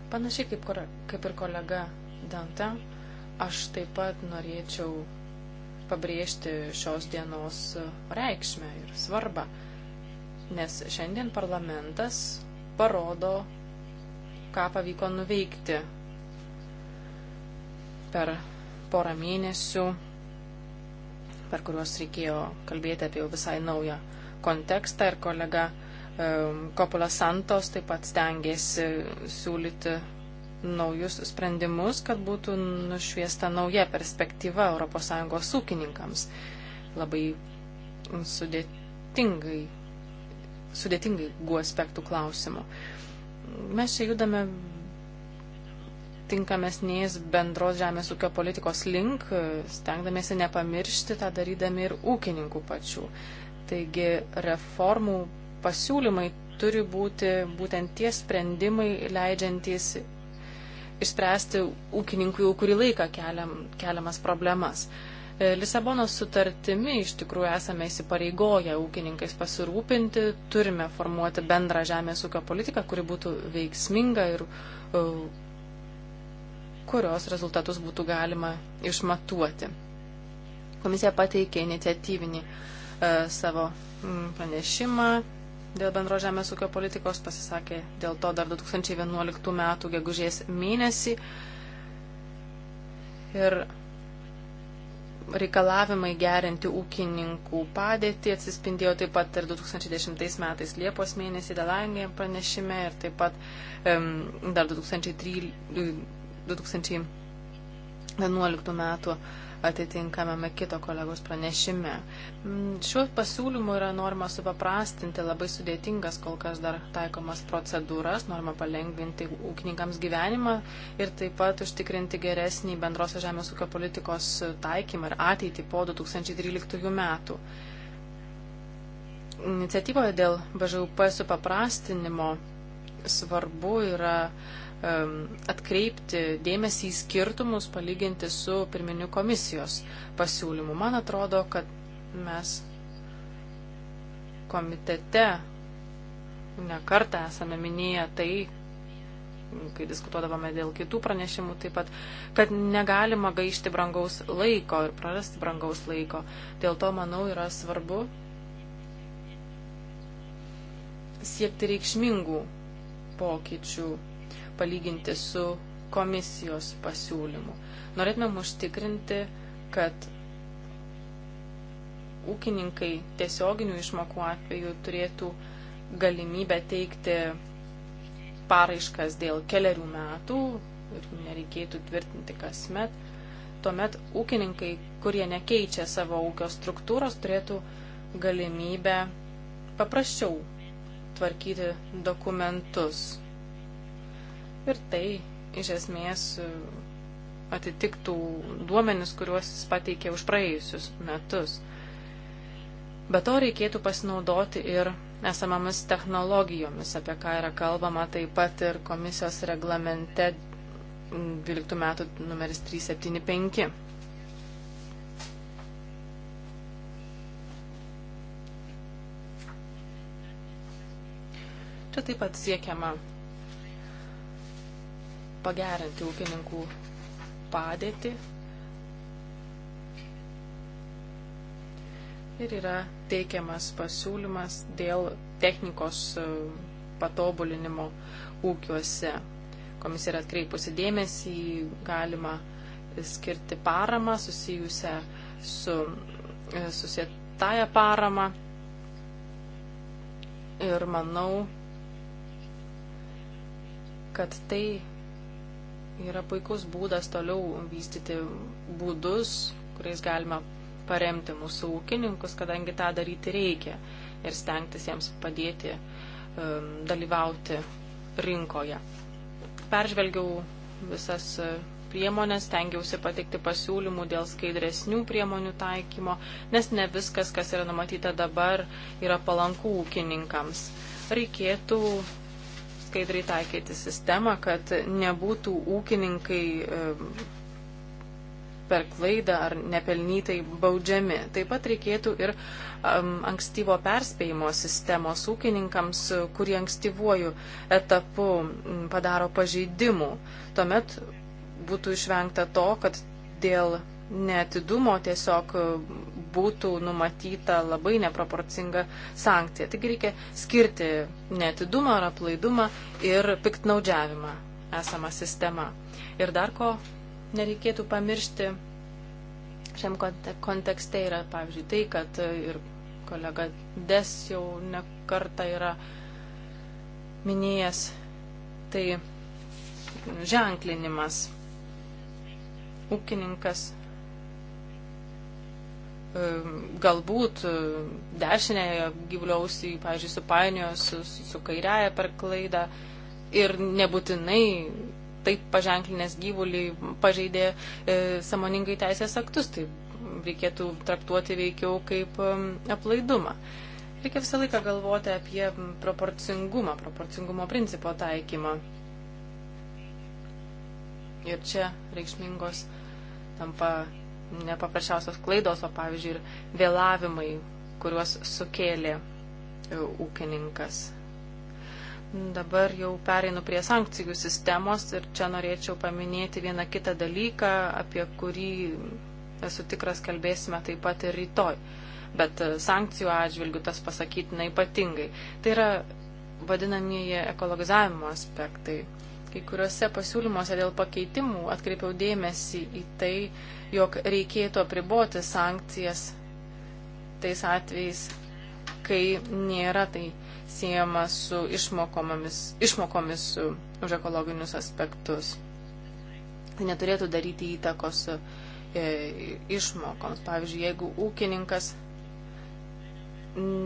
Panašiai kaip, kaip ir kolega Danta, aš taip pat norėčiau pabrėžti šios dienos reikšmę ir svarbą, nes šiandien parlamentas parodo ką pavyko nuveikti per porą mėnesių, per kuriuos reikėjo kalbėti apie jau visai naują kontekstą ir kolega Kopula Santos taip pat stengiasi siūlyti naujus sprendimus, kad būtų nušviesta nauja perspektyva ES ūkininkams. Labai sudėtingai, sudėtingai guo aspektų klausimų. Mes čia judame tinkamesnės bendros žemės ūkio politikos link, stengdamėsi nepamiršti tą darydami ir ūkininkų pačių. Taigi reformų pasiūlymai turi būti būtent tie sprendimai leidžiantys išspręsti ūkininkų jau kurį laiką keliam, keliamas problemas. E, Lisabonos sutartimi iš tikrųjų esame įsipareigoję ūkininkais pasirūpinti, turime formuoti bendrą žemės ūkio politiką, kuri būtų veiksminga ir e, kurios rezultatus būtų galima išmatuoti. Komisija pateikė iniciatyvinį e, savo pranešimą dėl bendro žemės ūkio politikos, pasisakė dėl to dar 2011 metų gegužės mėnesį. Ir reikalavimai gerinti ūkininkų padėtį atsispindėjo taip pat ir 2010 metais Liepos mėnesį Delangėje pranešime ir taip pat um, dar 2003, 2011 metų atitinkamame kito kolegos pranešime. Mm, šiuo pasiūlymu yra norma supaprastinti labai sudėtingas kol kas dar taikomas procedūras, norma palengvinti ūkininkams gyvenimą ir taip pat užtikrinti geresnį bendrosios žemės ūkio politikos taikymą ir ateitį po 2013 metų. Iniciatyvoje dėl BŽUP supaprastinimo svarbu yra atkreipti dėmesį į skirtumus, palyginti su pirminiu komisijos pasiūlymu. Man atrodo, kad mes komitete nekartą esame minėję tai, kai diskutuodavome dėl kitų pranešimų taip pat, kad negalima gaišti brangaus laiko ir prarasti brangaus laiko. Dėl to, manau, yra svarbu siekti reikšmingų pokyčių palyginti su komisijos pasiūlymu. Norėtumėm užtikrinti, kad ūkininkai tiesioginių išmokų atveju turėtų galimybę teikti paraiškas dėl keliarių metų ir nereikėtų tvirtinti kasmet. Tuomet ūkininkai, kurie nekeičia savo ūkio struktūros, turėtų galimybę paprasčiau tvarkyti dokumentus. Ir tai iš esmės atitiktų duomenis, kuriuos jis pateikė už praėjusius metus. Be to reikėtų pasinaudoti ir esamamis technologijomis, apie ką yra kalbama taip pat ir komisijos reglamente 12 metų numeris 375. projekte taip pat siekiama pagerinti ūkininkų padėtį ir yra teikiamas pasiūlymas dėl technikos e, patobulinimo ūkiuose. Komisija yra atkreipusi dėmesį į galimą skirti paramą susijusią su e, susietąją paramą. Ir manau, kad tai yra puikus būdas toliau vystyti būdus, kuriais galima paremti mūsų ūkininkus, kadangi tą daryti reikia ir stengtis jiems padėti um, dalyvauti rinkoje. Peržvelgiau visas uh, priemonės, stengiausi pateikti pasiūlymų dėl skaidresnių priemonių taikymo, nes ne viskas, kas yra numatyta dabar, yra palanku ūkininkams. Reikėtų skaidriai taikyti sistemą, kad nebūtų ūkininkai per klaidą ar nepelnytai baudžiami. Taip pat reikėtų ir um, ankstyvo perspėjimo sistemos ūkininkams, kurie ankstyvuoju etapu padaro pažeidimų. Tuomet būtų išvengta to, kad dėl netidumo tiesiog būtų numatyta labai neproporcinga sankcija. Taigi reikia skirti netidumą ar aplaidumą ir piktnaudžiavimą esamą sistemą. Ir dar ko nereikėtų pamiršti šiam kontekste yra, pavyzdžiui, tai, kad ir kolega Des jau nekarta yra minėjęs, tai ženklinimas. Ūkininkas galbūt e, dešinėje gyvulio ausį, pavyzdžiui, supainiojo su, su, su kairiaja per klaidą ir nebūtinai taip paženklinės gyvulį pažeidė e, samoningai teisės aktus, tai reikėtų traktuoti veikiau kaip aplaidumą. Reikia visą laiką galvoti apie proporcingumą, proporcingumo principo taikymą. Ir čia reikšmingos tampa nepaprasčiausios klaidos, o pavyzdžiui ir vėlavimai, kuriuos sukėlė e, ūkininkas. Dabar jau pereinu prie sankcijų sistemos ir čia norėčiau paminėti vieną kitą dalyką, apie kurį esu tikras kalbėsime taip pat ir rytoj. Bet e, sankcijų atžvilgių tas pasakytina ypatingai. Tai yra vadinamieji ekologizavimo aspektai. Kai kuriuose pasiūlymuose dėl pakeitimų atkreipiau dėmesį į tai, jog reikėtų apriboti sankcijas tais atvejais, kai nėra tai siejama su išmokomis, išmokomis e, už ekologinius aspektus. Tai neturėtų daryti įtakos e, išmokoms. Pavyzdžiui, jeigu ūkininkas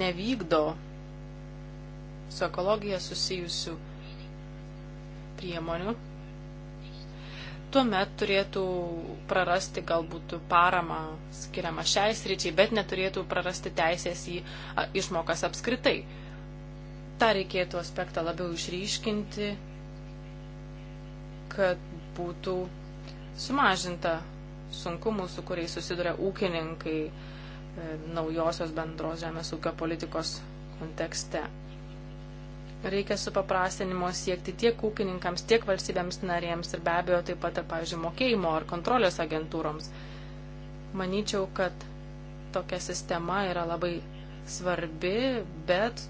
nevykdo su ekologija susijusių priemonių, tuomet turėtų prarasti galbūt paramą skiriamą šiai sričiai, bet neturėtų prarasti teisės į išmokas apskritai. Ta reikėtų aspektą labiau išryškinti, kad būtų sumažinta sunkumų, su kuriais susiduria ūkininkai e, naujosios bendros žemės ūkio politikos kontekste. Reikia supaprastinimo siekti tiek ūkininkams, tiek valstybėms narėms ir be abejo taip pat ir, pavyzdžiui, mokėjimo ar kontrolės agentūroms. Manyčiau, kad tokia sistema yra labai svarbi, bet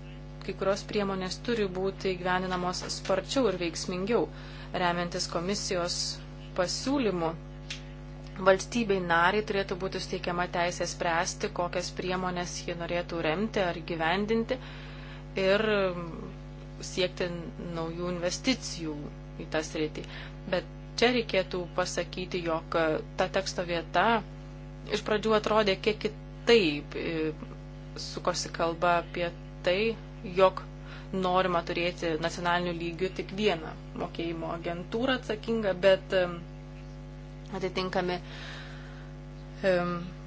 kai kurios priemonės turi būti gyveninamos sparčiau ir veiksmingiau, remiantis komisijos pasiūlymu. Valstybei nariai turėtų būti suteikiama teisė spręsti, kokias priemonės ji norėtų remti ar gyvendinti ir siekti naujų investicijų į tą sritį. Bet čia reikėtų pasakyti, jog e, ta teksto vieta iš pradžių atrodė kiek kitaip, e, sukosi kalba apie tai, jog norima turėti nacionaliniu lygiu tik vieną mokėjimo agentūrą atsakingą, bet e, atitinkami,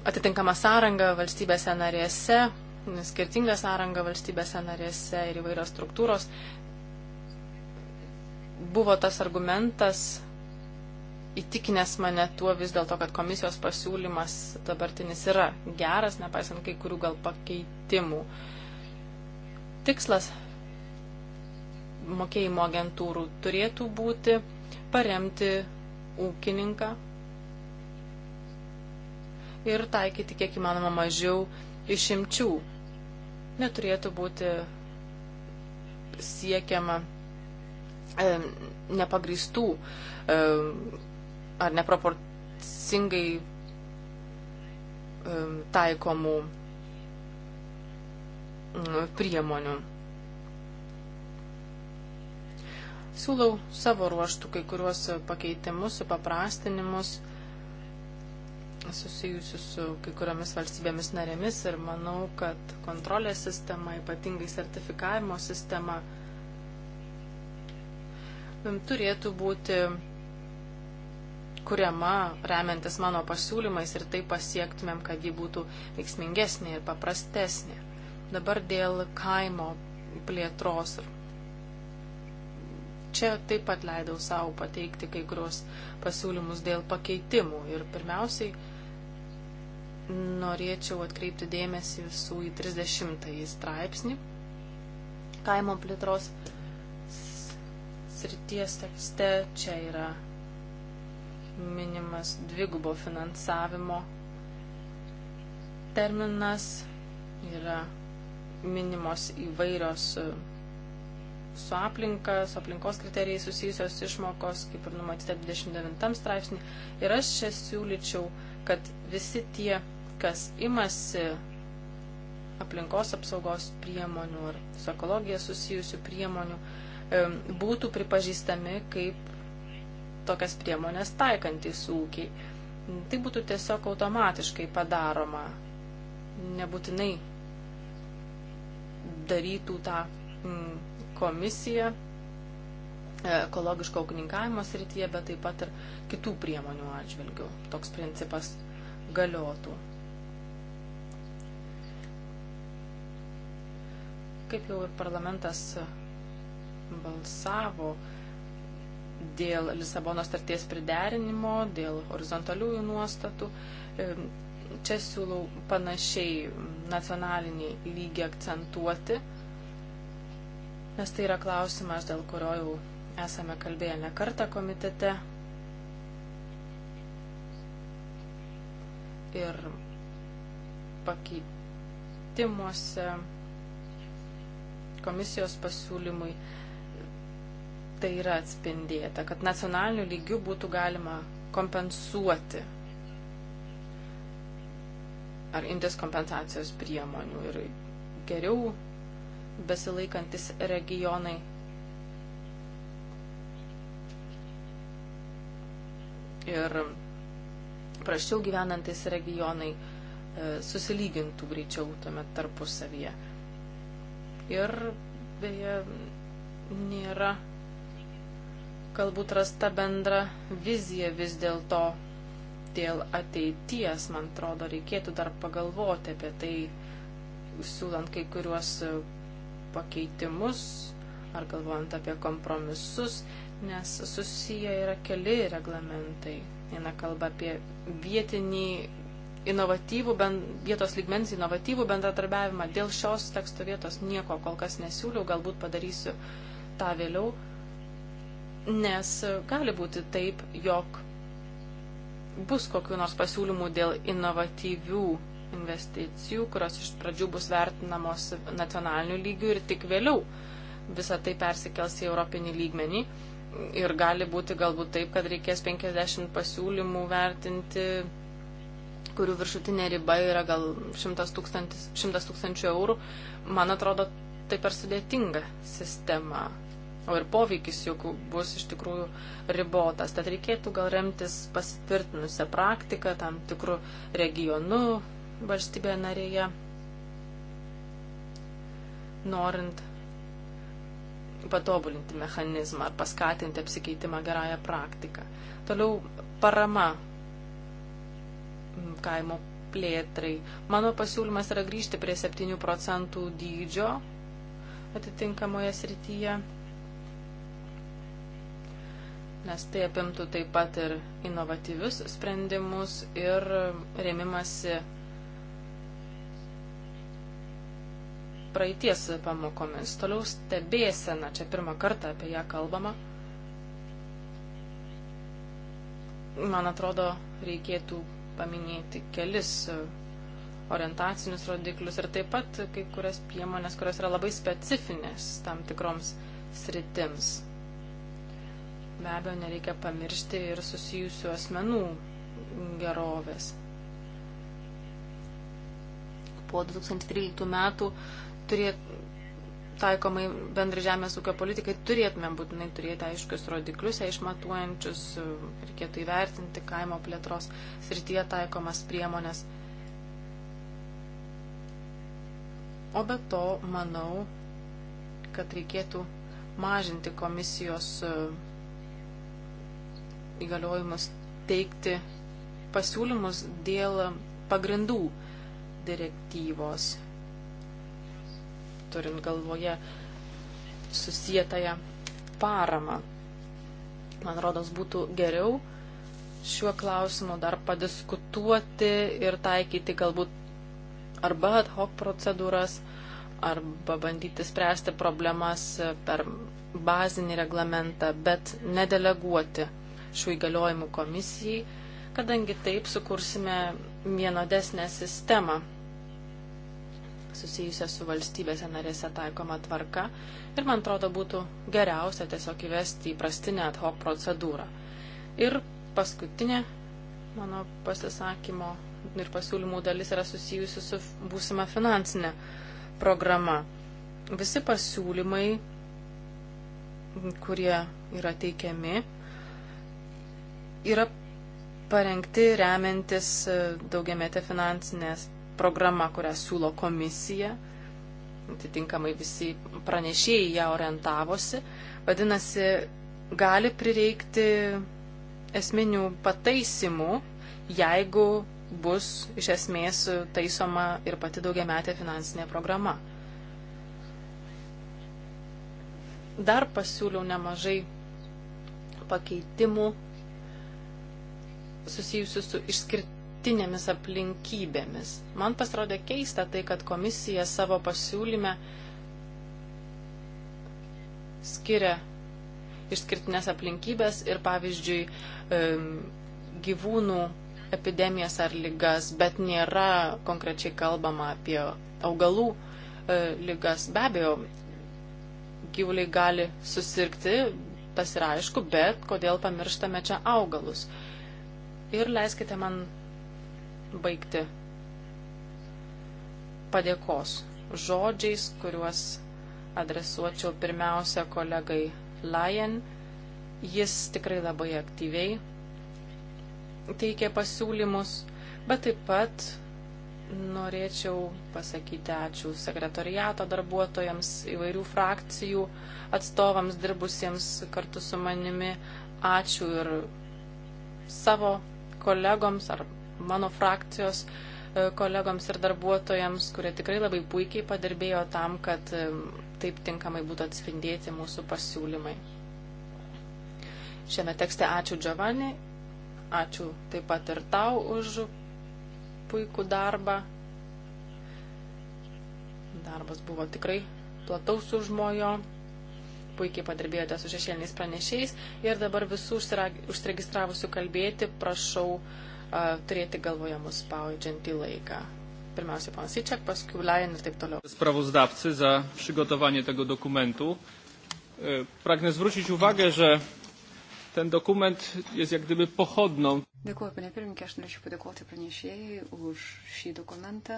atitinkama sąranga valstybėse narėse skirtinga sąranga valstybėse narėse ir įvairios struktūros. Buvo tas argumentas įtikinęs mane tuo vis dėlto, kad komisijos pasiūlymas dabartinis yra geras, nepaisant kai kurių gal pakeitimų. Tikslas mokėjimo agentūrų turėtų būti paremti ūkininką ir taikyti kiek įmanoma mažiau išimčių neturėtų būti siekiama e, nepagristų e, ar neproporcingai e, taikomų priemonių. Siūlau savo ruoštų kai kuriuos pakeitimus, supaprastinimus. paprastinimus susijusių su kai kuriomis valstybėmis narėmis ir manau, kad kontrolės sistema, ypatingai sertifikavimo sistema, turėtų būti kuriama remiantis mano pasiūlymais ir tai pasiektumėm, kad ji būtų veiksmingesnė ir paprastesnė. Dabar dėl kaimo plėtros. Čia taip pat leidau savo pateikti kai kurios pasiūlymus dėl pakeitimų ir pirmiausiai norėčiau atkreipti dėmesį visų į 30 straipsnį kaimo plėtros srities tekste. Čia yra minimas dvigubo finansavimo terminas, yra minimos įvairios su aplinka, su aplinkos kriterijai susijusios išmokos, kaip ir numatyta 29 straipsnį. Ir aš čia siūlyčiau, kad visi tie kas imasi aplinkos apsaugos priemonių ar su ekologija susijusių priemonių, būtų pripažįstami kaip tokias priemonės taikantys ūkiai. Tai būtų tiesiog automatiškai padaroma. Nebūtinai darytų tą mm, komisiją e, ekologiško ūkininkavimo srityje, bet taip pat ir kitų priemonių atžvilgių. Toks principas galiotų. Kaip jau ir parlamentas balsavo dėl Lisabono starties priderinimo, dėl horizontaliųjų nuostatų, e, čia siūlau panašiai nacionalinį lygį akcentuoti, nes tai yra klausimas, dėl kurio jau esame kalbėję ne kartą komitete. Ir pakeitimuose komisijos pasiūlymui tai yra atspindėta, kad nacionaliniu lygiu būtų galima kompensuoti ar imtis kompensacijos priemonių ir geriau besilaikantis regionai ir praščiau gyvenantis regionai e, susilygintų greičiau tuomet tarpusavyje ir beje nėra galbūt rasta bendra vizija vis dėlto dėl ateities, man atrodo, reikėtų dar pagalvoti apie tai, siūlant kai kuriuos pakeitimus ar galvojant apie kompromisus, nes susiję yra keli reglamentai. Viena kalba apie vietinį inovatyvų, ben, vietos lygmens inovatyvų bendradarbiavimą. Dėl šios teksto vietos nieko kol kas nesiūliau, galbūt padarysiu tą vėliau, nes gali būti taip, jog bus kokiu nors pasiūlymų dėl inovatyvių investicijų, kurios iš pradžių bus vertinamos nacionaliniu lygiu ir tik vėliau visą tai persikels į europinį lygmenį. Ir gali būti galbūt taip, kad reikės 50 pasiūlymų vertinti kurių viršutinė riba yra gal 100 tūkstančių eurų, man atrodo, tai per sudėtinga sistema. O ir poveikis juk bus iš tikrųjų ribotas. Tad reikėtų gal remtis pasitvirtinusią praktiką tam tikrų regionų valstybėje narėje, norint patobulinti mechanizmą ar paskatinti apsikeitimą gerąją praktiką. Toliau parama kaimo plėtrai. Mano pasiūlymas yra grįžti prie 7 procentų dydžio atitinkamoje srityje, nes tai apimtų taip pat ir inovatyvius sprendimus ir rėmimasi praeities pamokomis. Toliau stebėsena, čia pirmą kartą apie ją kalbama. Man atrodo, reikėtų paminėti kelis orientacinius rodiklius ir taip pat kai kurias priemonės, kurios yra labai specifinės tam tikroms sritims. Be abejo, nereikia pamiršti ir susijusių asmenų gerovės. Po 2013 metų turėtų taikomai bendrai žemės ūkio politikai turėtume būtinai turėti aiškius rodiklius, išmatuojančius, reikėtų įvertinti kaimo plėtros srityje taikomas priemonės. O be to, manau, kad reikėtų mažinti komisijos e, įgaliojimus teikti pasiūlymus dėl pagrindų direktyvos turint galvoje susietąją paramą. Man rodos, būtų geriau šiuo klausimu dar padiskutuoti ir taikyti galbūt arba ad hoc procedūras, arba bandyti spręsti problemas per bazinį reglamentą, bet nedeleguoti šių įgaliojimų komisijai, kadangi taip sukursime vienodesnę sistemą susijusią su valstybėse narėse taikoma tvarka ir man atrodo būtų geriausia tiesiog įvesti įprastinę ad hoc procedūrą. Ir paskutinė mano pasisakymo ir pasiūlymų dalis yra susijusi su būsima finansinė programa. Visi pasiūlymai, kurie yra teikiami, yra parengti remiantis daugiametė finansinės programa, kurią siūlo komisija. Atitinkamai visi pranešėjai ją orientavosi. Vadinasi, gali prireikti esminių pataisimų, jeigu bus iš esmės taisoma ir pati daugiametė finansinė programa. Dar pasiūliau nemažai pakeitimų susijusių su išskirtiniu išskirtinėmis aplinkybėmis. Man pasirodė keista tai, kad komisija savo pasiūlyme skiria išskirtinės aplinkybės ir pavyzdžiui gyvūnų epidemijas ar lygas, bet nėra konkrečiai kalbama apie augalų e, lygas. Be abejo, gyvuliai gali susirgti, tas yra aišku, bet kodėl pamirštame čia augalus. Ir leiskite man baigti padėkos žodžiais, kuriuos adresuočiau pirmiausia kolegai Lajen. Jis tikrai labai aktyviai teikė pasiūlymus, bet taip pat norėčiau pasakyti ačiū sekretariato darbuotojams, įvairių frakcijų atstovams dirbusiems kartu su manimi. Ačiū ir savo kolegoms ar mano frakcijos e, kolegoms ir darbuotojams, kurie tikrai labai puikiai padirbėjo tam, kad e, taip tinkamai būtų atspindėti mūsų pasiūlymai. Šiame tekste ačiū Giovanni, ačiū taip pat ir tau už puikų darbą. Darbas buvo tikrai plataus užmojo, puikiai padirbėjote su šešėliniais pranešiais ir dabar visų užsiregistravusių kalbėti prašau uh, turėti galvoje mus spaudžiantį laiką. Pirmiausia, pan Sičiak, paskui Lajan ir taip toliau. Sprawozdawcy za przygotowanie tego dokumentu. E, pragnę zwrócić uwagę, że ten dokument jest jak gdyby pochodną. Dėkuoju, panė pirmininkė, aš norėčiau padėkoti pranešėjai už šį dokumentą.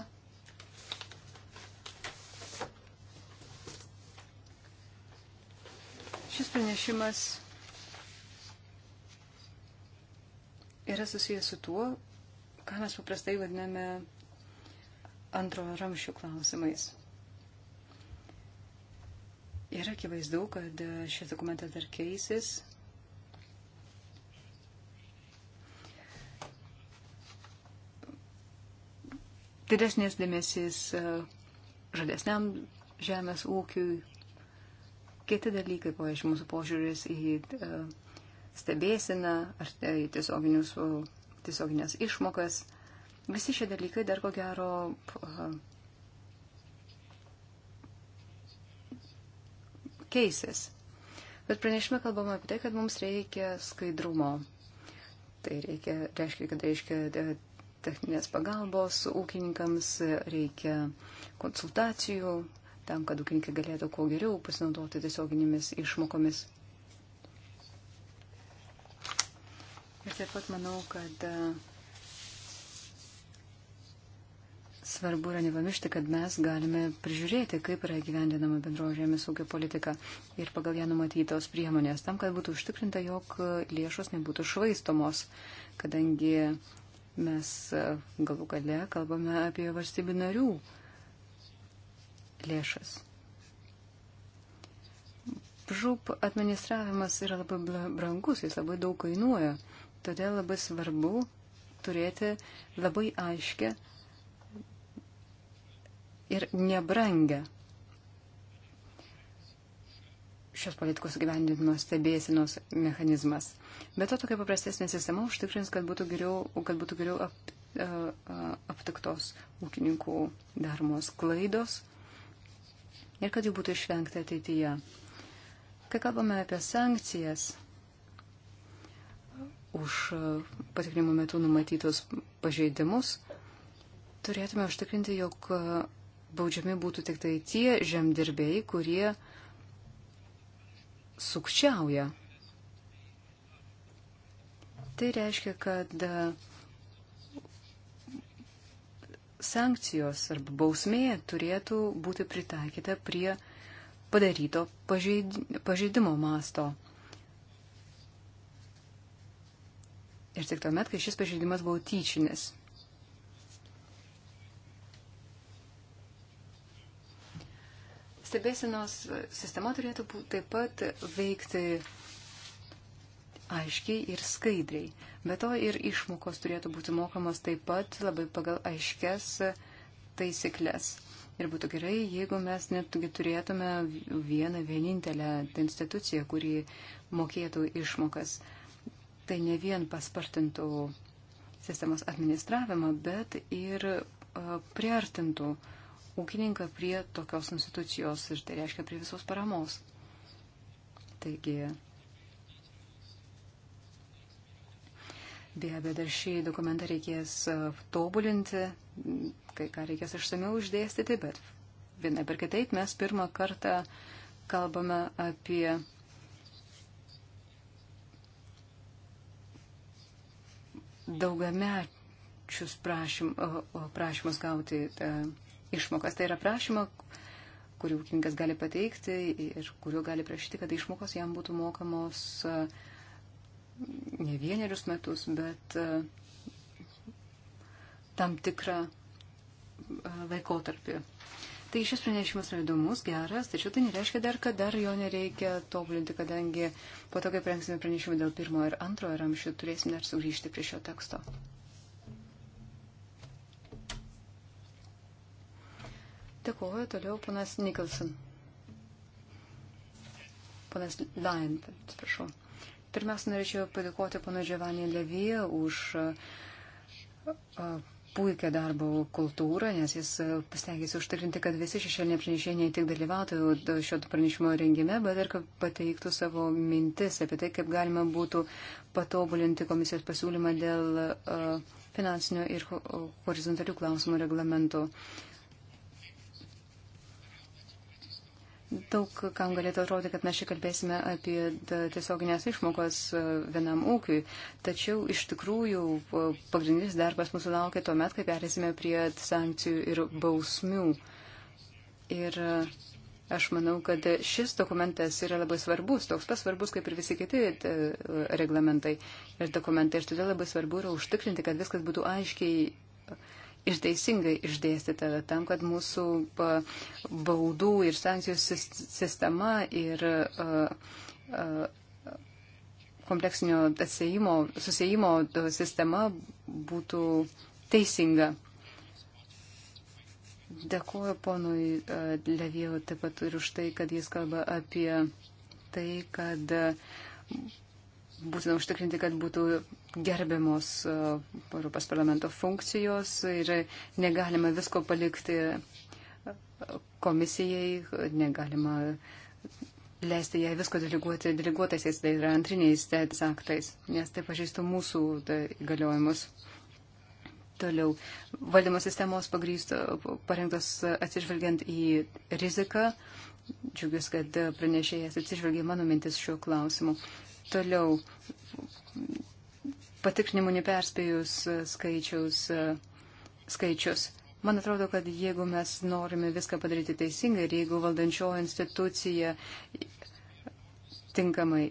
Šis pranešimas yra susijęs su tuo, ką mes paprastai vadiname antrojo ramščių klausimais. Ir akivaizdu, kad šis dokumentas dar keisis. Didesnės dėmesys e, žalesniam žemės ūkiui, kiti dalykai, pavyzdžiui, mūsų požiūris į uh, stebėsiną, ar tai tiesioginės išmokas. Visi šie dalykai dar ko gero keisis. Bet pranešime kalbama apie tai, kad mums reikia skaidrumo. Tai reikia, reiškia, kad reiškia e, techninės pagalbos ūkininkams, reikia konsultacijų tam, kad ūkininkai galėtų kuo geriau pasinaudoti tiesioginėmis išmokomis. Ir taip pat manau, kad e, svarbu yra nepamiršti, kad mes galime prižiūrėti, kaip yra gyvendinama bendroji žemės ūkio politika ir pagal ją numatytos priemonės, tam, kad būtų užtikrinta, jog lėšos nebūtų švaistomos, kadangi mes e, galų gale kalbame apie valstybių narių lėšas. Žūp administravimas yra labai brangus, jis labai daug kainuoja. Todėl labai svarbu turėti labai aiškę ir nebrangę šios politikos gyvendinimo stebėsinos mechanizmas. Bet to tokia paprastesnė sistema užtikrins, kad būtų geriau, kad būtų geriau ap, aptiktos ūkininkų daromos klaidos ir kad jų būtų išvengta ateityje. Kai kalbame apie sankcijas, už e, patikrinimo metu numatytus pažeidimus, turėtume užtikrinti, jog e, baudžiami būtų tik tai tie žemdirbėjai, kurie sukčiauja. Tai reiškia, kad e, sankcijos arba bausmė turėtų būti pritaikyta prie padaryto pažeidimo masto. ir tik tuomet, kai šis pažeidimas buvo tyčinis. Stebėsinos sistema turėtų taip pat veikti aiškiai ir skaidriai. Be to ir išmokos turėtų būti mokamos taip pat labai pagal aiškes taisyklės. Ir būtų gerai, jeigu mes netgi turėtume vieną vienintelę instituciją, kuri mokėtų išmokas tai ne vien paspartintų sistemos administravimą, bet ir priartintų ūkininką prie tokios institucijos ir tai reiškia prie visos paramos. Taigi, Be abejo, dar šį dokumentą reikės tobulinti, kai ką reikės išsamiau išdėstyti, bet vienai per kitaip mes pirmą kartą kalbame apie daugiamečius prašym, prašymus gauti e, išmokas. Tai yra prašymą, kurį ūkininkas gali pateikti ir kuriuo gali prašyti, kad išmokos jam būtų mokamos e, ne vienerius metus, bet e, tam tikrą laikotarpį. Tai šis pranešimas yra įdomus, geras, tačiau tai nereiškia dar, kad dar jo nereikia tobulinti, kadangi po to, kai prengsime pranešimą dėl pirmo ir antrojo ramščių, turėsime dar sugrįžti prie šio teksto. Dėkuoju toliau panas Nikolson. Panas Lion, atsiprašau. Pirmiausia, norėčiau padėkoti pana Giovanni Levyje už uh, uh, puikią darbo kultūrą, nes jis e, pasitengėsi užtikrinti, kad visi šešėliniai pranešėjai ne tik dalyvautų šio pranešimo rengime, bet ir pateiktų savo mintis apie tai, kaip galima būtų patobulinti komisijos pasiūlymą dėl e, finansinio ir horizontalių klausimų reglamento. Uh, Daug kam galėtų atrodyti, kad mes čia kalbėsime apie tiesioginės išmokos e, vienam ūkiui, tačiau iš tikrųjų e, pagrindinis darbas mūsų laukia tuo met, kai perėsime prie sankcijų ir bausmių. Ir e, aš manau, kad šis dokumentas yra labai svarbus, toks pas svarbus kaip ir visi kiti reglamentai ir dokumentai. Ir todėl labai svarbu yra užtikrinti, kad viskas būtų aiškiai ir teisingai išdėstyta tam, kad mūsų baudų ir sankcijų sistema ir kompleksinio atsėjimo, susėjimo sistema būtų teisinga. Dėkuoju ponui Levijo taip pat ir už tai, kad jis kalba apie tai, kad būtina užtikrinti, kad būtų gerbiamos e, Europos parlamento funkcijos ir negalima visko palikti e, komisijai, negalima leisti jai visko deleguoti deleguotaisiais, tai yra antriniais teisės aktais, nes tai pažįstų mūsų e, įgaliojimus. Toliau, valdymo sistemos pagrįsto, parengtos atsižvelgiant į riziką. Džiugius, kad pranešėjas atsižvelgia mano mintis šiuo klausimu. Toliau, patikrinimų neperspėjus e, skaičiaus, e, skaičius. Man atrodo, kad jeigu mes norime viską padaryti teisingai ir jeigu valdančioji institucija tinkamai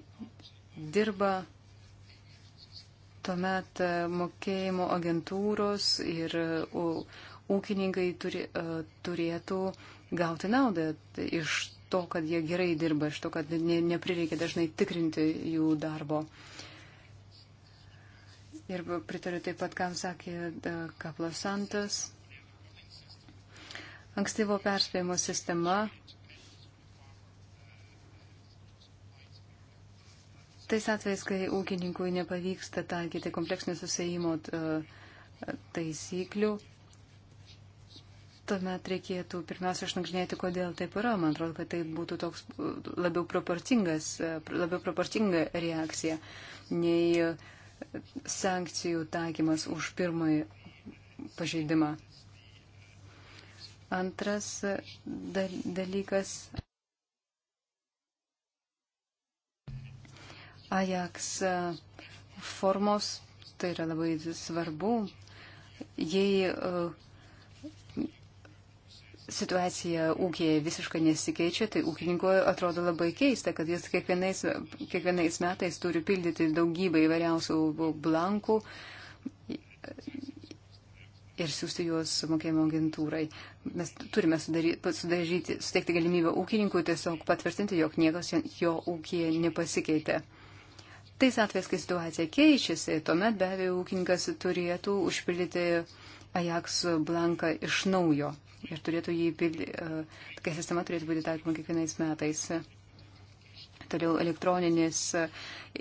dirba, tuomet e, mokėjimo agentūros ir ūkininkai turi, turėtų gauti naudą iš to, kad jie gerai dirba, iš to, kad ne, neprireikia dažnai tikrinti jų darbo. Uh, Ir pritariu taip pat, kam sakė e, Kaplosantas. Ankstyvo perspėjimo sistema. Tais atvejais, kai ūkininkui nepavyksta taikyti kompleksinio susėjimo e, taisyklių, tuomet reikėtų pirmiausia išnagrinėti, kodėl taip yra. Man atrodo, kad tai būtų toks e, labiau proporcingas, labiau proporcinga reakcija nei sankcijų taikymas už pirmąjį pažeidimą. Antras dalykas. Ajax e, formos, tai yra labai svarbu. Jei uh, situacija ūkėje visiškai nesikeičia, tai ūkininko atrodo labai keista, kad jis kiekvienais, kiekvienais metais turi pildyti daugybę įvairiausių blankų ir siūsti juos mokėjimo agentūrai. Mes turime sudaryti, sudaryti, suteikti galimybę ūkininkui tiesiog patvirtinti, jog niekas jo ūkija nepasikeitė. Tais atvejais, kai situacija keičiasi, tuomet be abejo ūkininkas turėtų užpildyti Ajax blanką iš naujo ir turėtų jį, e, tokia sistema turėtų būti taikoma kiekvienais metais. Toliau elektroninis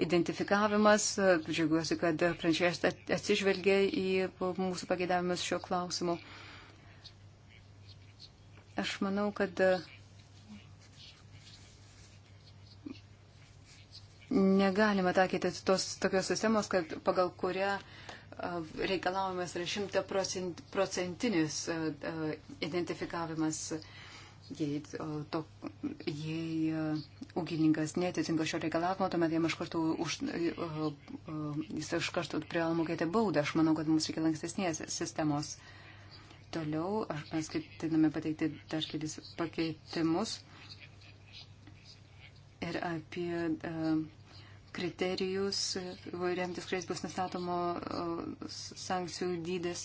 identifikavimas. Džiaugiuosi, kad pranešėjas atsižvelgia į mūsų pageidavimus šio klausimu. Aš manau, kad negalima taikyti tos tokios sistemos, kad pagal kurią uh, reikalavimas yra šimtaprocentinis e, e, identifikavimas, jei, e, to, jei ūkininkas netitinka šio reikalavimo, tuomet jam iš karto, už, jis iš karto privalo mokėti baudą. Aš manau, kad mums reikia lankstesnės sistemos. Toliau aš, mes ketiname pateikti dar kelis pakeitimus ir apie. Uh, kriterijus, remtis kuriais bus nustatomo sankcijų dydis.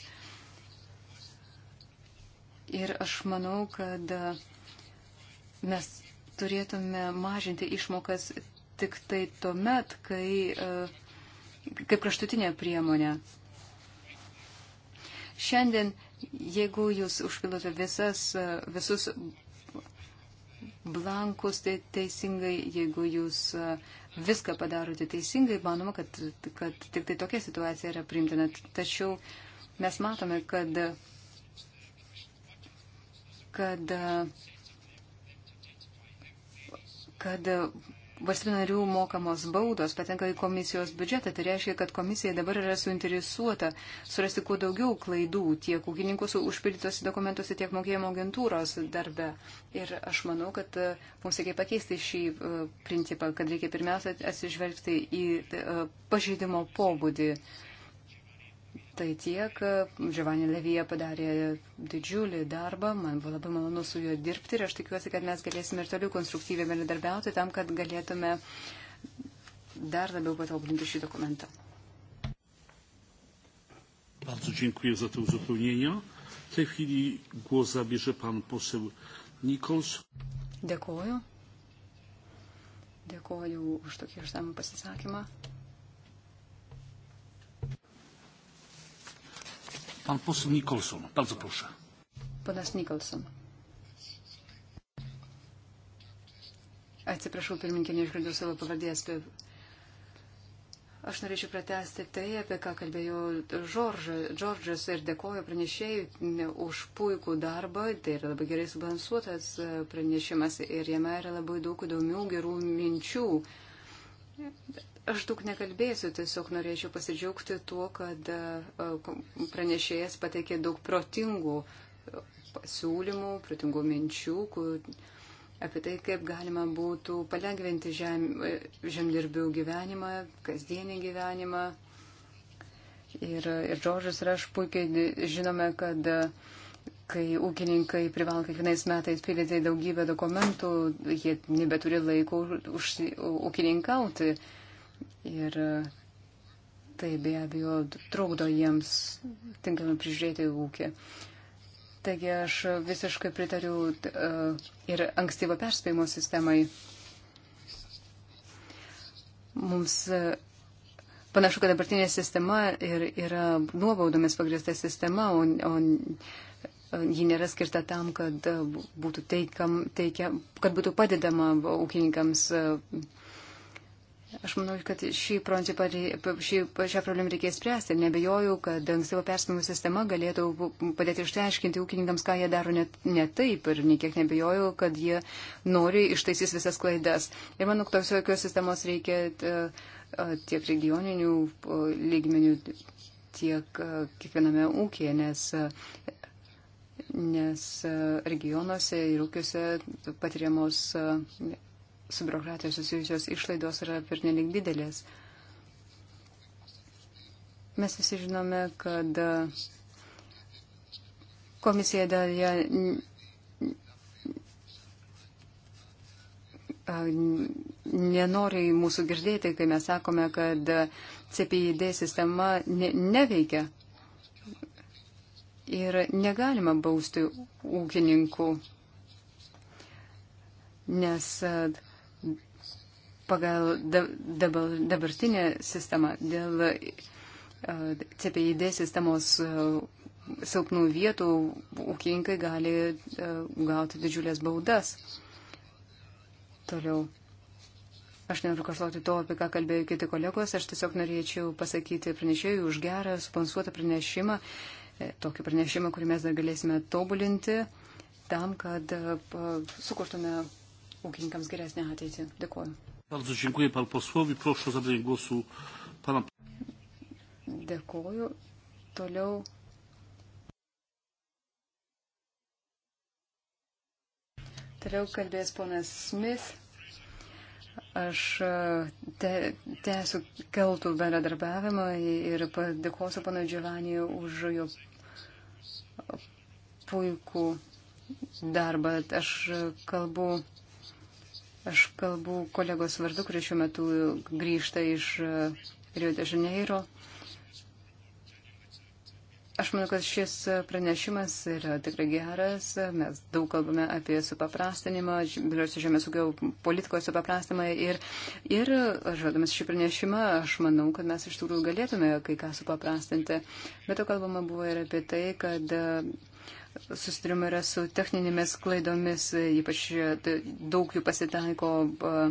Ir aš manau, kad mes turėtume mažinti išmokas tik tai tuomet, kai, e, kaip kraštutinė priemonė. Šiandien, jeigu jūs užpilote visas, e, visus blankus, tai teisingai, jeigu jūs e, viską padarote teisingai, manoma, kad, kad tik tai tokia situacija yra primtina. Tačiau mes matome, kad, kad, kad valstybių narių mokamos baudos patenka į komisijos biudžetą. Tai reiškia, kad komisija dabar yra suinteresuota surasti kuo daugiau klaidų tiek ūkininkų užpildytose dokumentuose, tiek mokėjimo agentūros darbe. Ir aš manau, kad e, mums reikia pakeisti šį e, principą, kad reikia pirmiausia atsižvelgti į e, pažeidimo pobūdį. Uh, tai tiek. Giovanni Levija padarė didžiulį darbą, man buvo labai malonu su juo dirbti ir aš tikiuosi, kad mes galėsime ir toliau konstruktyviai bendradarbiauti tam, kad galėtume dar labiau patobulinti šį dokumentą. Bardzo dziękuję za te uzupełnienia. W tej chwili głos zabierze pan poseł Nikols. Dėkoju. Dėkoju už tokį išsamų pasisakymą. Pan poseł Nicholson, bardzo proszę. Ponas Nicholson. Atsiprašau, pirminkė, neišgirdau savo pavardės. Aš norėčiau pratesti tai, apie ką kalbėjo Džordžas ir dėkoju pranešėjui už puikų darbą. Tai yra labai gerai subalansuotas pranešimas ir jame yra labai daug įdomių gerų minčių. Aš daug nekalbėsiu, tiesiog norėčiau pasidžiaugti tuo, kad e, pranešėjas pateikė daug protingų e, pasiūlymų, protingų minčių, kur, apie tai, kaip galima būtų palengventi žem, e, žemdirbių gyvenimą, kasdienį gyvenimą. Ir, ir Džordžas ir aš puikiai žinome, kad kai ūkininkai privalo kiekvienais metais pildyti daugybę dokumentų, jie nebeturi laiko už, ūkininkauti. Uh, ir e, tai be abejo trukdo jiems tinkamai prižiūrėti ūkį. Taigi aš visiškai pritariu uh, ir ankstyvo perspėjimo sistemai. Mums uh, panašu, kad dabartinė sistema ir, yra nuobaudomis pagrįsta sistema, o, o ji nėra skirta tam, kad būtų, teikam, teikia, kad būtų padedama ūkininkams. Uh, Aš manau, kad šį principą, šį, šią problemą reikės spręsti. Nebejoju, kad ankstyvo perspėjimo sistema galėtų padėti išteiškinti ūkininkams, ką jie daro net, ne taip. Ir niekiek nebejoju, kad jie nori ištaisys visas klaidas. Ir manau, kad tokios sistemos reikia tiek regioninių lygmenių, tiek kiekviename ūkėje, nes nes regionuose ir ūkiuose patiriamos su biurokratija susijusios išlaidos yra pernelik didelės. Mes visi žinome, kad komisija dar ją nenori mūsų girdėti, kai mes sakome, kad CPID sistema ne, neveikia ir negalima bausti ūkininkų, nes uh, pagal dabartinę sistemą dėl CPID sistemos silpnų vietų ūkininkai gali gauti didžiulės baudas. Toliau. Aš nenoriu kartoti to, apie ką kalbėjo kiti kolegos, aš tiesiog norėčiau pasakyti pranešėjui už gerą, supansuotą pranešimą, e, tokį pranešimą, kurį mes dar galėsime tobulinti, tam, kad sukurtume ūkininkams geresnę ateitį. Dėkuoju. Bardzo dziękuję panu posłowi. Proszę o zabranie głosu pana. Dėkoju. Toliau. Toliau kalbės ponas Smith. Aš te, tęsiu keltų bendradarbiavimą ir padėkosiu pana Giovanni už jo puikų darbą. Aš kalbu Aš kalbu kolegos vardu, kuris šiuo metu grįžta iš e, Rio de Janeiro. Aš manau, kad šis pranešimas yra tikrai geras. Mes daug kalbame apie supaprastinimą, biliuosi žemės ūkio politikos supaprastinimą. Ir, ir žodamas šį pranešimą, aš manau, kad mes iš tikrųjų galėtume kai ką supaprastinti. Bet to kalbama buvo ir apie tai, kad susitarimai yra su techninėmis klaidomis, ypač e, daug jų pasitaiko e,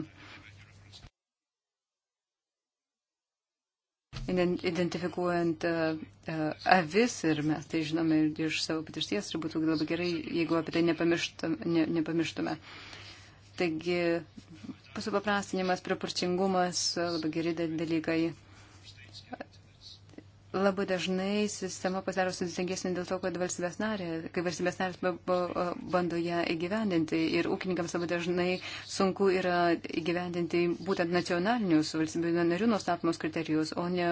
identifikuojant e, avis ir mes tai žinome iš savo patirties ir būtų labai gerai, jeigu apie tai nepamirštume. nepamirštume. Taigi, pasupaprastinimas, proporcingumas, labai geri dalykai. Labai dažnai sistema pasidaro sudėtingesnė dėl to, kad valstybės narė, kai valstybės narės bando ją įgyvendinti ir ūkininkams labai dažnai sunku yra įgyvendinti būtent nacionalinius valstybių narių nustatymus kriterijus, o ne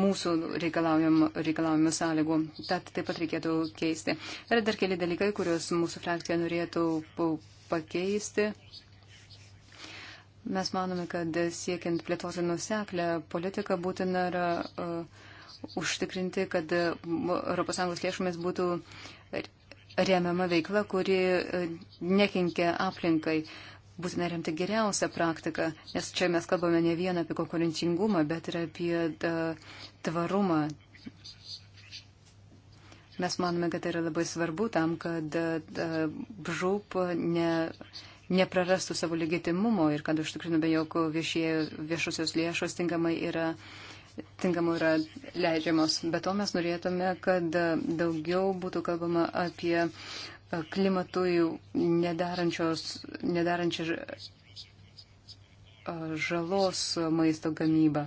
mūsų reikalaujamų sąlygų. Tad taip pat reikėtų keisti. Yra dar keli dalykai, kuriuos mūsų frakcija norėtų pakeisti. Mes manome, kad siekiant plėtoti nuseklę politiką būtina yra. Uh, užtikrinti, kad ES lėšomis būtų remiama veikla, kuri e, nekenkia aplinkai. Būtina remti geriausią praktiką, nes čia mes kalbame ne vien apie konkurencingumą, bet ir apie e, tvarumą. Mes manome, kad tai yra labai svarbu tam, kad e, žūp ne neprarastų savo legitimumo ir kad užtikrinome, jog viešosios lėšos tinkamai yra uh, tinkamų yra leidžiamos. Be to mes norėtume, kad daugiau būtų kalbama apie e, klimatui nedarančią e, žalos maisto gamybą,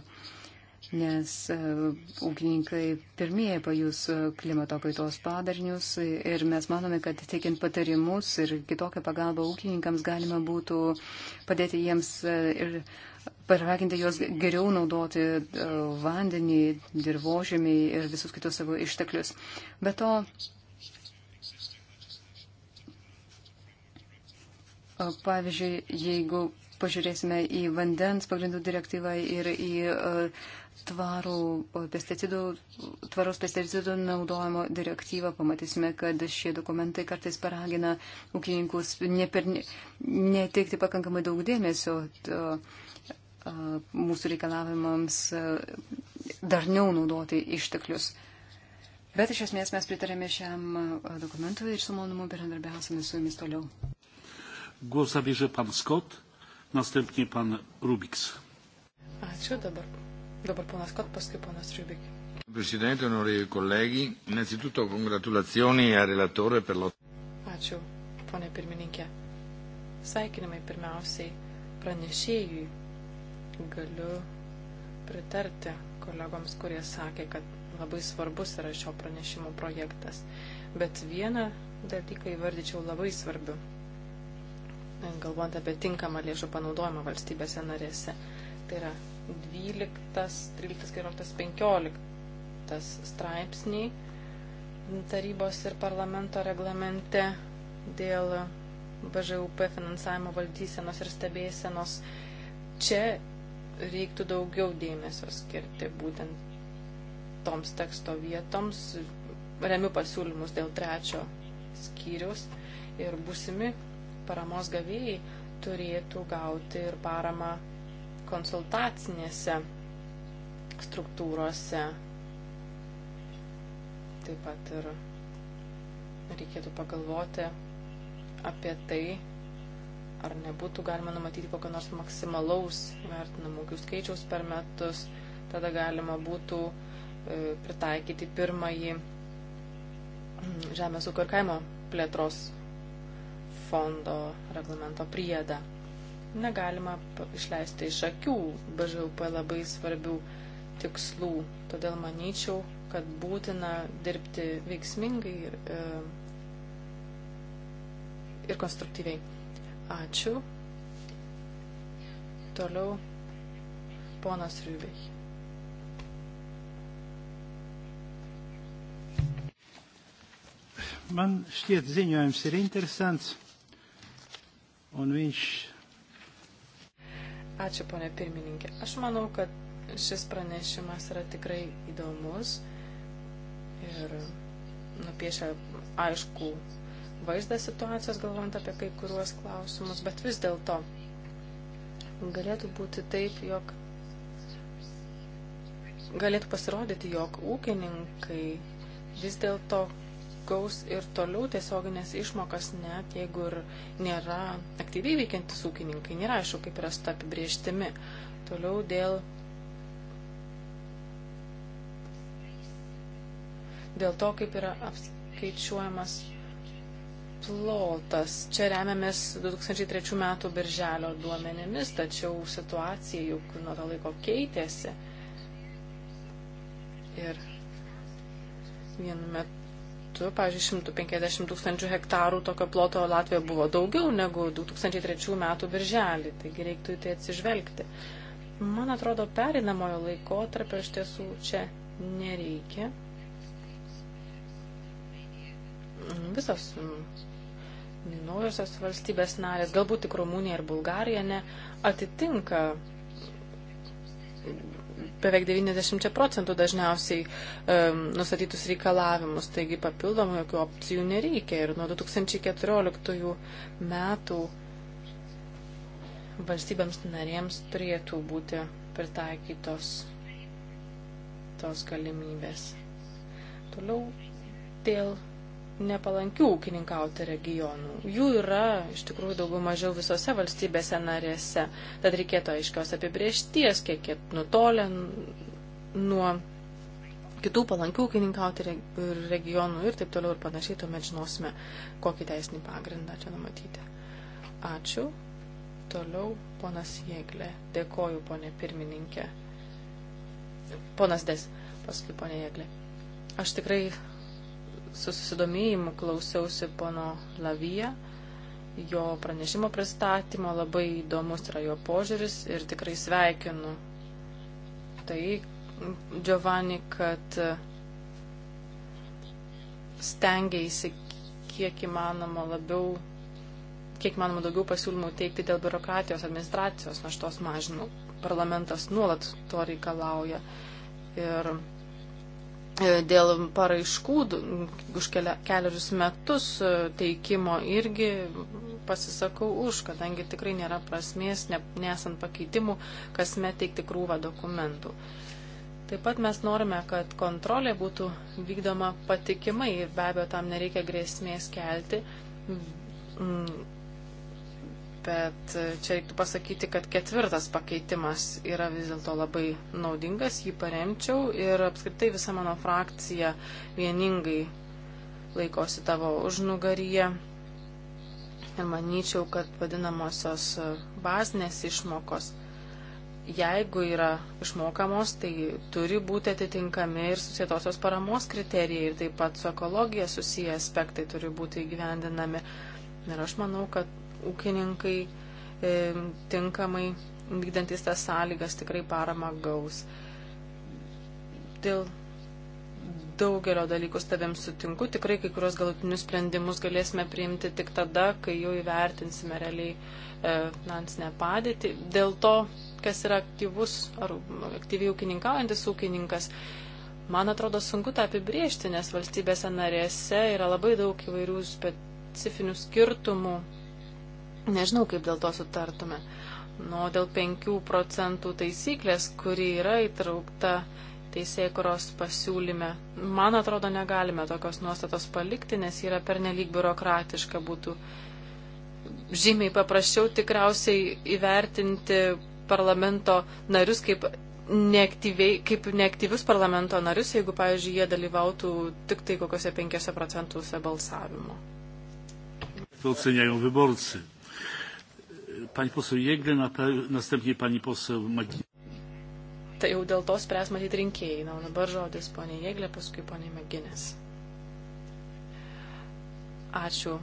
nes e, ūkininkai pirmieji pajus klimato kaitos padarinius ir mes manome, kad teikiant patarimus ir kitokią pagalbą ūkininkams galima būtų padėti jiems ir paraginti juos geriau naudoti e, vandenį, dirbožėmį ir visus kitus savo išteklius. Be to, pavyzdžiui, jeigu pažiūrėsime į vandens pagrindų direktyvą ir į e, tvarų pesticidų, tvaros pesticidų naudojimo direktyvą, pamatysime, kad šie dokumentai kartais paragina ūkininkus neteikti pakankamai daug dėmesio. To, mūsų reikalavimams darniau naudoti išteklius. Bet iš esmės mes pritarėme šiam dokumentui ir su malonumu bendradarbiausime su jumis toliau. Głos zabierze pan Scott, następnie pan Rubiks. Ačiū dabar. Dabar ponas Scott, paskui ponas Rubik. Presidente, onorevoli colleghi, innanzitutto congratulazioni al relatore per lo... Ačiū, ponė pirmininkė. Sveikinimai pirmiausiai pranešėjui galiu pritarti kolegoms, kurie sakė, kad labai svarbus yra šio pranešimo projektas. Bet vieną dalyką įvardyčiau labai svarbiu, galvojant apie tinkamą lėšų panaudojimą valstybėse narėse. Tai yra 12, 13, 14, 15 straipsniai tarybos ir parlamento reglamente dėl BŽUP finansavimo valdysenos ir stebėsenos. Čia reiktų daugiau dėmesio skirti būtent toms teksto vietoms. Remiu pasiūlymus dėl trečio skyrius ir būsimi paramos gavėjai turėtų gauti ir paramą konsultacinėse struktūrose. Taip pat ir reikėtų pagalvoti apie tai, ar nebūtų galima numatyti kokio nors maksimalaus vertinamų ūkių skaičiaus per metus, tada galima būtų e, pritaikyti pirmąjį mm, Žemės ūkio ir kaimo plėtros fondo reglamento priedą. Negalima išleisti iš akių BŽUP labai svarbių tikslų, todėl manyčiau, kad būtina dirbti veiksmingai ir, e, ir konstruktyviai. Ačiū. Toliau ponas Riubėj. Man šķiet ziņojums ir interesants, un viņš. Ačiū, ponė pirmininkė. Aš manau, kad šis pranešimas yra tikrai įdomus ir nupiešia aišku vaizdą situacijos, galvojant apie kai kuriuos klausimus, bet vis dėlto galėtų būti taip, jog galėtų pasirodyti, jog ūkininkai vis dėlto gaus ir toliau tiesioginės išmokas, net jeigu ir nėra aktyviai veikiantis ūkininkai, nėra aišku, kaip yra su ta apibrieštimi. Toliau dėl, dėl to, kaip yra apskaičiuojamas plotas. Čia remiamės 2003 metų birželio duomenimis, tačiau situacija juk nuo to laiko keitėsi. Ir vienu metu, pavyzdžiui, 150 tūkstančių hektarų tokio ploto Latvijoje buvo daugiau negu 2003 metų birželį, taigi reiktų į tai atsižvelgti. Man atrodo, perinamojo laiko tarp iš tiesų čia nereikia. Visos naujosios valstybės narės, galbūt tik Rumunija ir Bulgarija, ne atitinka beveik 90 procentų dažniausiai um, nustatytus reikalavimus, taigi papildomų jokių opcijų nereikia. Ir nuo 2014 metų valstybėms narėms turėtų būti pritaikytos tos galimybės. Toliau dėl nepalankių ūkininkauti regionų. Jų yra iš tikrųjų daugiau mažiau visose valstybėse narėse. Tad reikėtų aiškios apibriešties, kiek jie nutolę nuo kitų palankių ūkininkauti regionų ir taip toliau ir panašiai, tuomet žinosime, kokį teisinį pagrindą čia numatyti. Ačiū. Toliau ponas Jėglė. Dėkoju, ponė pirmininkė. Ponas Des, paskui ponė Jėglė. Aš tikrai susidomėjimu klausiausi pono Lavyje, jo pranešimo pristatymo, labai įdomus yra jo požiūris ir tikrai sveikinu tai, Giovanni, kad stengiaisi kiek įmanoma labiau, kiek įmanoma daugiau pasiūlymų teikti dėl biurokratijos administracijos naštos mažinimo. Parlamentas nuolat to reikalauja. Ir E, dėl paraiškų už keliarius metus e, teikimo irgi pasisakau už, kadangi tikrai nėra prasmės, ne, nesant pakeitimų, kasme teikti krūvą dokumentų. Taip pat mes norime, kad kontrolė būtų vykdoma patikimai ir be abejo tam nereikia grėsmės kelti mm, bet e, čia reiktų pasakyti, kad ketvirtas pakeitimas yra vis dėlto labai naudingas, jį paremčiau ir apskritai visa mano frakcija vieningai laikosi tavo užnugaryje. Ir manyčiau, kad vadinamosios e, bazinės išmokos, jeigu yra išmokamos, tai turi būti atitinkami ir susietosios paramos kriterijai ir taip pat su ekologija susiję aspektai turi būti įgyvendinami. Ir aš manau, kad ūkininkai e, tinkamai vykdantis tas sąlygas tikrai paramą gaus. Dėl daugelio dalykų su tavim sutinku, tikrai kai kurios galutinius sprendimus galėsime priimti tik tada, kai jau įvertinsime realiai e, finansinę e, padėtį. Dėl to, kas yra aktyvus ar aktyviai ūkininkaujantis ūkininkas, man atrodo sunku tą apibriežti, nes valstybėse narėse yra labai daug įvairių specifinių skirtumų Nežinau, kaip dėl to sutartume. Nu, dėl 5 procentų taisyklės, kuri yra įtraukta teisėkuros pasiūlyme, man atrodo, negalime tokios nuostatos palikti, nes yra pernelyg biurokratiška būtų. Žymiai paprasčiau tikriausiai įvertinti parlamento narius kaip, kaip neaktyvius parlamento narius, jeigu, pavyzdžiui, jie dalyvautų tik tai kokiuose 5 procentuose balsavimo. To oceniają wyborcy. Pani poseł Jėglė, następnie pani poseł Magija. Tai jau dėl to spręs matyti rinkėjai. Na, dabar žodis ponė Jėglė, paskui ponė Maginės. Ačiū,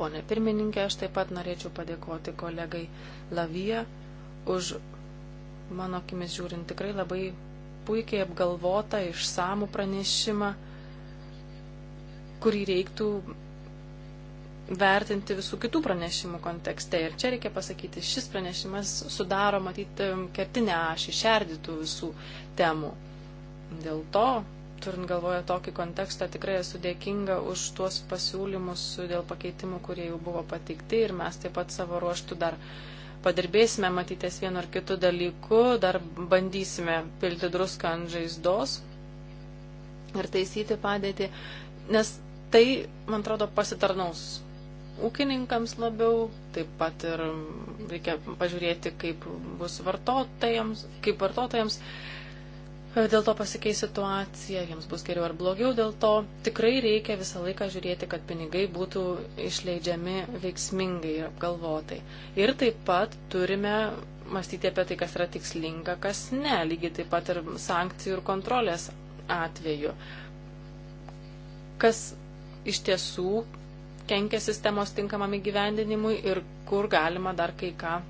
ponė pirmininkė. Aš taip pat norėčiau padėkoti kolegai Lavija už, mano akimis žiūrint, tikrai labai puikiai apgalvotą, išsamų pranešimą, kurį reiktų vertinti visų kitų pranešimų kontekste. Ir čia reikia pasakyti, šis pranešimas sudaro, matyti, kertinę ašį, šerdytų visų temų. Dėl to, turint galvoje tokį kontekstą, tikrai esu dėkinga už tuos pasiūlymus dėl pakeitimų, kurie jau buvo pateikti ir mes taip pat savo ruoštų dar padirbėsime matyties vienu ar kitu dalyku, dar bandysime pilti druską ant žaizdos ir taisyti padėtį, nes tai, man atrodo, pasitarnaus ūkininkams labiau, taip pat ir reikia pažiūrėti, kaip bus vartotojams, kaip vartotojams dėl to pasikeis situacija, jiems bus geriau ar blogiau, dėl to tikrai reikia visą laiką žiūrėti, kad pinigai būtų išleidžiami veiksmingai ir apgalvotai. Ir taip pat turime mąstyti apie tai, kas yra tikslinga, kas ne, lygiai taip pat ir sankcijų ir kontrolės atveju. Kas iš tiesų kenkia sistemos tinkamam įgyvendinimui ir kur galima dar kai ką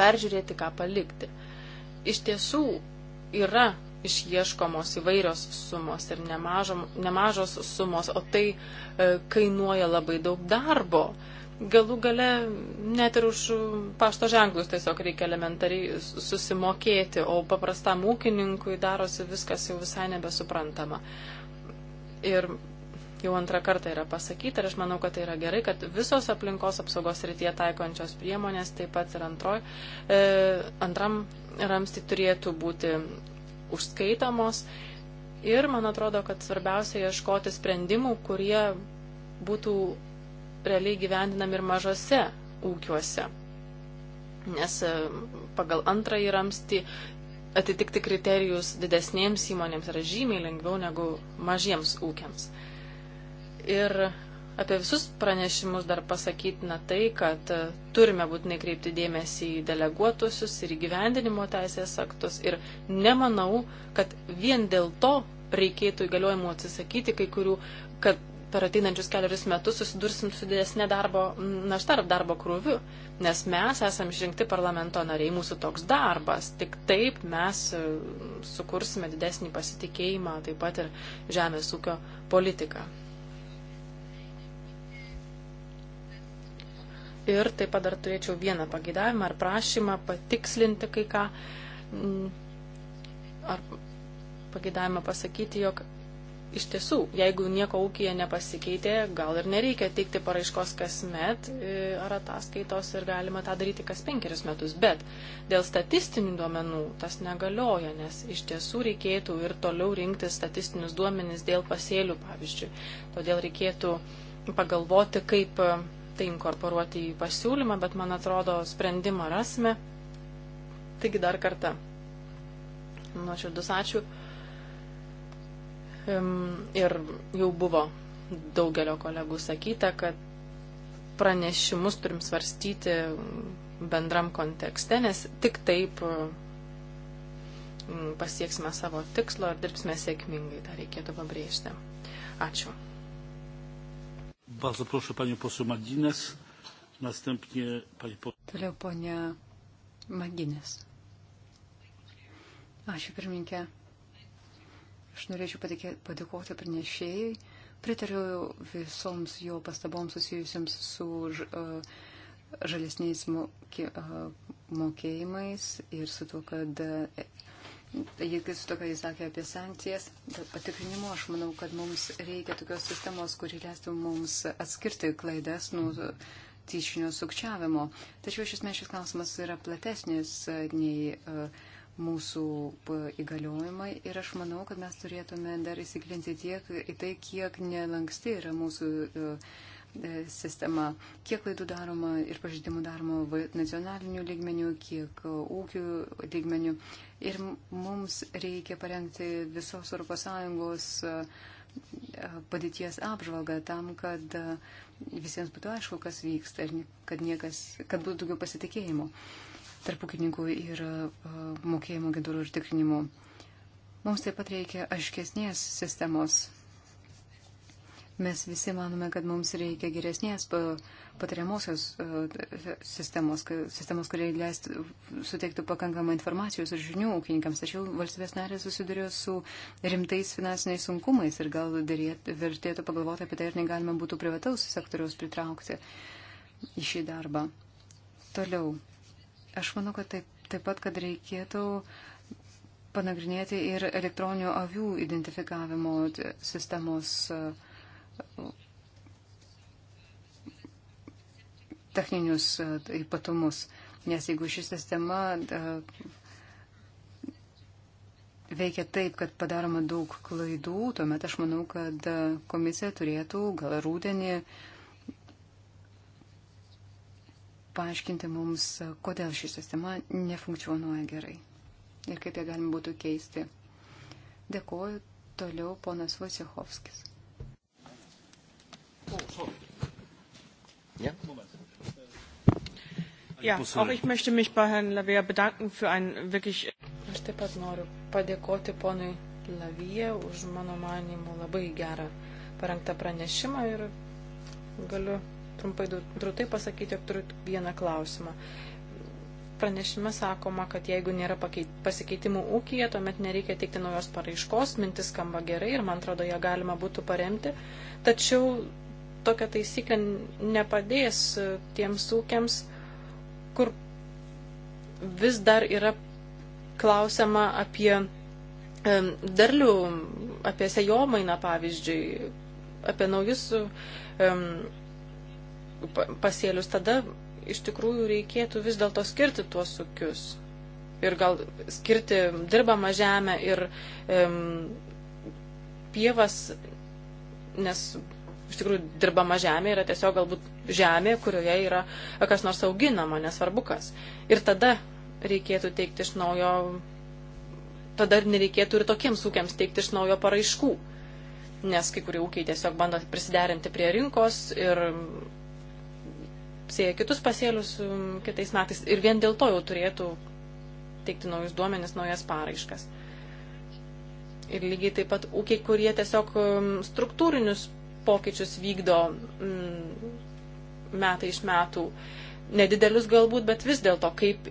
peržiūrėti, ką palikti. Iš tiesų yra išieškomos įvairios sumos ir nemažom, nemažos sumos, o tai e, kainuoja labai daug darbo. Galų gale net ir už pašto ženklus tiesiog reikia elementariai susimokėti, o paprastam ūkininkui darosi viskas jau visai nebesuprantama. Ir jau antrą kartą yra pasakyta ir aš manau, kad tai yra gerai, kad visos aplinkos apsaugos rytyje taikančios priemonės taip pat ir antroj, e, antram ramsti turėtų būti užskaitamos. Ir man atrodo, kad svarbiausia ieškoti sprendimų, kurie būtų realiai gyvendinami ir mažose ūkiuose. Nes e, pagal antrąjį ramstį atitikti kriterijus didesnėms įmonėms yra žymiai lengviau negu mažiems ūkiams. Ir apie visus pranešimus dar pasakytina tai, kad e, turime būtinai kreipti dėmesį į deleguotusius ir įgyvendinimo teisės aktus. Ir nemanau, kad vien dėl to reikėtų įgaliojimų atsisakyti kai kurių, kad per ateinančius keliarius metus susidursim su didesnė darbo našta ar darbo krūviu, nes mes esam išrinkti parlamento nariai, mūsų toks darbas. Tik taip mes e, sukursime didesnį pasitikėjimą taip pat ir žemės ūkio politiką. Ir taip pat dar turėčiau vieną pagėdavimą ar prašymą patikslinti kai ką, mm, ar pagėdavimą pasakyti, jog iš tiesų, jeigu nieko ūkija nepasikeitė, gal ir nereikia teikti paraiškos kasmet e, ar ataskaitos ir galima tą daryti kas penkerius metus. Bet dėl statistinių duomenų tas negalioja, nes iš tiesų reikėtų ir toliau rinkti statistinius duomenis dėl pasėlių, pavyzdžiui. Todėl reikėtų pagalvoti, kaip tai inkorporuoti į pasiūlymą, bet man atrodo sprendimą rasime. Taigi dar kartą. Nuoširdus ačiū. Ir jau buvo daugelio kolegų sakyta, kad pranešimus turim svarstyti bendram kontekste, nes tik taip pasieksime savo tikslo ir dirbsime sėkmingai, tą reikėtų pabrėžti. Ačiū. Bardzo proszę panią poseł Madines, następnie pani poseł. Toliau ponia Madines. Ačiū pirminkė. Aš norėčiau padėkoti pranešėjai. Pritariu visoms jo pastaboms susijusiams su žalesniais mokėjimais ir su tuo, kad Tai Jeigu su to, ką jis sakė apie sankcijas, patikrinimu, aš manau, kad mums reikia tokios sistemos, kuri leistų mums atskirti klaidas nuo tyšinio sukčiavimo. Tačiau iš esmės šis klausimas yra platesnis nei e, mūsų įgaliojimai ir aš manau, kad mes turėtume dar įsigilinti tiek į tai, kiek nelanksti yra mūsų. Uh, E, sistema, kiek klaidų daroma ir pažydimų daroma nacionaliniu lygmeniu, kiek ūkių lygmeniu. Ir mums reikia parengti visos ES e, e, padėties apžvalgą tam, kad visiems būtų aišku, kas vyksta ir kad, niekas, kad būtų daugiau pasitikėjimo tarp ūkininkų ir mokėjimo agentūrų ir tikrinimų. Mums taip pat reikia aiškesnės sistemos Mes visi manome, kad mums reikia geresnės patariamosios e, sistemos, sistemos, kurie leistų suteiktų pakankamą informacijos ir žinių ūkininkams. Tačiau valstybės narės susiduria su rimtais finansiniais sunkumais ir gal vertėtų pagalvoti apie tai, ar negalima būtų privataus sektoriaus pritraukti į šį darbą. Toliau. Aš manau, kad taip, taip pat, kad reikėtų panagrinėti ir elektroninių avių identifikavimo sistemos uh, techninius e, ypatumus, nes jeigu ši sistema e, veikia taip, kad padaroma daug klaidų, tuomet aš manau, kad e, komisija turėtų gal rūdienį paaiškinti mums, kodėl ši sistema nefunkcionuoja gerai ir kaip ją galima būtų keisti. Dėkuoju toliau ponas Vasiechovskis. Ja, auch ich möchte mich bei Herrn Lavia bedanken für einen wirklich. Aš taip pat noriu padėkoti ponui Lavija už mano manimų labai gerą parengtą pranešimą ir galiu trumpai drūtai pasakyti, jog turiu vieną klausimą. Pranešime sakoma, kad jeigu nėra pasikeitimų ūkija, tuomet nereikia teikti naujos paraiškos, mintis skamba gerai ir man atrodo, ją galima būtų paremti. Tačiau tokia taisyklė nepadės e, tiems ūkiams, kur vis dar yra klausiama apie e, derlių, apie sejomainą, pavyzdžiui, apie naujus e, pasėlius. Tada iš tikrųjų reikėtų vis dėlto skirti tuos ūkius. Ir gal skirti dirbamą žemę ir um, pievas, nes iš tikrųjų dirbama žemė yra tiesiog galbūt žemė, kurioje yra kas nors auginama, nesvarbu kas. Ir tada reikėtų teikti iš naujo, tada ir nereikėtų ir tokiems ūkiams teikti iš naujo paraiškų, nes kai kurie ūkiai tiesiog bando prisiderinti prie rinkos ir sieja kitus pasėlius um, kitais metais ir vien dėl to jau turėtų teikti naujus duomenis, naujas paraiškas. Ir lygiai taip pat ūkiai, kurie tiesiog um, struktūrinius pokyčius vykdo mm, metai iš metų. Nedidelius galbūt, bet vis dėlto, kaip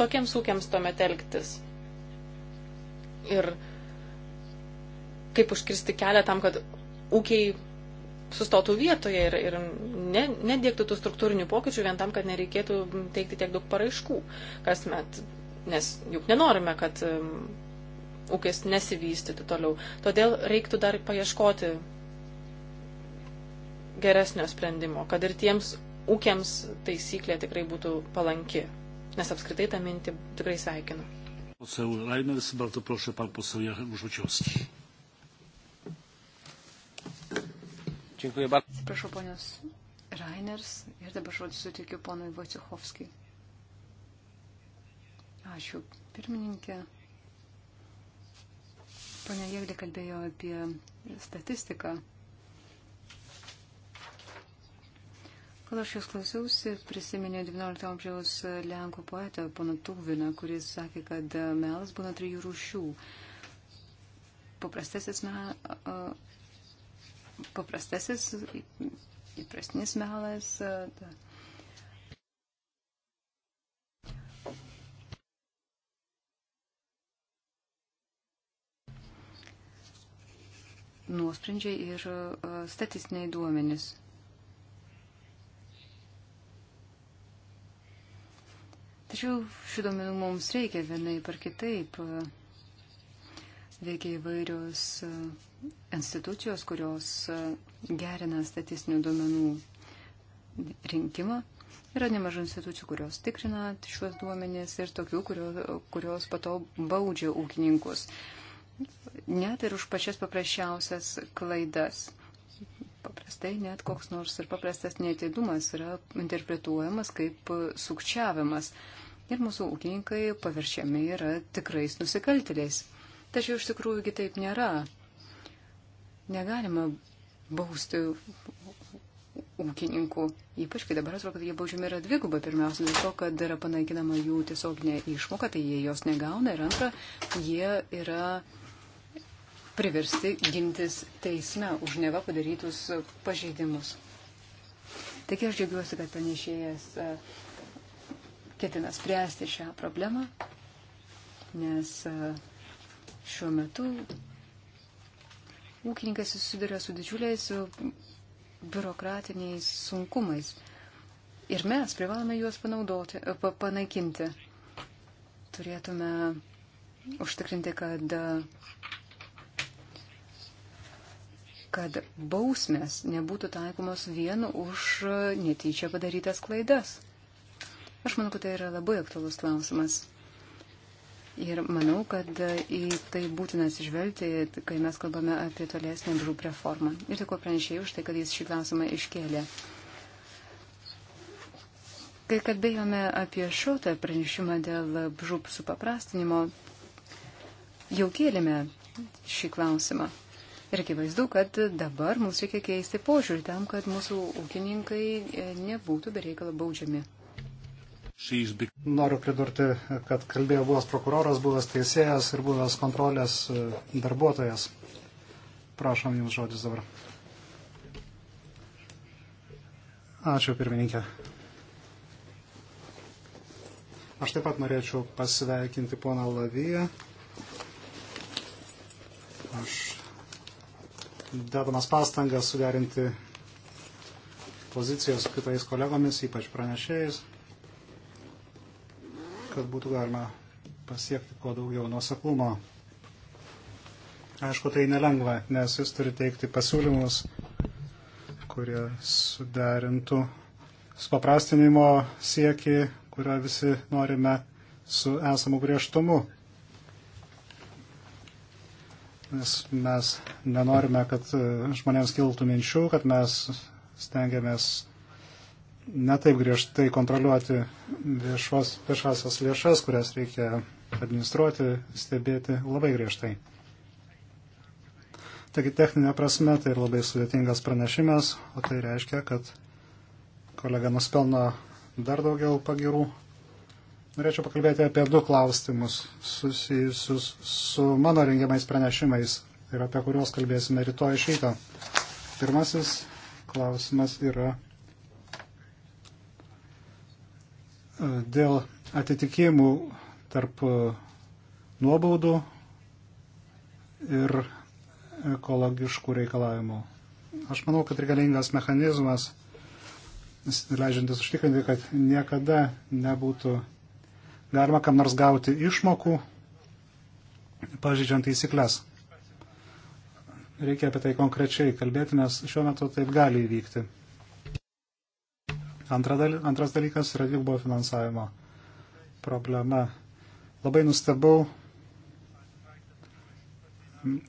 tokiems ūkiams tuomet elgtis. Ir kaip užkirsti kelią tam, kad ūkiai sustotų vietoje ir, ir ne, nedėktų tų struktūrinių pokyčių vien tam, kad nereikėtų teikti tiek daug paraiškų kasmet, nes juk nenorime, kad um, ūkis nesivystytų toliau. Todėl reiktų dar paieškoti geresnio sprendimo, kad ir tiems ūkiams taisyklė tikrai būtų palanki. Nes apskritai tą mintį tikrai sveikinu. Poseł Reimers, bardzo proszę, pan poseł Jarużuciowski. Dziękuję bardzo. Proszę ponios Reiners ir dabar žodį suteikiu ponui Vojciechovskijai. Ačiū, pirmininkė. Pane Jėgdė kalbėjo apie statistiką Kol aš jūs klausiausi, prisiminiau 19 amžiaus Lenkų poetą poną Tūviną, kuris sakė, kad e, melas būna trijų rūšių. Paprastasis, me, paprastasis įprastinis melas. Da, nuosprendžiai ir statistiniai duomenys. Tačiau šių duomenų mums reikia vienai par kitaip. Veikia įvairios e, institucijos, kurios e, gerina statistinių duomenų rinkimą. Yra nemažai institucijų, kurios tikrina šiuos duomenys ir tokių, kurios, kurios pato baudžia ūkininkus. Net ir už pačias paprasčiausias klaidas. Paprastai net koks nors ir paprastas neatidumas yra interpretuojamas kaip sukčiavimas. Ir mūsų ūkininkai paviršiami yra tikrais nusikaltėliais. Tačiau iš tikrųjų taip nėra. Negalima bausti ūkininkų. Ypač, kai dabar atrodo, kad jie baudžiami yra dvigubai. Pirmiausia, dėl to, kad yra panaikinama jų tiesioginė išmoka, tai jie jos negauna. Ir antra, jie yra priversti gintis teisme už neva padarytus pažeidimus. Taigi aš džiaugiuosi, kad panešėjas e, ketina spręsti šią problemą, nes e, šiuo metu ūkininkas susiduria su didžiuliais e, biurokratiniais sunkumais. Ir mes privalome juos panaudoti, panaikinti. Turėtume užtikrinti, kad kad bausmės nebūtų taikomos vien už netyčia padarytas klaidas. Aš manau, kad tai yra labai aktualus klausimas. Ir manau, kad į tai būtina atsižvelgti, kai mes kalbame apie tolesnę žūp reformą. Ir tik pranešėjau už tai, kad jis šį klausimą iškėlė. Kai kalbėjome apie šautą pranešimą dėl žūp supaprastinimo, jau kėlėme šį klausimą. Ir akivaizdu, kad dabar mums reikia keisti požiūrį tam, kad mūsų ūkininkai e, nebūtų bereikalą baudžiami. Noriu pridurti, kad kalbėjo buvęs prokuroras, buvęs teisėjas ir buvęs kontrolės e, darbuotojas. Prašom Jums žodis dabar. Ačiū pirmininkė. Aš taip pat norėčiau pasveikinti poną Laviją. Aš dedamas pastangas suderinti pozicijas su kitais kolegomis, ypač pranešėjais, kad būtų galima pasiekti kuo daugiau nuoseklumo. Aišku, tai nelengva, nes jis turi teikti pasiūlymus, kurie suderintų supaprastinimo siekį, kurio visi norime su esamu griežtumu nes mes nenorime, kad e, žmonėms kiltų minčių, kad mes stengiamės netaip griežtai kontroliuoti viešos, viešasias lėšas, kurias reikia administruoti, stebėti labai griežtai. Taigi techninė prasme tai ir labai sudėtingas pranešimas, o tai reiškia, kad kolega nuspelno dar daugiau pagirų Norėčiau pakalbėti apie du klausimus susijusius su mano rengiamais pranešimais ir apie kuriuos kalbėsime rytoj iš ryto. Pirmasis klausimas yra e, dėl atitikimų tarp e, nuobaudų ir ekologiškų reikalavimų. Aš manau, kad reikalingas mechanizmas, leidžiantis užtikrinti, kad niekada nebūtų galima kam nors gauti išmokų, pažydžiant taisyklės. Reikia apie tai konkrečiai kalbėti, nes šiuo metu taip gali įvykti. Antra dal, antras dalykas yra dvigubo finansavimo problema. Labai nustebau,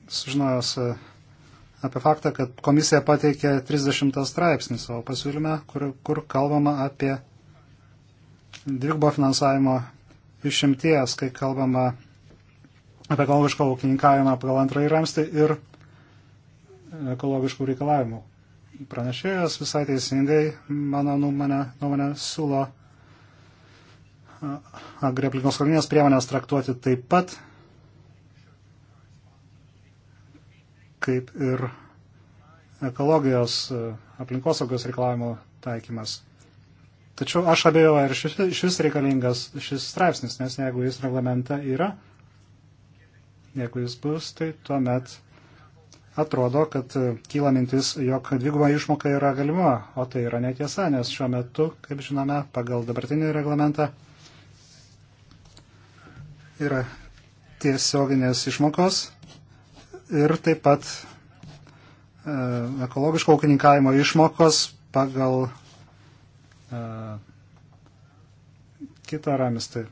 sužinojęs e, apie faktą, kad komisija pateikė 30 straipsnį savo pasiūlymę, kur, kur kalbama apie dvigubo finansavimo išimties, kai kalbama apie ekologišką ūkininkavimą pagal antrąjį ramstį ir ekologiškų reikalavimų. Pranešėjas visai teisingai, mano nuomonė, nuomonė siūlo agriaplinkos kolinės priemonės traktuoti taip pat, kaip ir ekologijos aplinkosaugos reikalavimo taikymas. Tačiau aš abejoju, ar šis, šis reikalingas šis straipsnis, nes jeigu jis reglamentą yra, jeigu jis bus, tai tuomet atrodo, kad e, kyla mintis, jog dviguba išmoka yra galima, o tai yra netiesa, nes šiuo metu, kaip žinome, pagal dabartinį reglamentą yra tiesioginės išmokos ir taip pat e, ekologiško ūkininkavimo išmokos pagal kitą ramistį.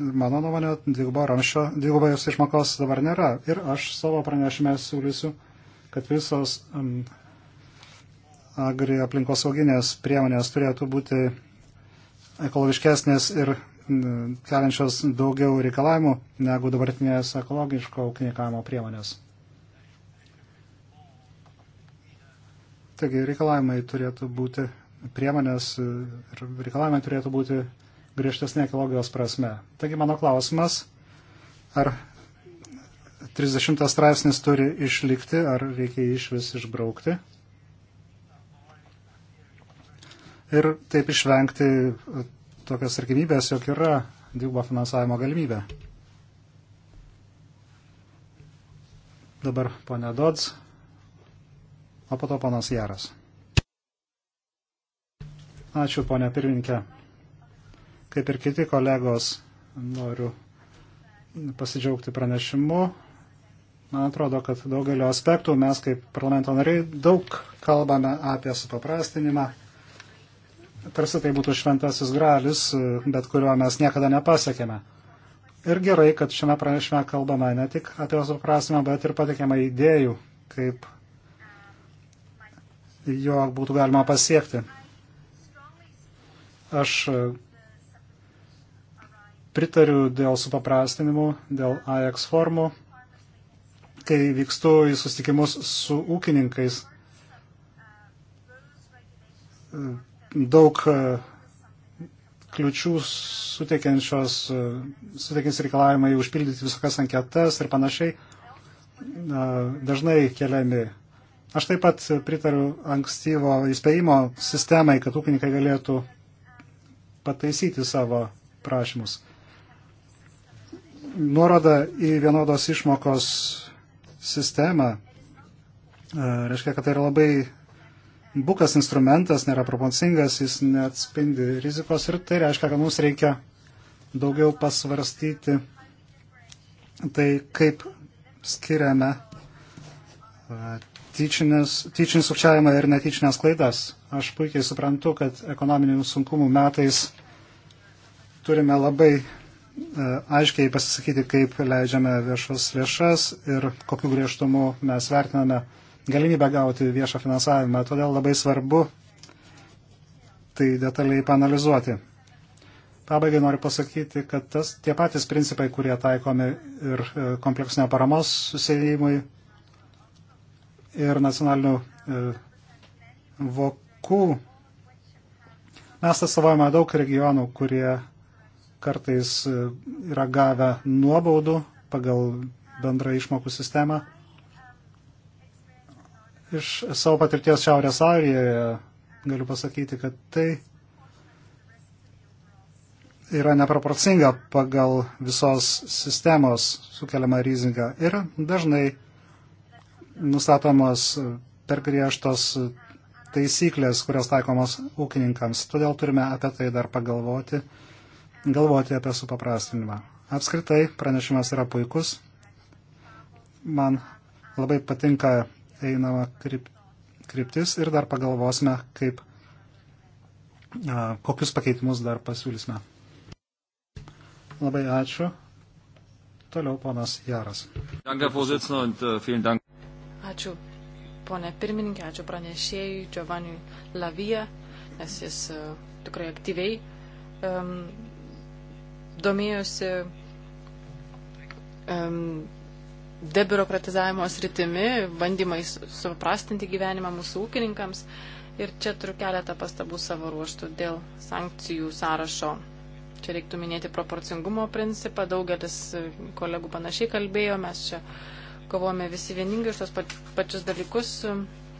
Mano nuomonė, dvigubo ramščio, dvigubojos išmokos dabar nėra. Ir aš savo pranešime siūlysiu, kad visos um, agri aplinkosauginės priemonės turėtų būti ekologiškesnės ir keliančios daugiau reikalavimų negu dabartinės ekologiško ūkininkavimo priemonės. Taigi reikalavimai turėtų būti priemonės ir reikalavimai turėtų būti griežtesnė ekologijos prasme. Taigi mano klausimas, ar 30 straipsnis turi išlikti, ar reikia jį iš vis išbraukti. Ir taip išvengti tokios argimybės, jog yra dvigubo finansavimo galimybė. Dabar ponia Dodds, o po to ponas Jaras. Ačiū, ponia pirmininkė. Kaip ir kiti kolegos, noriu pasidžiaugti pranešimu. Man atrodo, kad daugelio aspektų mes kaip parlamento nariai daug kalbame apie supaprastinimą. Tarsi tai būtų šventasis gralis, bet kurio mes niekada nepasiekėme. Ir gerai, kad šiame pranešime kalbame ne tik apie suprastinimą, bet ir patikėme idėjų, kaip jo būtų galima pasiekti. Aš e, pritariu dėl supaprastinimų, dėl AX formų, kai vykstu į susitikimus su ūkininkais. E, daug e, kliučių suteikiančios, suteikiantis reikalavimai užpildyti visokias anketas ir panašiai dažnai keliami. Aš taip pat pritariu ankstyvo įspėjimo sistemai, kad ūkininkai galėtų pataisyti savo prašymus. Nuoroda į vienodos išmokos sistemą e, reiškia, kad tai yra labai bukas instrumentas, nėra proporcingas, jis neatspindi rizikos ir tai reiškia, kad mums reikia daugiau pasvarstyti tai, kaip skiriame e, tyčinį sukčiavimą ir netyčinės klaidas. Aš puikiai suprantu, kad ekonominių sunkumų metais turime labai e, aiškiai pasisakyti, kaip leidžiame viešas lėšas ir kokiu griežtumu mes vertiname galimybę gauti viešą finansavimą. Todėl labai svarbu tai detaliai panalizuoti. Pabaigai noriu pasakyti, kad tas, tie patys principai, kurie taikomi ir e, kompleksinio paramos susijimui ir nacionalinių e, vokų. Mes atstovavome daug regionų, kurie kartais e, yra gavę nuobaudų pagal bendrą išmokų sistemą. Iš savo patirties Šiaurės Airijoje galiu pasakyti, kad tai yra neproporcinga pagal visos sistemos sukeliamą riziką ir dažnai nustatomos per griežtos taisyklės, kurios taikomos ūkininkams. Todėl turime apie tai dar pagalvoti, galvoti apie supaprastinimą. Apskritai, pranešimas yra puikus. Man labai patinka einama kryp, kryptis ir dar pagalvosime, kaip, a, kokius pakeitimus dar pasiūlysime. Labai ačiū. Toliau ponas Jaras. Danke, Ačiū, ponė pirmininkė, ačiū pranešėjai Giovanniui Lavija, nes jis e, tikrai aktyviai um, domėjosi um, debirokratizavimo sritimi, bandymais suprastinti gyvenimą mūsų ūkininkams. Ir čia turiu keletą pastabų savo ruoštų dėl sankcijų sąrašo. Čia reiktų minėti proporcingumo principą, daugelis e, kolegų panašiai kalbėjo, mes čia uh, kovojame visi vieningai už tos pačius dalykus.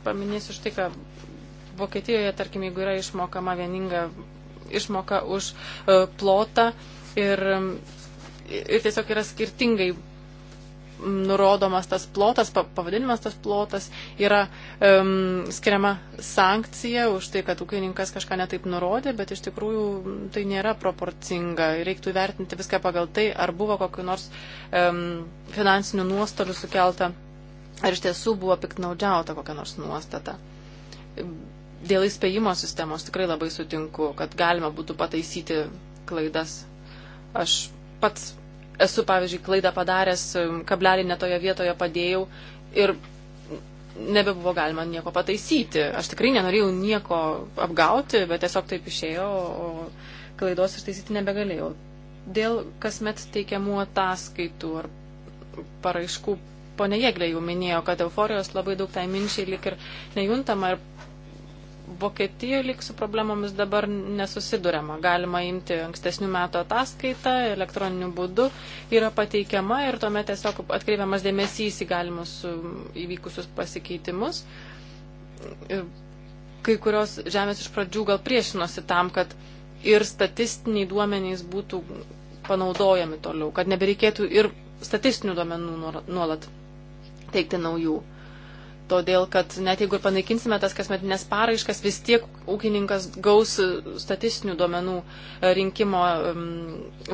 Paminėsiu štai, ką Vokietijoje, tarkim, jeigu yra išmokama vieninga išmoka už e, plotą ir, ir tiesiog yra skirtingai nurodomas tas plotas, pavadinimas tas plotas, yra um, skiriama sankcija už tai, kad ūkininkas kažką netaip nurodė, bet iš tikrųjų tai nėra proporcinga. Reiktų vertinti viską pagal tai, ar buvo kokiu nors um, finansinių nuostolių sukelta, ar iš tiesų buvo piknaudžiauta kokia nors nuostata. Dėl įspėjimo sistemos tikrai labai sutinku, kad galima būtų pataisyti klaidas. Aš pats esu, pavyzdžiui, klaidą padaręs, kablelį netoje vietoje padėjau ir nebebuvo galima nieko pataisyti. Aš tikrai nenorėjau nieko apgauti, bet tiesiog taip išėjo, o klaidos ištaisyti nebegalėjau. Dėl kasmet teikiamų ataskaitų ar paraiškų, ponė Jėglė jau minėjo, kad euforijos labai daug tai minčiai lik ir nejuntama ir Vokietijoje lyg su problemomis dabar nesusidurėma. Galima imti ankstesnių metų ataskaitą, elektroniniu būdu yra pateikiama ir tuomet tiesiog atkreipiamas dėmesys į galimus e, įvykusius pasikeitimus. E, kai kurios žemės iš pradžių gal priešinosi tam, kad ir statistiniai duomenys būtų panaudojami toliau, kad nebereikėtų ir statistinių duomenų nuolat teikti naujų todėl kad net jeigu ir panaikinsime tas kasmetinės paraiškas, vis tiek ūkininkas gaus statistinių duomenų e, rinkimo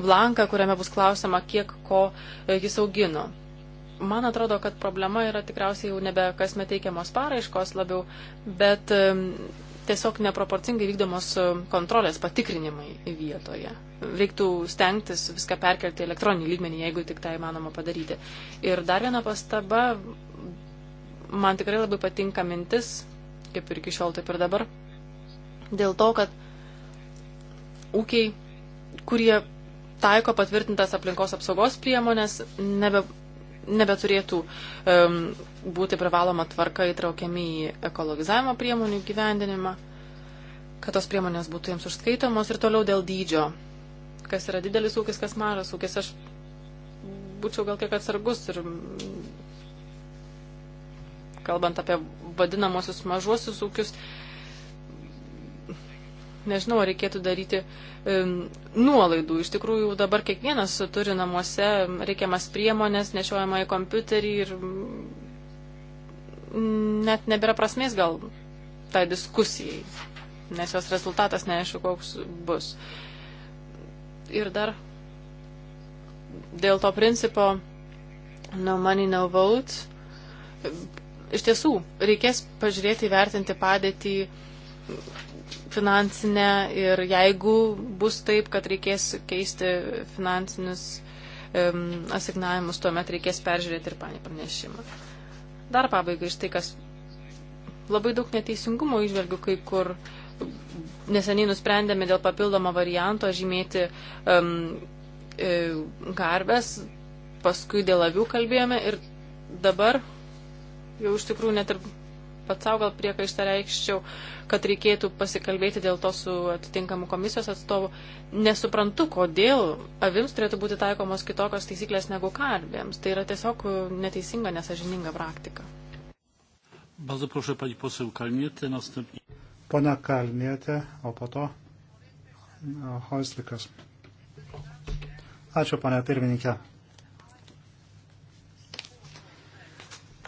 blanką, kuriame bus klausima, kiek ko e, jis augino. Man atrodo, kad problema yra tikriausiai jau nebe kasmet teikiamos paraiškos labiau, bet tiesiog neproporcingai vykdomos e, kontrolės patikrinimai vietoje. Reiktų stengtis viską perkelti elektroninį lygmenį, jeigu tik tai manoma padaryti. Ir dar viena pastaba, man tikrai labai patinka mintis, kaip ir iki šiol, taip ir dabar, dėl to, kad ūkiai, kurie taiko patvirtintas aplinkos apsaugos priemonės, nebe, nebeturėtų um, būti privaloma tvarka įtraukiami į ekologizavimo priemonių gyvendinimą, kad tos priemonės būtų jiems užskaitomos ir toliau dėl dydžio. Kas yra didelis ūkis, kas mažas ūkis, aš būčiau gal kiek atsargus ir kalbant apie vadinamosius mažuosius ūkius, nežinau, ar reikėtų daryti nuolaidų. Iš tikrųjų, dabar kiekvienas turi namuose reikiamas priemonės, nešiojama į kompiuterį ir net nebėra prasmės gal tai diskusijai, nes jos rezultatas neaišku, koks bus. Ir dar dėl to principo no money, no vote iš tiesų reikės pažiūrėti, įvertinti padėtį finansinę ir jeigu bus taip, kad reikės keisti finansinius um, asignavimus, tuomet reikės peržiūrėti ir panį pranešimą. Dar pabaigai iš tai, kas labai daug neteisingumo išvelgiu kai kur. Neseniai nusprendėme dėl papildomo varianto žymėti um, e, garbės, paskui dėl avių kalbėjome ir dabar jau iš tikrųjų net ir pats savo gal priekaištą reikščiau, kad reikėtų pasikalbėti dėl to su atitinkamu komisijos atstovu. Nesuprantu, kodėl avims turėtų būti taikomos kitokios taisyklės negu karvėms. Tai yra tiesiog neteisinga, nesažininga praktika. Bardzo proszę pani poseł Kalnietę, następnie. Pana Kalnietę, o po to Hoislikas. Ačiū, pane pirmininkė.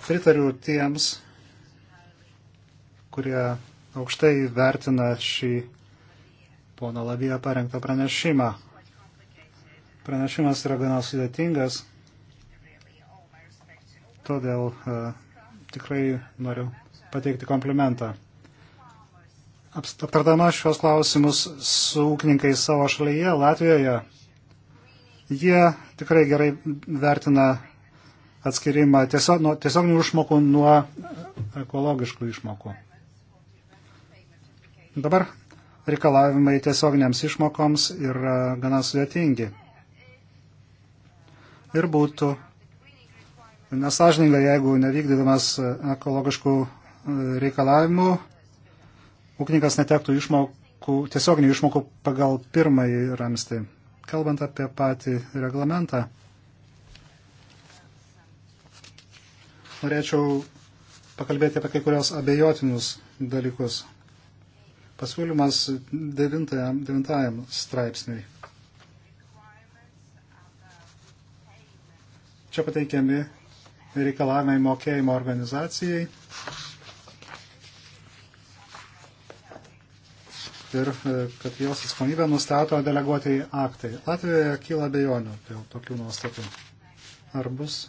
Pritariu tiems, kurie aukštai vertina šį pono Labiją parengtą pranešimą. Pranešimas yra gana sudėtingas, todėl uh, tikrai noriu pateikti komplimentą. Aptardama šios klausimus su ūkininkais savo šalyje, Latvijoje, jie tikrai gerai vertina atskirimą tiesiog, nuo tiesioginių išmokų nuo ekologiškų išmokų. Dabar reikalavimai tiesioginiams išmokoms yra gana sudėtingi. Ir būtų nesažininga, jeigu nevykdydamas ekologiškų e, reikalavimų, ūkininkas netektų išmokų, tiesioginių išmokų pagal pirmąjį ramstį. Kalbant apie patį reglamentą, norėčiau pakalbėti apie kai kurios abejotinus dalykus. Pasiūlymas devintajam, devintajam straipsniui. Čia pateikiami reikalavimai mokėjimo organizacijai ir e, kad jos atsakomybę nustato deleguotai aktai. Latvijoje kyla bejonių dėl tokių nuostatų. Ar bus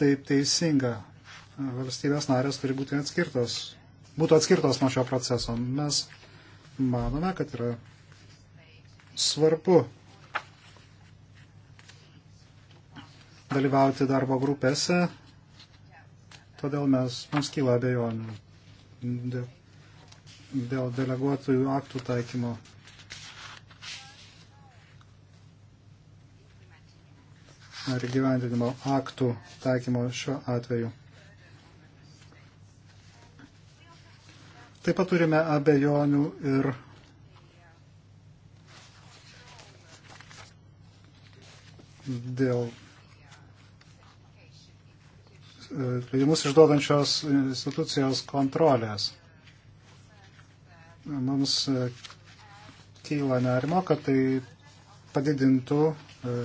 taip teisinga. Valstybės narės turi būti atskirtos, būtų atskirtos nuo šio proceso. Mes manome, kad yra svarbu dalyvauti darbo grupėse, todėl mes, mums kyla abejonių dėl, dėl deleguotųjų aktų taikymo ar gyvendinimo aktų taikymo šiuo atveju. Taip pat turime abejonių ir dėl e, leidimus išduodančios institucijos kontrolės. Mums e, kyla nerimo, kad tai padidintų e,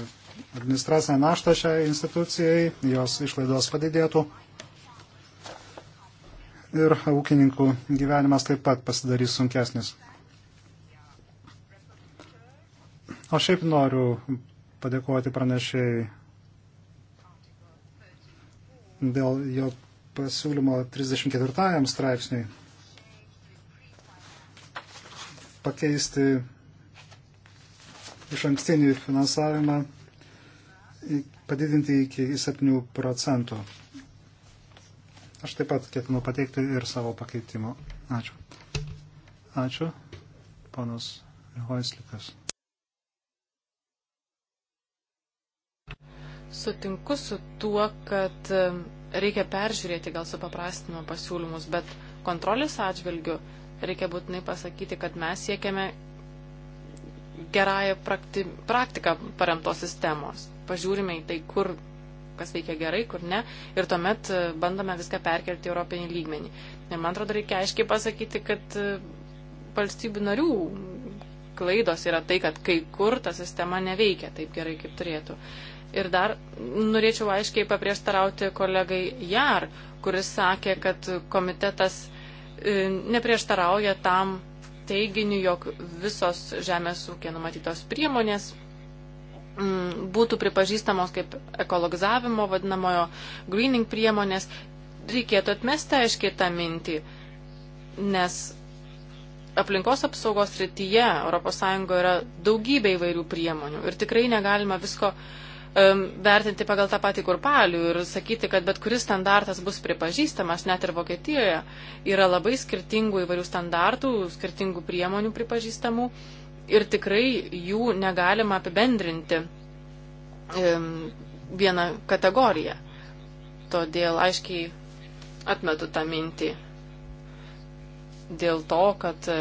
administracinę naštą šiai institucijai, jos išlaidos padidėtų ir ūkininkų gyvenimas taip pat pasidarys sunkesnis. O šiaip noriu padėkoti pranešėjai dėl jo pasiūlymo 34 straipsniui pakeisti iš ankstinį finansavimą padidinti iki 7 procentų. Aš taip pat ketinu pateikti ir savo pakeitimu. Ačiū. Ačiū, panas Hoislikas. Sutinku su tuo, kad reikia peržiūrėti gal supaprastinimo pasiūlymus, bet kontrolės atžvilgiu reikia būtinai pasakyti, kad mes siekiame gerąją prakti, praktiką paremtos sistemos pažiūrime į tai, kur kas veikia gerai, kur ne, ir tuomet e, bandome viską perkelti į europinį lygmenį. Ir man atrodo, reikia aiškiai pasakyti, kad e, valstybių narių klaidos yra tai, kad kai kur ta sistema neveikia taip gerai, kaip turėtų. Ir dar norėčiau aiškiai paprieštarauti kolegai Jar, kuris sakė, kad komitetas e, neprieštarauja tam teiginiu, jog visos žemės ūkė numatytos priemonės Mm, būtų pripažįstamos kaip ekologizavimo vadinamojo greening priemonės, reikėtų atmesti aiškiai tą mintį, nes aplinkos apsaugos rytyje ES yra daugybė įvairių priemonių ir tikrai negalima visko um, vertinti pagal tą patį kurpalių ir sakyti, kad bet kuris standartas bus pripažįstamas, net ir Vokietijoje yra labai skirtingų įvairių standartų, skirtingų priemonių pripažįstamų ir tikrai jų negalima apibendrinti vieną kategoriją. Todėl aiškiai atmetu tą mintį dėl to, kad e,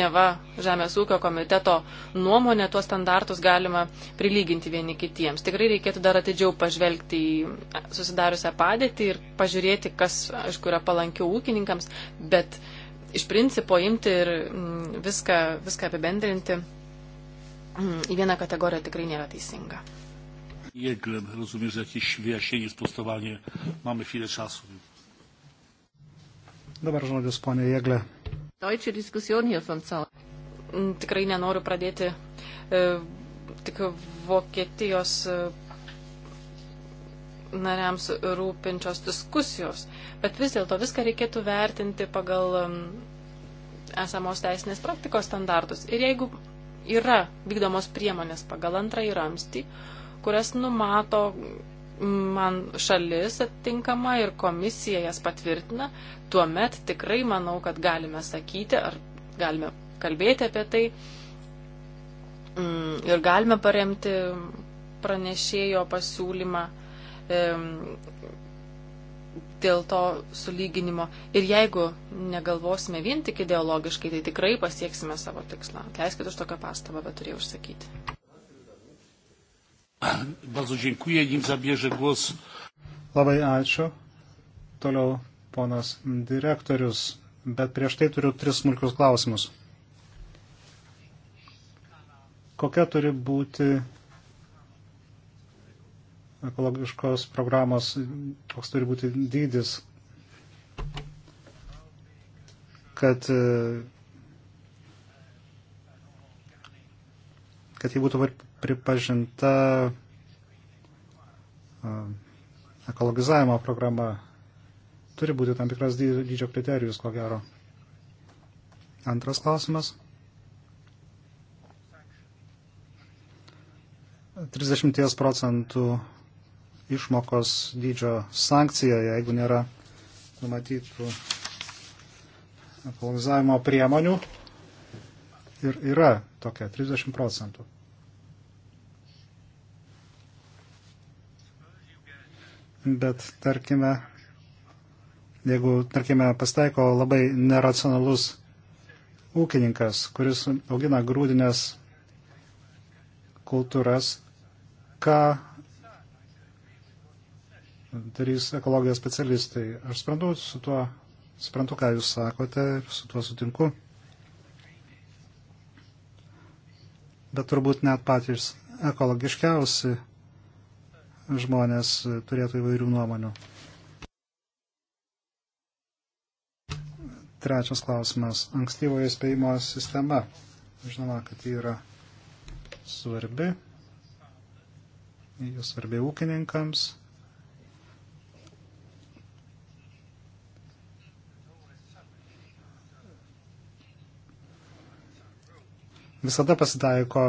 neva Žemės ūkio komiteto nuomonė tuos standartus galima prilyginti vieni kitiems. Tikrai reikėtų dar atidžiau pažvelgti į susidariusią padėtį ir pažiūrėti, kas, aišku, yra palankiau ūkininkams, bet iš principo imti ir mm, viską, viską apibendrinti mm, į vieną kategoriją tikrai nėra teisinga. Jegle, rozumiem, że jakieś wyjaśnienie, sprostowanie. Mamy chwilę czasu. Dabar žodis, ponė Jegle. Deutsche Diskussion hier vom Zaun. Mm, tikrai nenoriu pradėti e, tik Vokietijos e, nariams rūpinčios diskusijos. Bet vis dėlto viską reikėtų vertinti pagal um, esamos teisinės praktikos standartus. Ir jeigu yra vykdomos priemonės pagal antrąjį ramstį, kurias numato mm, man šalis atitinkama ir komisija jas patvirtina, tuomet tikrai manau, kad galime sakyti ar galime kalbėti apie tai mm, ir galime paremti pranešėjo pasiūlymą dėl to sulyginimo. Ir jeigu negalvosime vien tik ideologiškai, tai tikrai pasieksime savo tikslą. Atleiskit už tokią pastabą, bet turėjau užsakyti. Bardzo dziękuję, nim zabierze głos. Labai ačiū. Toliau ponas direktorius, bet prieš tai turiu tris smulkius klausimus. Kokia turi būti ekologiškos programos, koks turi būti dydis, kad, kad jį būtų pripažinta ekologizavimo programa. Turi būti tam tikras dydžio kriterijus, ko gero. Antras klausimas. 30 procentų išmokos dydžio sankcija, jeigu nėra numatytų ekologizavimo priemonių. Ir yra tokia 30 procentų. Bet tarkime, jeigu, tarkime, pastaiko labai neracionalus ūkininkas, kuris augina grūdinės kultūras, ką darys ekologijos specialistai. Aš sprendu su tuo, sprendu, ką jūs sakote ir su tuo sutinku. Bet turbūt net patys ekologiškiausi žmonės turėtų įvairių nuomonių. Trečias klausimas. Ankstyvojo įspėjimo sistema. Žinoma, kad ji yra svarbi. Jis svarbi ūkininkams Visada pasitaiko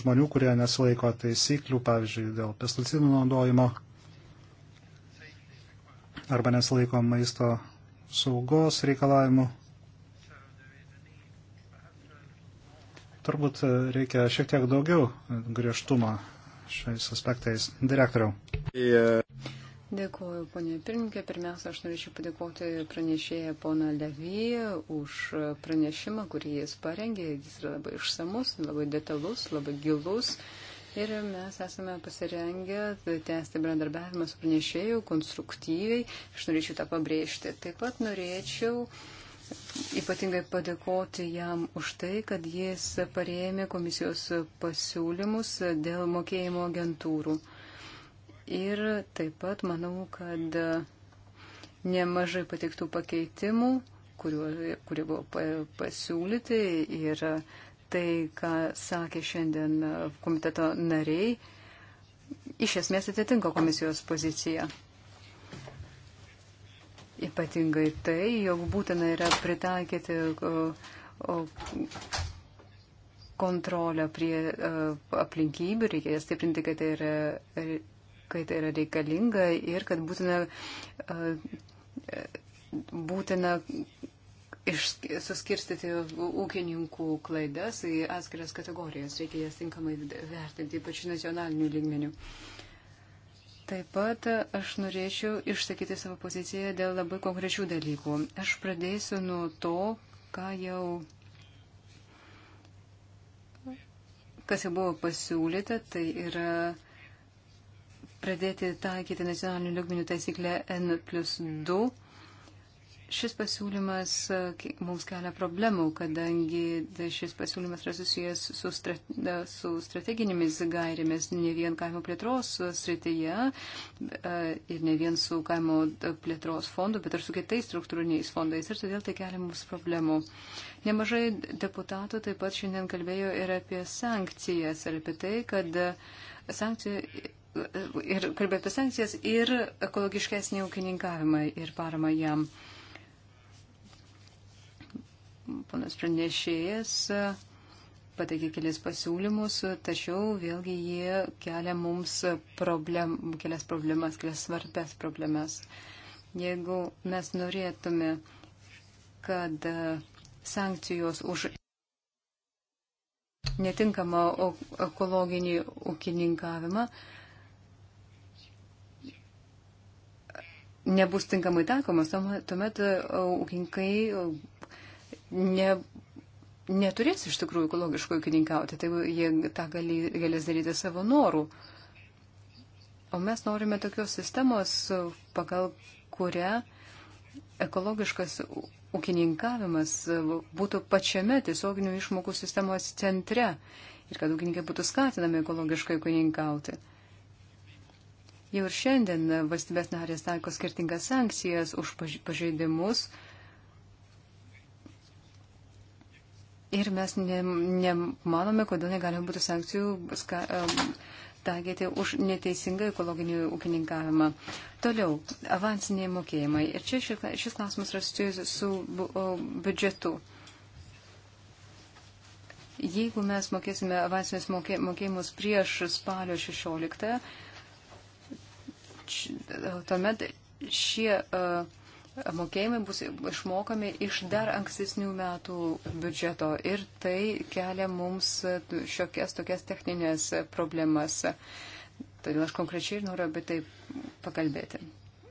žmonių, kurie nesilaiko taisyklių, pavyzdžiui, dėl pesticidų naudojimo arba nesilaiko maisto saugos reikalavimų. Turbūt reikia šiek tiek daugiau griežtumo šiais aspektais. Direktoriau. Yeah. Dėkuoju, ponė pirmininkė. Pirmiausia, aš norėčiau padėkoti pranešėją poną Levy už pranešimą, kurį jis parengė. Jis yra labai išsamus, labai detalus, labai gilus. Ir mes esame pasirengę tęsti bendradarbiavimą su pranešėju konstruktyviai. Aš norėčiau tą pabrėžti. Taip pat norėčiau ypatingai padėkoti jam už tai, kad jis parėmė komisijos pasiūlymus dėl mokėjimo agentūrų. Ir taip pat manau, kad nemažai pateiktų pakeitimų, kurie buvo pasiūlyti ir tai, ką sakė šiandien komiteto nariai, iš esmės atitinka komisijos poziciją. Ypatingai tai, jog būtina yra pritaikyti kontrolę prie aplinkybių, reikia stiprinti, kad tai yra kai tai yra reikalinga ir kad būtina, e, būtina iš, suskirstyti ūkininkų klaidas į atskiras kategorijas. Reikia jas tinkamai vertinti, ypač nacionalinių lygmenių. Taip pat aš norėčiau išsakyti savo poziciją dėl labai konkrečių dalykų. Aš pradėsiu nuo to, ką jau kas jau buvo pasiūlyta, tai yra pradėti taikyti nacionalinių lygmenių taisyklę N plus 2. Šis pasiūlymas e, mums kelia problemų, kadangi šis pasiūlymas yra susijęs su, strate, su strateginėmis gairėmis ne vien kaimo plėtros srityje e, ir ne vien su kaimo plėtros fondu, bet ir su kitais struktūriniais fondais ir todėl tai kelia mums problemų. Nemažai deputatų taip pat šiandien kalbėjo ir apie sankcijas, ir apie tai, kad sankcijų ir kalbėjo apie sankcijas ir ekologiškesnį ūkininkavimą ir paramą jam. Ponas pranešėjas pateikė kelias pasiūlymus, tačiau vėlgi jie kelia mums problem, kelias problemas, kelias svarbės problemas. Jeigu mes norėtume, kad sankcijos už netinkamą ekologinį ūkininkavimą, nebus tinkamai taikomas, tuomet e, ūkininkai e, ne, neturės iš tikrųjų ekologiškai ūkininkauti, tai jie tą gali, galės daryti savo norų. O mes norime tokios sistemos, e, pagal kurią ekologiškas ūkininkavimas būtų pačiame tiesioginių išmokų sistemos centre ir kad ūkininkai būtų skatinami ekologiškai ūkininkauti. Jau ir šiandien valstybės narės taiko skirtingas sankcijas už pažeidimus. Ir mes nemanome, ne kodėl negalime būti sankcijų ska, um, taikyti už neteisingą ekologinį ūkininkavimą. Toliau, avansiniai mokėjimai. Ir čia šis, šis klausimas yra susijęs su bu, o, biudžetu. Jeigu mes mokėsime avansinius mokė, mokėjimus prieš spalio 16, tuomet šie e, mokėjimai bus išmokami iš dar ankstesnių metų biudžeto ir tai kelia mums šiokias tokias techninės problemas. Todėl aš konkrečiai ir noriu apie tai pakalbėti.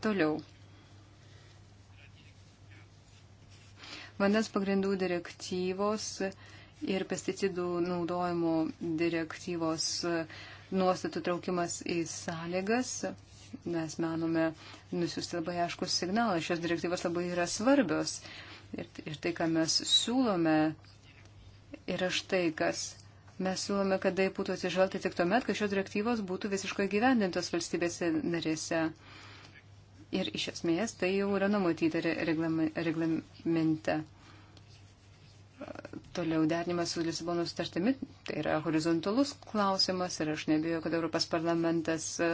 Toliau. Vandens pagrindų direktyvos ir pesticidų naudojimo direktyvos nuostatų traukimas į sąlygas mes manome nusiųsti labai aišku signalą. Šios direktyvos labai yra svarbios. Ir, ir tai, ką mes siūlome, yra štai kas. Mes siūlome, kad tai būtų atsižvelgti tik tuomet, kai šios direktyvos būtų visiškai gyvendintos valstybėse narėse. Ir iš esmės tai jau yra numatyta reglame, reglamente. Reglame, Toliau dernimas su Lisabono sutartimi, tai yra horizontalus klausimas ir aš nebijau, kad Europos parlamentas e,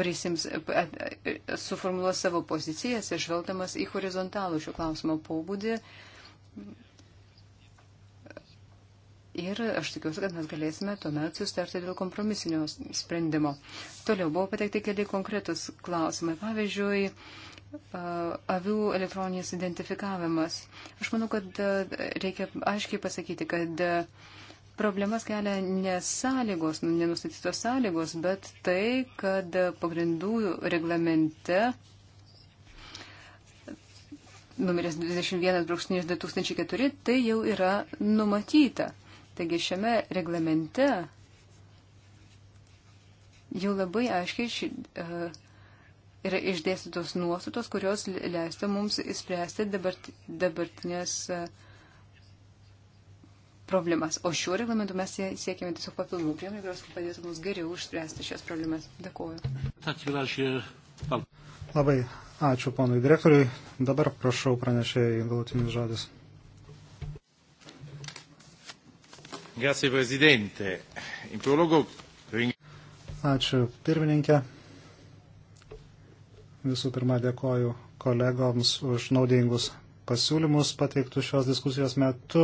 prisims, e, e, suformuluos savo pozicijas, išvelgdamas į horizontalų šio klausimo pobūdį. Ir aš tikiuosi, kad mes galėsime tuomet sustarti dėl kompromisinio sprendimo. Toliau buvo pateikti keli konkretus klausimai. Pavyzdžiui, avių elektroninis identifikavimas. Aš manau, kad reikia aiškiai pasakyti, kad problemas kelia ne sąlygos, nu, nenustatytos sąlygos, bet tai, kad pagrindų reglamente numeris 21.2004 tai jau yra numatyta. Taigi šiame reglamente jau labai aiškiai ši, uh, yra išdėstytos nuostatos, kurios leistų mums įspręsti dabart, dabartinės e, problemas. O šiuo reglamentu mes siekime tiesiog papildomų priemonių, kurios padėtų mums geriau išspręsti šias problemas. Dėkuoju. Labai ačiū ponui direktoriui. Dabar prašau pranešėjai galutinis žodis. Grazie, prezidente. In prologo... Ačiū pirmininkė. Visų pirma, dėkoju kolegoms už naudingus pasiūlymus pateiktus šios diskusijos metu,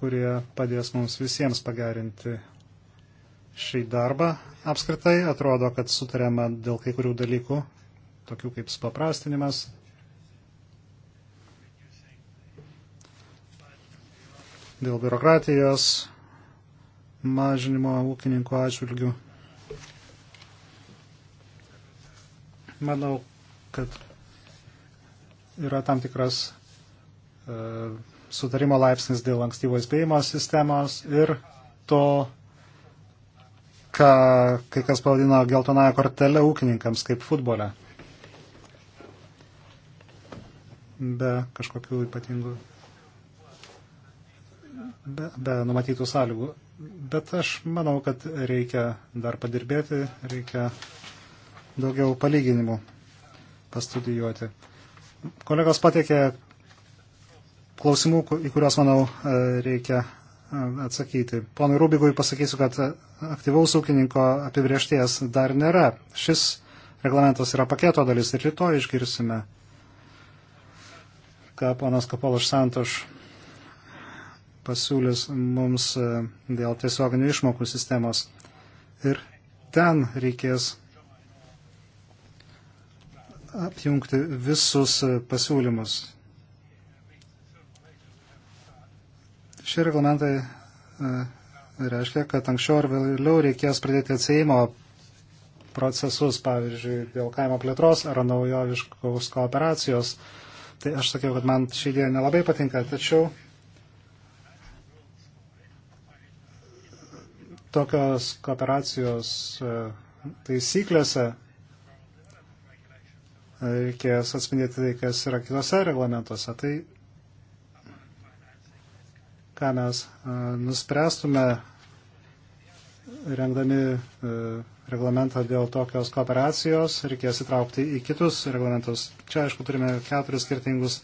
kurie padės mums visiems pagerinti šį darbą. Apskritai atrodo, kad sutarėme dėl kai kurių dalykų, tokių kaip supaprastinimas. Dėl biurokratijos mažinimo ūkininko atžvilgių. Manau, kad yra tam tikras e, sutarimo laipsnis dėl ankstyvo įspėjimo sistemos ir to, ką kai kas pavadino geltonąją kortelę ūkininkams kaip futbole. Be kažkokių ypatingų, be, be numatytų sąlygų. Bet aš manau, kad reikia dar padirbėti, reikia daugiau palyginimų pastudijuoti. Kolegos pateikė klausimų, į kuriuos, manau, e, reikia e, atsakyti. Ponui Rubigui pasakysiu, kad e, aktyvaus ūkininko apibriešties dar nėra. Šis reglamentas yra paketo dalis ir rytoj išgirsime, ką ponas Kapološ Santoš pasiūlys mums dėl tiesioginių išmokų sistemos. Ir ten reikės apjungti visus e, pasiūlymus. Šie reglamentai e, reiškia, kad anksčiau ar vėliau reikės pradėti atsėjimo procesus, pavyzdžiui, dėl kaimo plėtros ar naujoviškos kooperacijos. Tai aš sakiau, kad man ši idėja nelabai patinka, tačiau tokios kooperacijos e, taisyklėse reikės atspindėti tai, kas yra kitose reglamentuose. Tai ką mes nuspręstume rengdami reglamentą dėl tokios kooperacijos, reikės įtraukti į kitus reglamentus. Čia, aišku, turime keturis skirtingus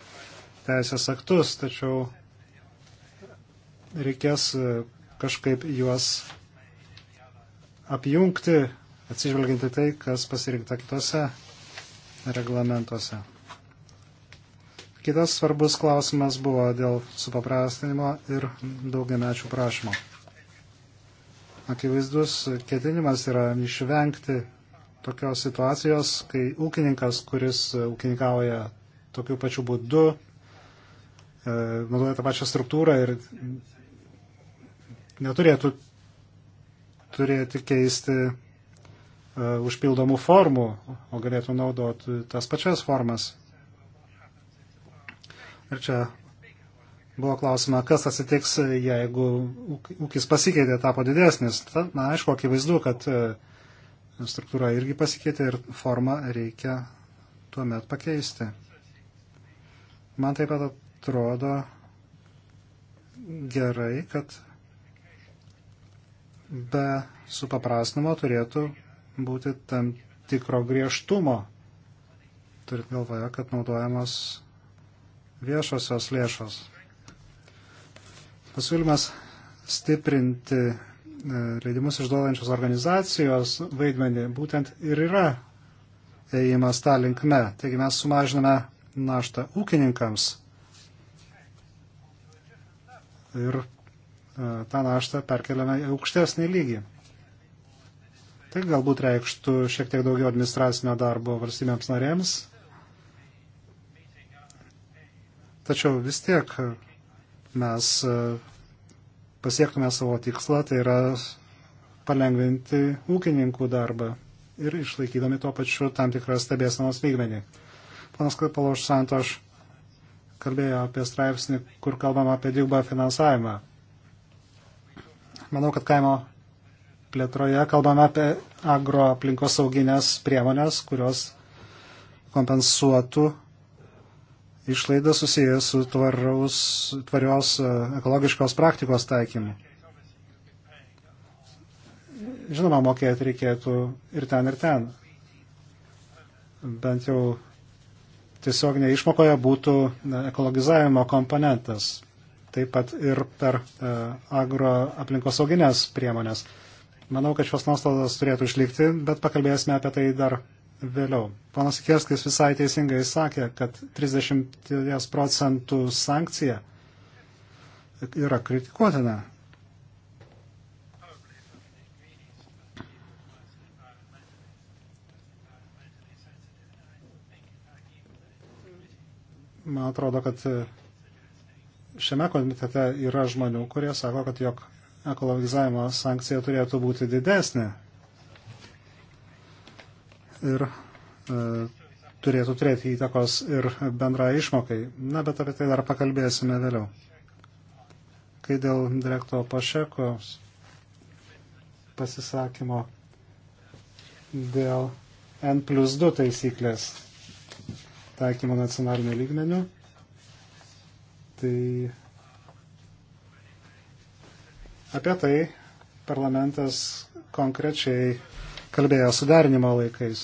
teisės aktus, tačiau reikės kažkaip juos apjungti, atsižvelginti tai, kas pasirinkta kitose reglamentuose. Kitas svarbus klausimas buvo dėl supaprastinimo ir daugiamečių prašymo. Akivaizdus ketinimas yra išvengti tokios situacijos, kai ūkininkas, kuris ūkininkauja tokiu pačiu būdu, e, naudoja tą pačią struktūrą ir neturėtų turėti keisti E, užpildomų formų, o galėtų naudoti tas pačias formas. Ir čia buvo klausima, kas atsitiks, jeigu ūkis pasikeitė, tapo didesnis. Ta, na, aišku, akivaizdu, kad e, struktūra irgi pasikeitė ir formą reikia tuomet pakeisti. Man taip pat atrodo gerai, kad be supaprastinimo turėtų būti tam tikro griežtumo, turint galvoje, kad naudojamos viešosios lėšos. Pasiūlymas stiprinti e, leidimus išduodančios organizacijos vaidmenį būtent ir yra ėjimas tą linkme. Taigi mes sumažiname naštą ūkininkams ir e, tą naštą perkeliame į aukštesnį lygį. Tai galbūt reikštų šiek tiek daugiau administracinio darbo valstybėms narėms. Tačiau vis tiek mes e, pasiektume savo tikslą, tai yra palengvinti ūkininkų darbą ir išlaikydami tuo pačiu tam tikrą stebėsenos lygmenį. Panas Paloš Santoš kalbėjo apie straipsnį, kur kalbama apie dvigubą finansavimą. Manau, kad kaimo plėtroje kalbame apie agroaplinkosauginės priemonės, kurios kompensuotų išlaidas susijęs su tvaraus, tvarios e, ekologiškos praktikos taikymu. Žinoma, mokėti reikėtų ir ten, ir ten. Bent jau tiesiog neišmokoje būtų ekologizavimo komponentas, taip pat ir per e, agroaplinkosauginės priemonės. Manau, kad šios nuostatos turėtų išlikti, bet pakalbėsime apie tai dar vėliau. Panas Kerskis visai teisingai sakė, kad 30 procentų sankcija yra kritikuotina. Man atrodo, kad šiame komitete yra žmonių, kurie sako, kad jog ekologizavimo sankcija turėtų būti didesnė ir e, turėtų turėti įtakos ir bendrai išmokai. Na, bet apie tai dar pakalbėsime vėliau. Kai dėl direkto Pašekos pasisakymo dėl N plus 2 taisyklės taikymo nacionalinių lygmenių, tai Apie tai parlamentas konkrečiai kalbėjo sudarinimo laikais.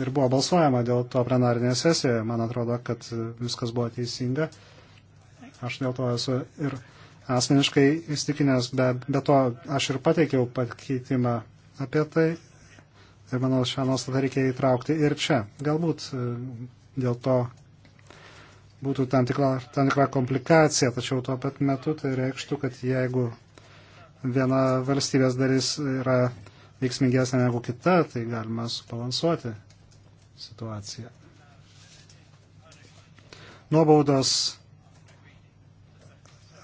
Ir buvo balsuojama dėl to plenarinėje sesijoje. Man atrodo, kad viskas buvo teisinga. Aš dėl to esu ir asmeniškai įstikinęs, bet be to aš ir pateikiau pakeitimą apie tai. Ir manau, šią nuostatą reikia įtraukti ir čia. Galbūt e, dėl to būtų tam tikra, tam tikra komplikacija, tačiau tuo pat metu tai reikštų, kad jeigu viena valstybės dalis yra veiksmingesnė negu kita, tai galima subalansuoti situaciją. Nuobaudos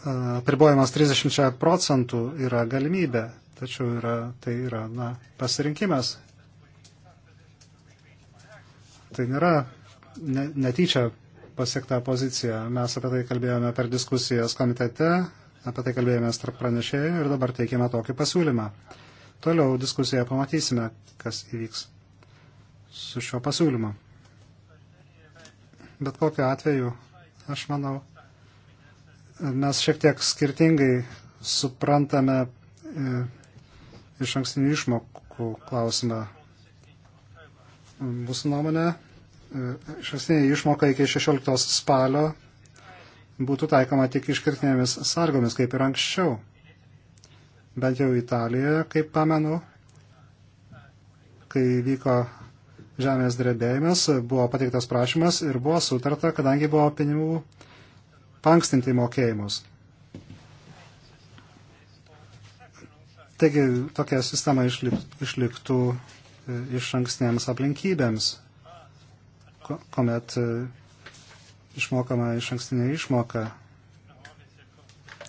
apribojimas 30 procentų yra galimybė, tačiau yra, tai yra na, pasirinkimas. Tai nėra ne, netyčia pasiekta pozicija. Mes apie tai kalbėjome per diskusijas komitete Apie tai kalbėjomės tarp pranešėjų ir dabar teikėme tokį pasiūlymą. Toliau diskusijoje pamatysime, kas įvyks su šiuo pasiūlymu. Bet kokiu atveju, aš manau, mes šiek tiek skirtingai suprantame e, iš ankstinių išmokų klausimą. Mūsų nuomonė, e, iš ankstiniai išmoka iki 16 spalio būtų taikoma tik iškirtinėmis sargomis, kaip ir anksčiau. Bent jau Italijoje, kaip pamenu, kai vyko žemės drebėjimas, buvo pateiktas prašymas ir buvo sutarta, kadangi buvo pinigų pankstinti mokėjimus. Taigi tokia sistema išliktų e, iš anksnėms aplinkybėms, kuomet e, išmokama iš ankstinė išmoka,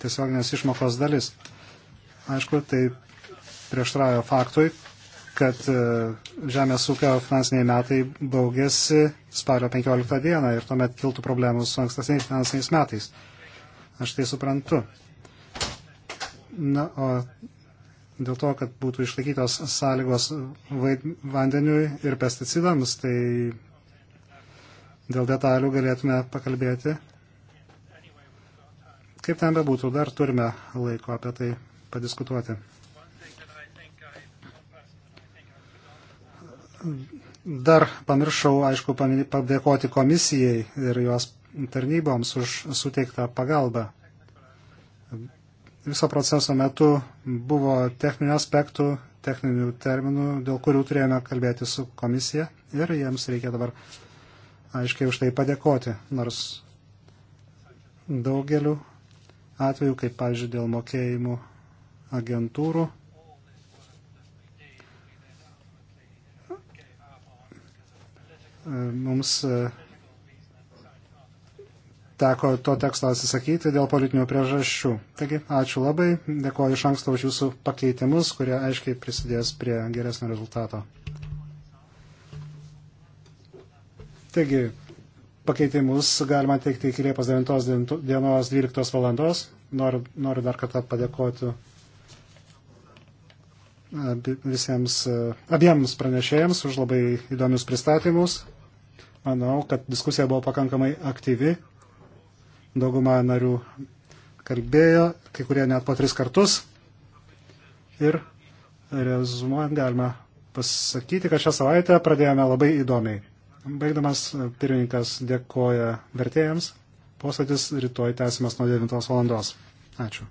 tiesioginės išmokos dalis. Aišku, tai prieštrauja faktui, kad e, žemės ūkio finansiniai metai baugėsi spalio 15 dieną ir tuomet kiltų problemų su ankstesniais finansiniais metais. Aš tai suprantu. Na, o dėl to, kad būtų išlaikytos sąlygos vandeniui ir pesticidams, tai Dėl detalių galėtume pakalbėti. Kaip ten bebūtų, dar turime laiko apie tai padiskutuoti. Dar pamiršau, aišku, padėkoti komisijai ir jos tarnyboms už suteiktą pagalbą. Viso proceso metu buvo techninių aspektų, techninių terminų, dėl kurių turėjome kalbėti su komisija ir jiems reikia dabar aiškiai už tai padėkoti, nors daugeliu atveju, kaip pavyzdžiui dėl mokėjimų agentūrų, mums e, teko to teksto atsisakyti dėl politinių priežasčių. Taigi, ačiū labai, dėkoju iš anksto už jūsų pakeitimus, kurie aiškiai prisidės prie geresnio rezultato. Taigi, pakeitimus galima teikti iki Liepos 9 dienos 12 valandos. Noriu, noriu dar kartą padėkoti e, visiems e, abiems pranešėjams už labai įdomius pristatymus. Manau, kad diskusija buvo pakankamai aktyvi. Dauguma narių kalbėjo, kai kurie net po tris kartus. Ir rezumuojant galima pasakyti, kad šią savaitę pradėjome labai įdomiai. Baigdamas pirmininkas dėkoja vertėjams. Posėdis rytoj tęsimas nuo 9 valandos. Ačiū.